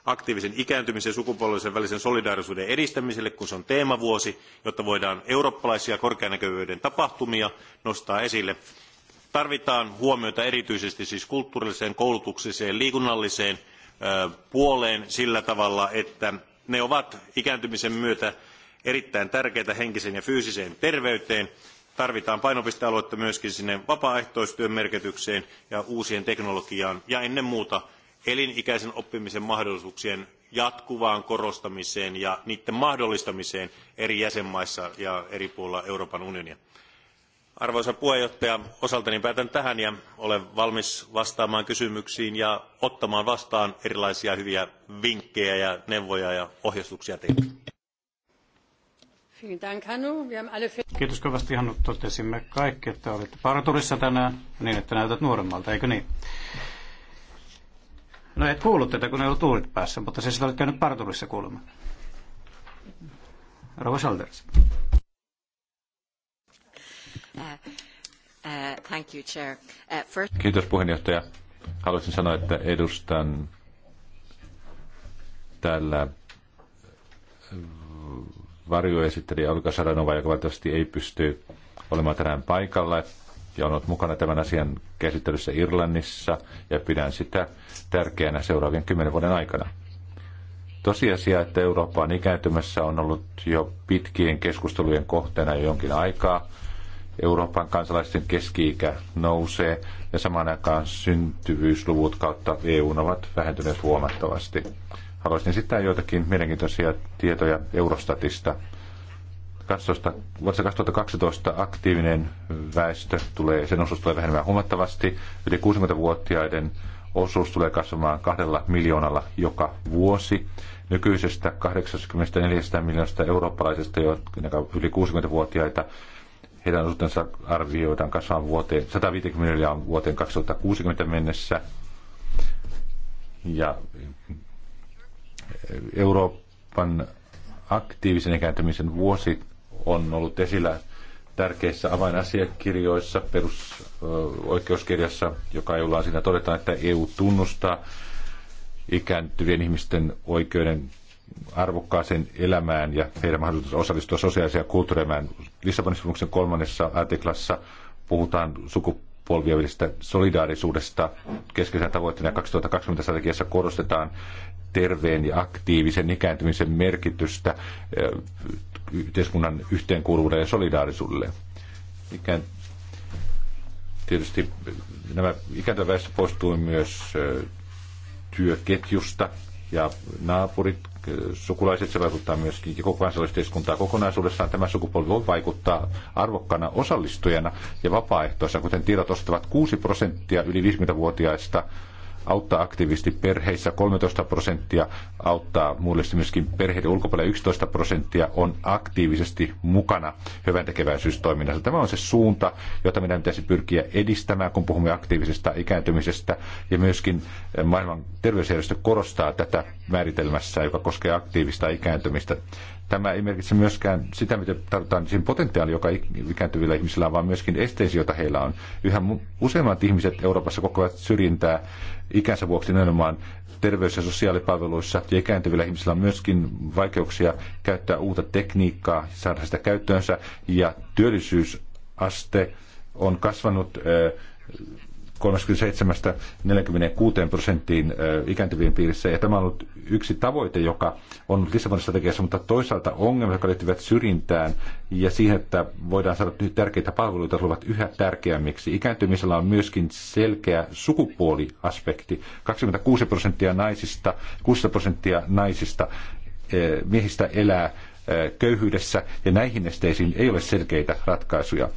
aktiivisen ikääntymisen ja sukupolvisen välisen solidaarisuuden edistämiselle, kun se on teemavuosi, jotta voidaan eurooppalaisia korkeanäköisyyden tapahtumia nostaa esille tarvitaan huomiota erityisesti siis kulttuurilliseen koulutukselliseen liikunnalliseen puoleen sillä tavalla että ne ovat ikääntymisen myötä erittäin tärkeitä henkiseen ja fyysiseen terveyteen. tarvitaan painopistealuetta myös sinne vapaaehtoistyön merkitykseen ja uusien teknologioiden ja ennen muuta elinikäisen oppimisen mahdollisuuksien jatkuvaan korostamiseen ja niiden mahdollistamiseen eri jäsenmaissa ja eri puolilla euroopan unionia. Arvoisa puhemies osaltani päätän tähän ja olen valmis vastaamaan kysymyksiin ja ottamaan vastaan erilaisia hyviä vinkkejä ja neuvoja ja ohjeistuksia teiltä. Kiitos kovasti Hannu. Totesimme kaikki, että olette parturissa tänään niin, että näytät nuoremmalta, eikö niin? No et kuullut tätä, kun ei ollut tuulit päässä, mutta siis olet käynyt parturissa kuulemma. Rova Salders thank you, Chair. Uh, first... Kiitos puheenjohtaja. Haluaisin sanoa, että edustan täällä varjoesittelijä Olga Saranova, joka valitettavasti ei pysty olemaan tänään paikalla ja on ollut mukana tämän asian käsittelyssä Irlannissa ja pidän sitä tärkeänä seuraavien kymmenen vuoden aikana. Tosiasia, että Eurooppa on ikääntymässä, on ollut jo pitkien keskustelujen kohteena jo jonkin aikaa. Euroopan kansalaisten keski-ikä nousee ja samaan aikaan syntyvyysluvut kautta EUn ovat vähentyneet huomattavasti. Haluaisin esittää joitakin mielenkiintoisia tietoja Eurostatista. Katsosta vuodessa 2012 aktiivinen väestö tulee, sen osuus tulee vähenemään huomattavasti. Yli 60-vuotiaiden osuus tulee kasvamaan kahdella miljoonalla joka vuosi. Nykyisestä 84 miljoonasta eurooppalaisesta, jotka yli 60-vuotiaita, heidän osuutensa arvioidaan kasvaa vuoteen 150 vuoteen 2060 mennessä. Ja eh, Euroopan aktiivisen ikääntymisen vuosi on ollut esillä tärkeissä avainasiakirjoissa, perusoikeuskirjassa, eh, joka ei ollaan siinä todetaan, että EU tunnustaa ikääntyvien ihmisten oikeuden arvokkaaseen elämään ja heidän mahdollisuus osallistua sosiaaliseen ja kulttuurielämään. Lissabonin sopimuksen kolmannessa artiklassa puhutaan sukupolvien välisestä solidaarisuudesta. Keskeisenä tavoitteena 2020 strategiassa korostetaan terveen ja aktiivisen ikääntymisen merkitystä eh, yhteiskunnan yhteenkuuluvuudelle ja solidaarisuudelle. Ikään, tietysti nämä ikääntyvä väestö poistuu myös eh, työketjusta ja naapurit, sukulaiset, se vaikuttaa myöskin koko kansalaisyhteiskuntaa kokonaisuudessaan. Tämä sukupolvi voi vaikuttaa arvokkana osallistujana ja vapaaehtoisena, kuten tiedot ostavat 6 prosenttia yli 50-vuotiaista auttaa aktiivisesti perheissä, 13 prosenttia auttaa muille myöskin perheiden ulkopuolella, 11 prosenttia on aktiivisesti mukana hyvän tekeväisyystoiminnassa. Tämä on se suunta, jota meidän pitäisi pyrkiä edistämään, kun puhumme aktiivisesta ikääntymisestä, ja myöskin eh, maailman terveysjärjestö korostaa tätä määritelmässä, joka koskee aktiivista ikääntymistä tämä ei merkitse myöskään sitä, mitä tarvitaan siihen potentiaali, joka ikääntyvillä ihmisillä on, vaan myöskin esteisiä, joita heillä on. Yhä useimmat ihmiset Euroopassa kokevat syrjintää ikänsä vuoksi nimenomaan terveys- ja sosiaalipalveluissa ja ikääntyvillä ihmisillä on myöskin vaikeuksia käyttää uutta tekniikkaa, saada sitä käyttöönsä ja työllisyysaste on kasvanut 37-46 prosenttiin ikääntyvien piirissä. Ja tämä on ollut yksi tavoite, joka on ollut Lissabonin strategiassa, mutta toisaalta ongelmat, jotka liittyvät syrjintään ja siihen, että voidaan saada tärkeitä palveluita, tulevat yhä tärkeämmiksi. Ikääntymisellä on myöskin selkeä sukupuoliaspekti. 26 prosenttia naisista, 6 prosenttia naisista miehistä elää köyhyydessä ja näihin esteisiin ei ole selkeitä ratkaisuja.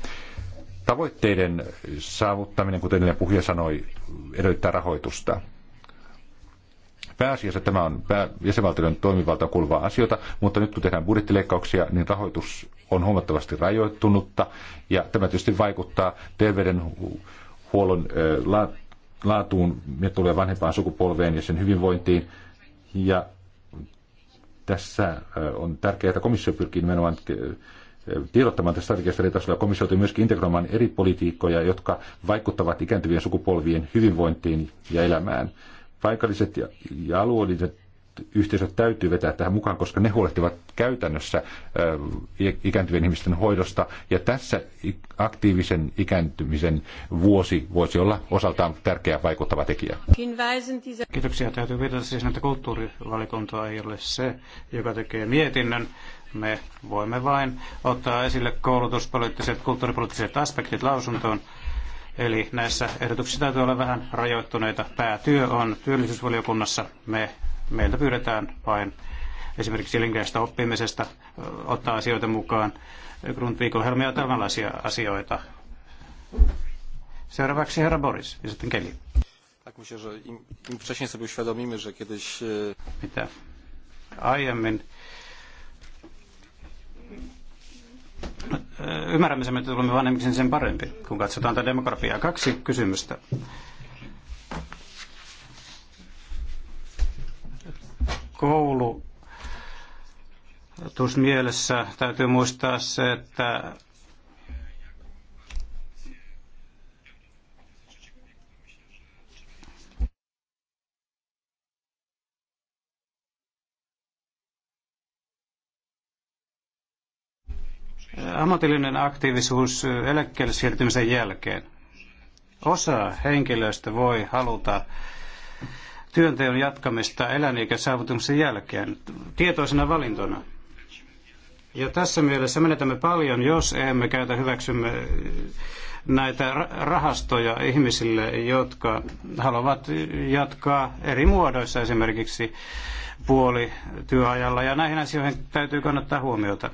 Tavoitteiden saavuttaminen, kuten edellinen puhuja sanoi, edellyttää rahoitusta. Pääasiassa tämä on pää- jäsenvaltioiden toimivalta kuuluvaa asioita, mutta nyt kun tehdään budjettileikkauksia, niin rahoitus on huomattavasti rajoittunutta, ja tämä tietysti vaikuttaa terveydenhuollon la- laatuun, me tulee vanhempaan sukupolveen ja sen hyvinvointiin, ja tässä on tärkeää, että komissio pyrkii nimenomaan tiedottamaan tästä strategiasta eri tasolla. Komissio joutuu myöskin integroimaan eri politiikkoja, jotka vaikuttavat ikääntyvien sukupolvien hyvinvointiin ja elämään. Paikalliset ja, ja alueelliset yhteisöt täytyy vetää tähän mukaan, koska ne huolehtivat käytännössä ikääntyvien ihmisten hoidosta. Ja tässä aktiivisen ikääntymisen vuosi voisi olla osaltaan tärkeä vaikuttava tekijä. Kiitoksia. Täytyy viitata siis, että kulttuurivalikunta ei ole se, joka tekee mietinnön, me voimme vain ottaa esille koulutuspoliittiset, kulttuuripoliittiset aspektit lausuntoon. Eli näissä ehdotuksissa täytyy olla vähän rajoittuneita. Päätyö on työllisyysvaliokunnassa. Me, meiltä pyydetään vain esimerkiksi elinkeinosta oppimisesta ottaa asioita mukaan, Grundtvig-ohjelmia ja tällaisia asioita. Seuraavaksi herra Boris ja sitten Keli. Tak myślę, że im, im wcześniej sobie uświadomimy, że kiedyś... E, Mitä aiemmin ymmärrämme sen, että tulemme vanhemmiksen sen parempi, kun katsotaan tätä demografiaa. Kaksi kysymystä. Koulu Tus mielessä täytyy muistaa se, että ammatillinen aktiivisuus eläkkeelle siirtymisen jälkeen. Osa henkilöistä voi haluta työnteon jatkamista eläniikän saavutumisen jälkeen tietoisena valintona. Ja tässä mielessä menetämme paljon, jos emme käytä hyväksymme näitä rahastoja ihmisille, jotka haluavat jatkaa eri muodoissa esimerkiksi puoli työajalla. Ja näihin asioihin täytyy kannattaa huomiota.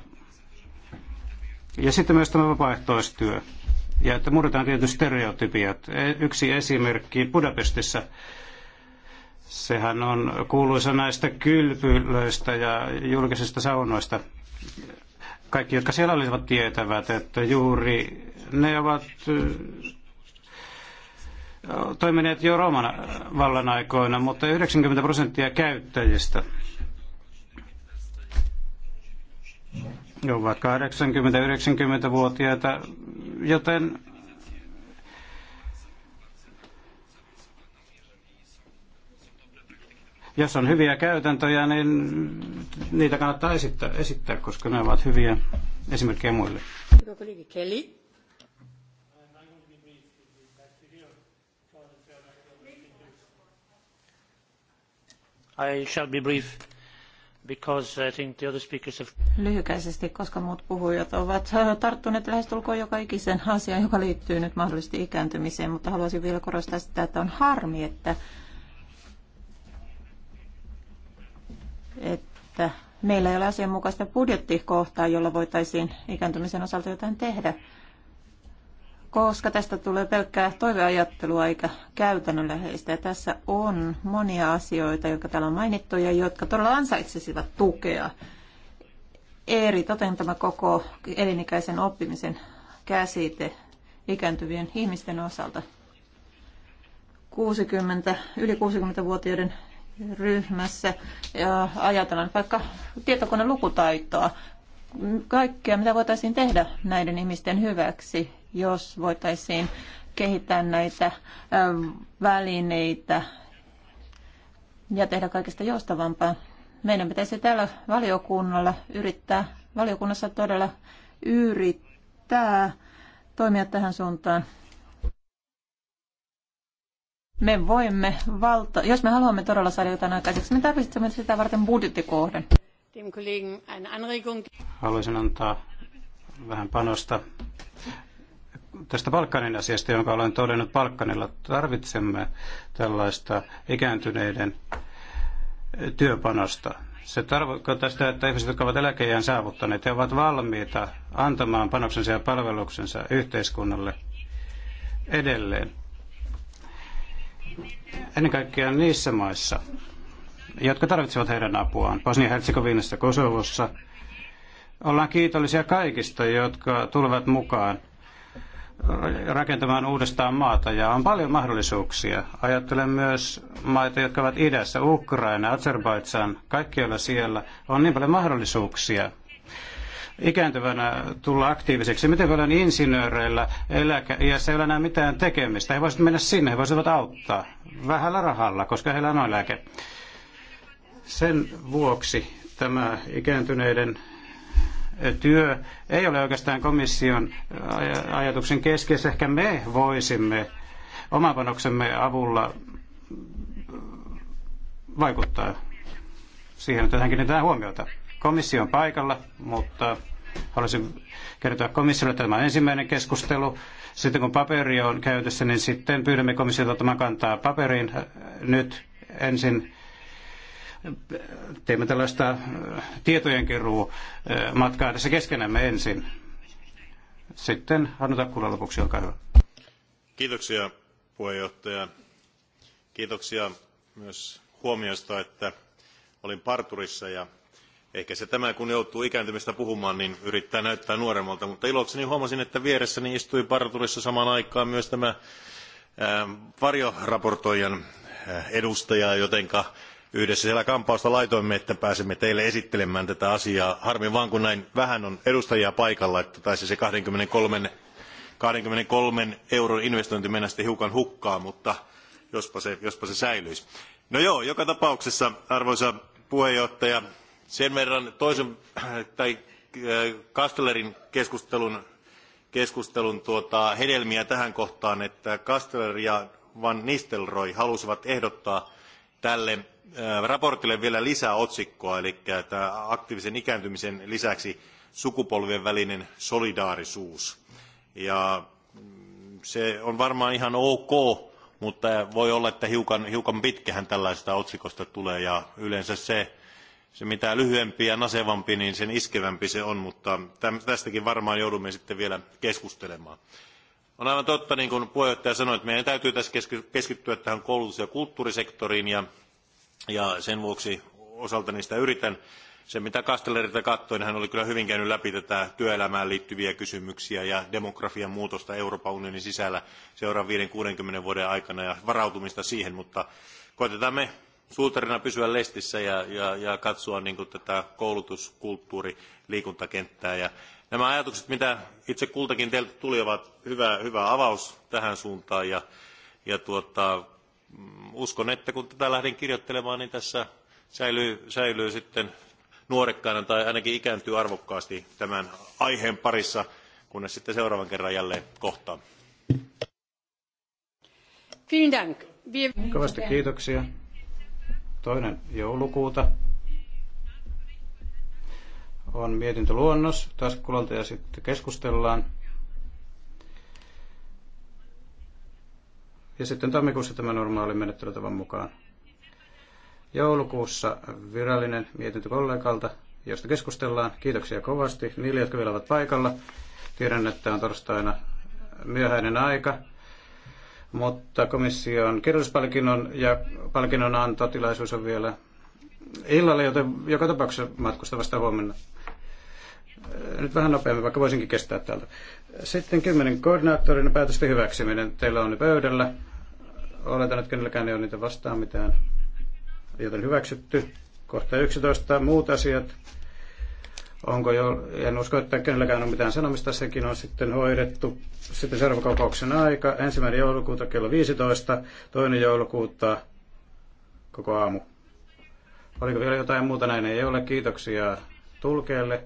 Ja sitten myös tämä vapaaehtoistyö. Ja että murretaan tietysti stereotypiat. E, yksi esimerkki Budapestissa. Sehän on kuuluisa näistä kylpylöistä ja julkisista saunoista. Kaikki, jotka siellä olisivat, tietävät, että juuri ne ovat e, toimineet jo Rooman vallan aikoina, mutta 90 prosenttia käyttäjistä ovat 80-90-vuotiaita, joten jos on hyviä käytäntöjä, niin niitä kannattaa esittää, esittää koska ne ovat hyviä esimerkkejä muille. Kelly. I shall be brief because I think the other speakers have... Lyhykäisesti, koska muut puhujat ovat tarttuneet lähestulkoon joka ikisen asiaan, joka liittyy nyt mahdollisesti ikääntymiseen, mutta haluaisin vielä korostaa sitä, että on harmi, että, että meillä ei ole asianmukaista budjettikohtaa, jolla voitaisiin ikääntymisen osalta jotain tehdä koska tästä tulee pelkkää toiveajattelua eikä käytännönläheistä. Ja tässä on monia asioita, jotka täällä on mainittu ja jotka todella ansaitsisivat tukea. Eri toten tämä koko elinikäisen oppimisen käsite ikääntyvien ihmisten osalta. 60, yli 60-vuotiaiden ryhmässä ja ajatellaan vaikka tietokoneen lukutaitoa, kaikkea, mitä voitaisiin tehdä näiden ihmisten hyväksi jos voitaisiin kehittää näitä välineitä ja tehdä kaikesta joustavampaa. Meidän pitäisi täällä valiokunnalla yrittää, valiokunnassa todella yrittää toimia tähän suuntaan. Me voimme valta, jos me haluamme todella saada jotain aikaiseksi, me tarvitsemme sitä varten budjettikohden. Haluaisin antaa vähän panosta tästä Balkanin asiasta, jonka olen todennut Balkanilla. Tarvitsemme tällaista ikääntyneiden työpanosta. Se tarkoittaa sitä, että ihmiset, jotka ovat eläkeijän saavuttaneet, he ovat valmiita antamaan panoksensa ja palveluksensa yhteiskunnalle edelleen. Ennen kaikkea niissä maissa, jotka tarvitsevat heidän apuaan, Bosnia-Herzegovinassa, Kosovossa, ollaan kiitollisia kaikista, jotka tulevat mukaan – rakentamaan uudestaan maata ja on paljon mahdollisuuksia. Ajattelen myös maita, jotka ovat idässä, Ukraina, Azerbaidsan, kaikkialla siellä on niin paljon mahdollisuuksia ikääntyvänä tulla aktiiviseksi. Miten paljon insinööreillä eläkeiässä ei ole enää mitään tekemistä? He voisivat mennä sinne, he voisivat auttaa vähällä rahalla, koska heillä on eläke. Sen vuoksi tämä ikääntyneiden työ ei ole oikeastaan komission ajatuksen keskiössä. Ehkä me voisimme oman panoksemme avulla vaikuttaa siihen, että tähän kiinnitetään huomiota. Komissio on paikalla, mutta haluaisin kertoa komissiolle, että tämä on ensimmäinen keskustelu. Sitten kun paperi on käytössä, niin sitten pyydämme komissiota ottamaan kantaa paperiin nyt ensin Teimme tällaista äh, tietojenkeruu äh, matkaa edessä keskenämme ensin. Sitten Hannu Takkula lopuksi, olkaa hyvä. Kiitoksia puheenjohtaja. Kiitoksia myös huomiosta, että olin parturissa ja ehkä se tämä kun joutuu ikääntymistä puhumaan niin yrittää näyttää nuoremmalta mutta ilokseni huomasin että vieressäni istui parturissa samaan aikaan myös tämä varjoraportoijan edustaja jotenka yhdessä siellä kampausta laitoimme että pääsemme teille esittelemään tätä asiaa. harmi vain kun näin vähän on edustajia paikalla että taisi se kaksikymmentäkolme euron investointi mennä sitten hiukan hukkaan mutta jospa se, jospa se säilyisi. no joo joka tapauksessa arvoisa puheenjohtaja sen verran toisen tai äh, Kastlerin keskustelun, keskustelun tuota, hedelmiä tähän kohtaan, että Kastler ja Van Nistelrooy halusivat ehdottaa tälle mietinnölle äh, vielä lisää otsikkoa eli tämä aktiivisen ikääntymisen lisäksi sukupolvien välinen solidaarisuus. Ja mm, se on varmaan ihan ok mutta voi olla että hiukan, hiukan pitkähän tällaisesta otsikosta tulee ja yleensä se, se mitä lyhyempi ja nasevampi niin sen iskevämpi se on mutta tästäkin varmaan joudumme sitten vielä keskustelemaan on aivan totta niin kuin puheenjohtaja sanoi että meidän täytyy tässä keskittyä tähän koulutus ja kulttuurisektoriin ja, ja sen vuoksi osaltani sitä yritän. se mitä castellerilta katsoin niin hän oli kyllä hyvin käynyt läpi tätä työelämään liittyviä kysymyksiä ja demografian muutosta euroopan unionin sisällä seuraavan viiden kuudenkymmenen vuoden aikana ja varautumista siihen mutta koetetaan me suutarina pysyä lestissä ja, ja, ja katsoa niin tätä koulutus kulttuuri liikuntakenttää ja nämä ajatukset mitä itse kultakin teiltä tuli ovat hyvä, hyvä avaus tähän suuntaan ja, ja tuota, mm, uskon että kun tätä lähden kirjoittelemaan niin tässä säilyy, säilyy sitten nuorekkaana tai ainakin ikääntyy arvokkaasti tämän aiheen parissa kunnes sitten seuraavan kerran jälleen kohtaamme. Kovasti kiitoksia. Toinen joulukuuta on mietintöluonnos Taskulalta ja sitten keskustellaan. Ja sitten tammikuussa tämä normaali menettelytavan mukaan. Joulukuussa virallinen mietintö kollegalta, josta keskustellaan. Kiitoksia kovasti niille, jotka vielä ovat paikalla. Tiedän, että on torstaina myöhäinen aika, mutta komission kirjallispalkinnon ja palkinnon antotilaisuus on vielä illalla, joten joka tapauksessa matkustavasta huomenna nyt vähän nopeammin, vaikka voisinkin kestää täältä. Sitten kymmenen koordinaattorin päätösten hyväksyminen. Teillä on ne pöydällä. Oletan, että kenelläkään ei ole niitä vastaan mitään, joten hyväksytty. Kohta 11. Muut asiat. Onko jo, en usko, että kenelläkään on mitään sanomista, sekin on sitten hoidettu. Sitten kokouksen aika, ensimmäinen joulukuuta kello 15, toinen joulukuuta koko aamu. Oliko vielä jotain muuta? Näin ei ole. Kiitoksia tulkeelle.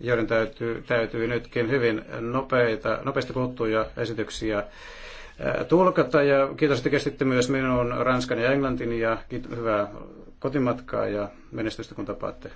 joiden täytyy, täytyy nytkin hyvin nopeita, nopeasti puuttuja esityksiä tulkata. Ja kiitos, että kestitte myös minun Ranskan ja Englantin ja hyvää kotimatkaa ja menestystä, kun tapaatte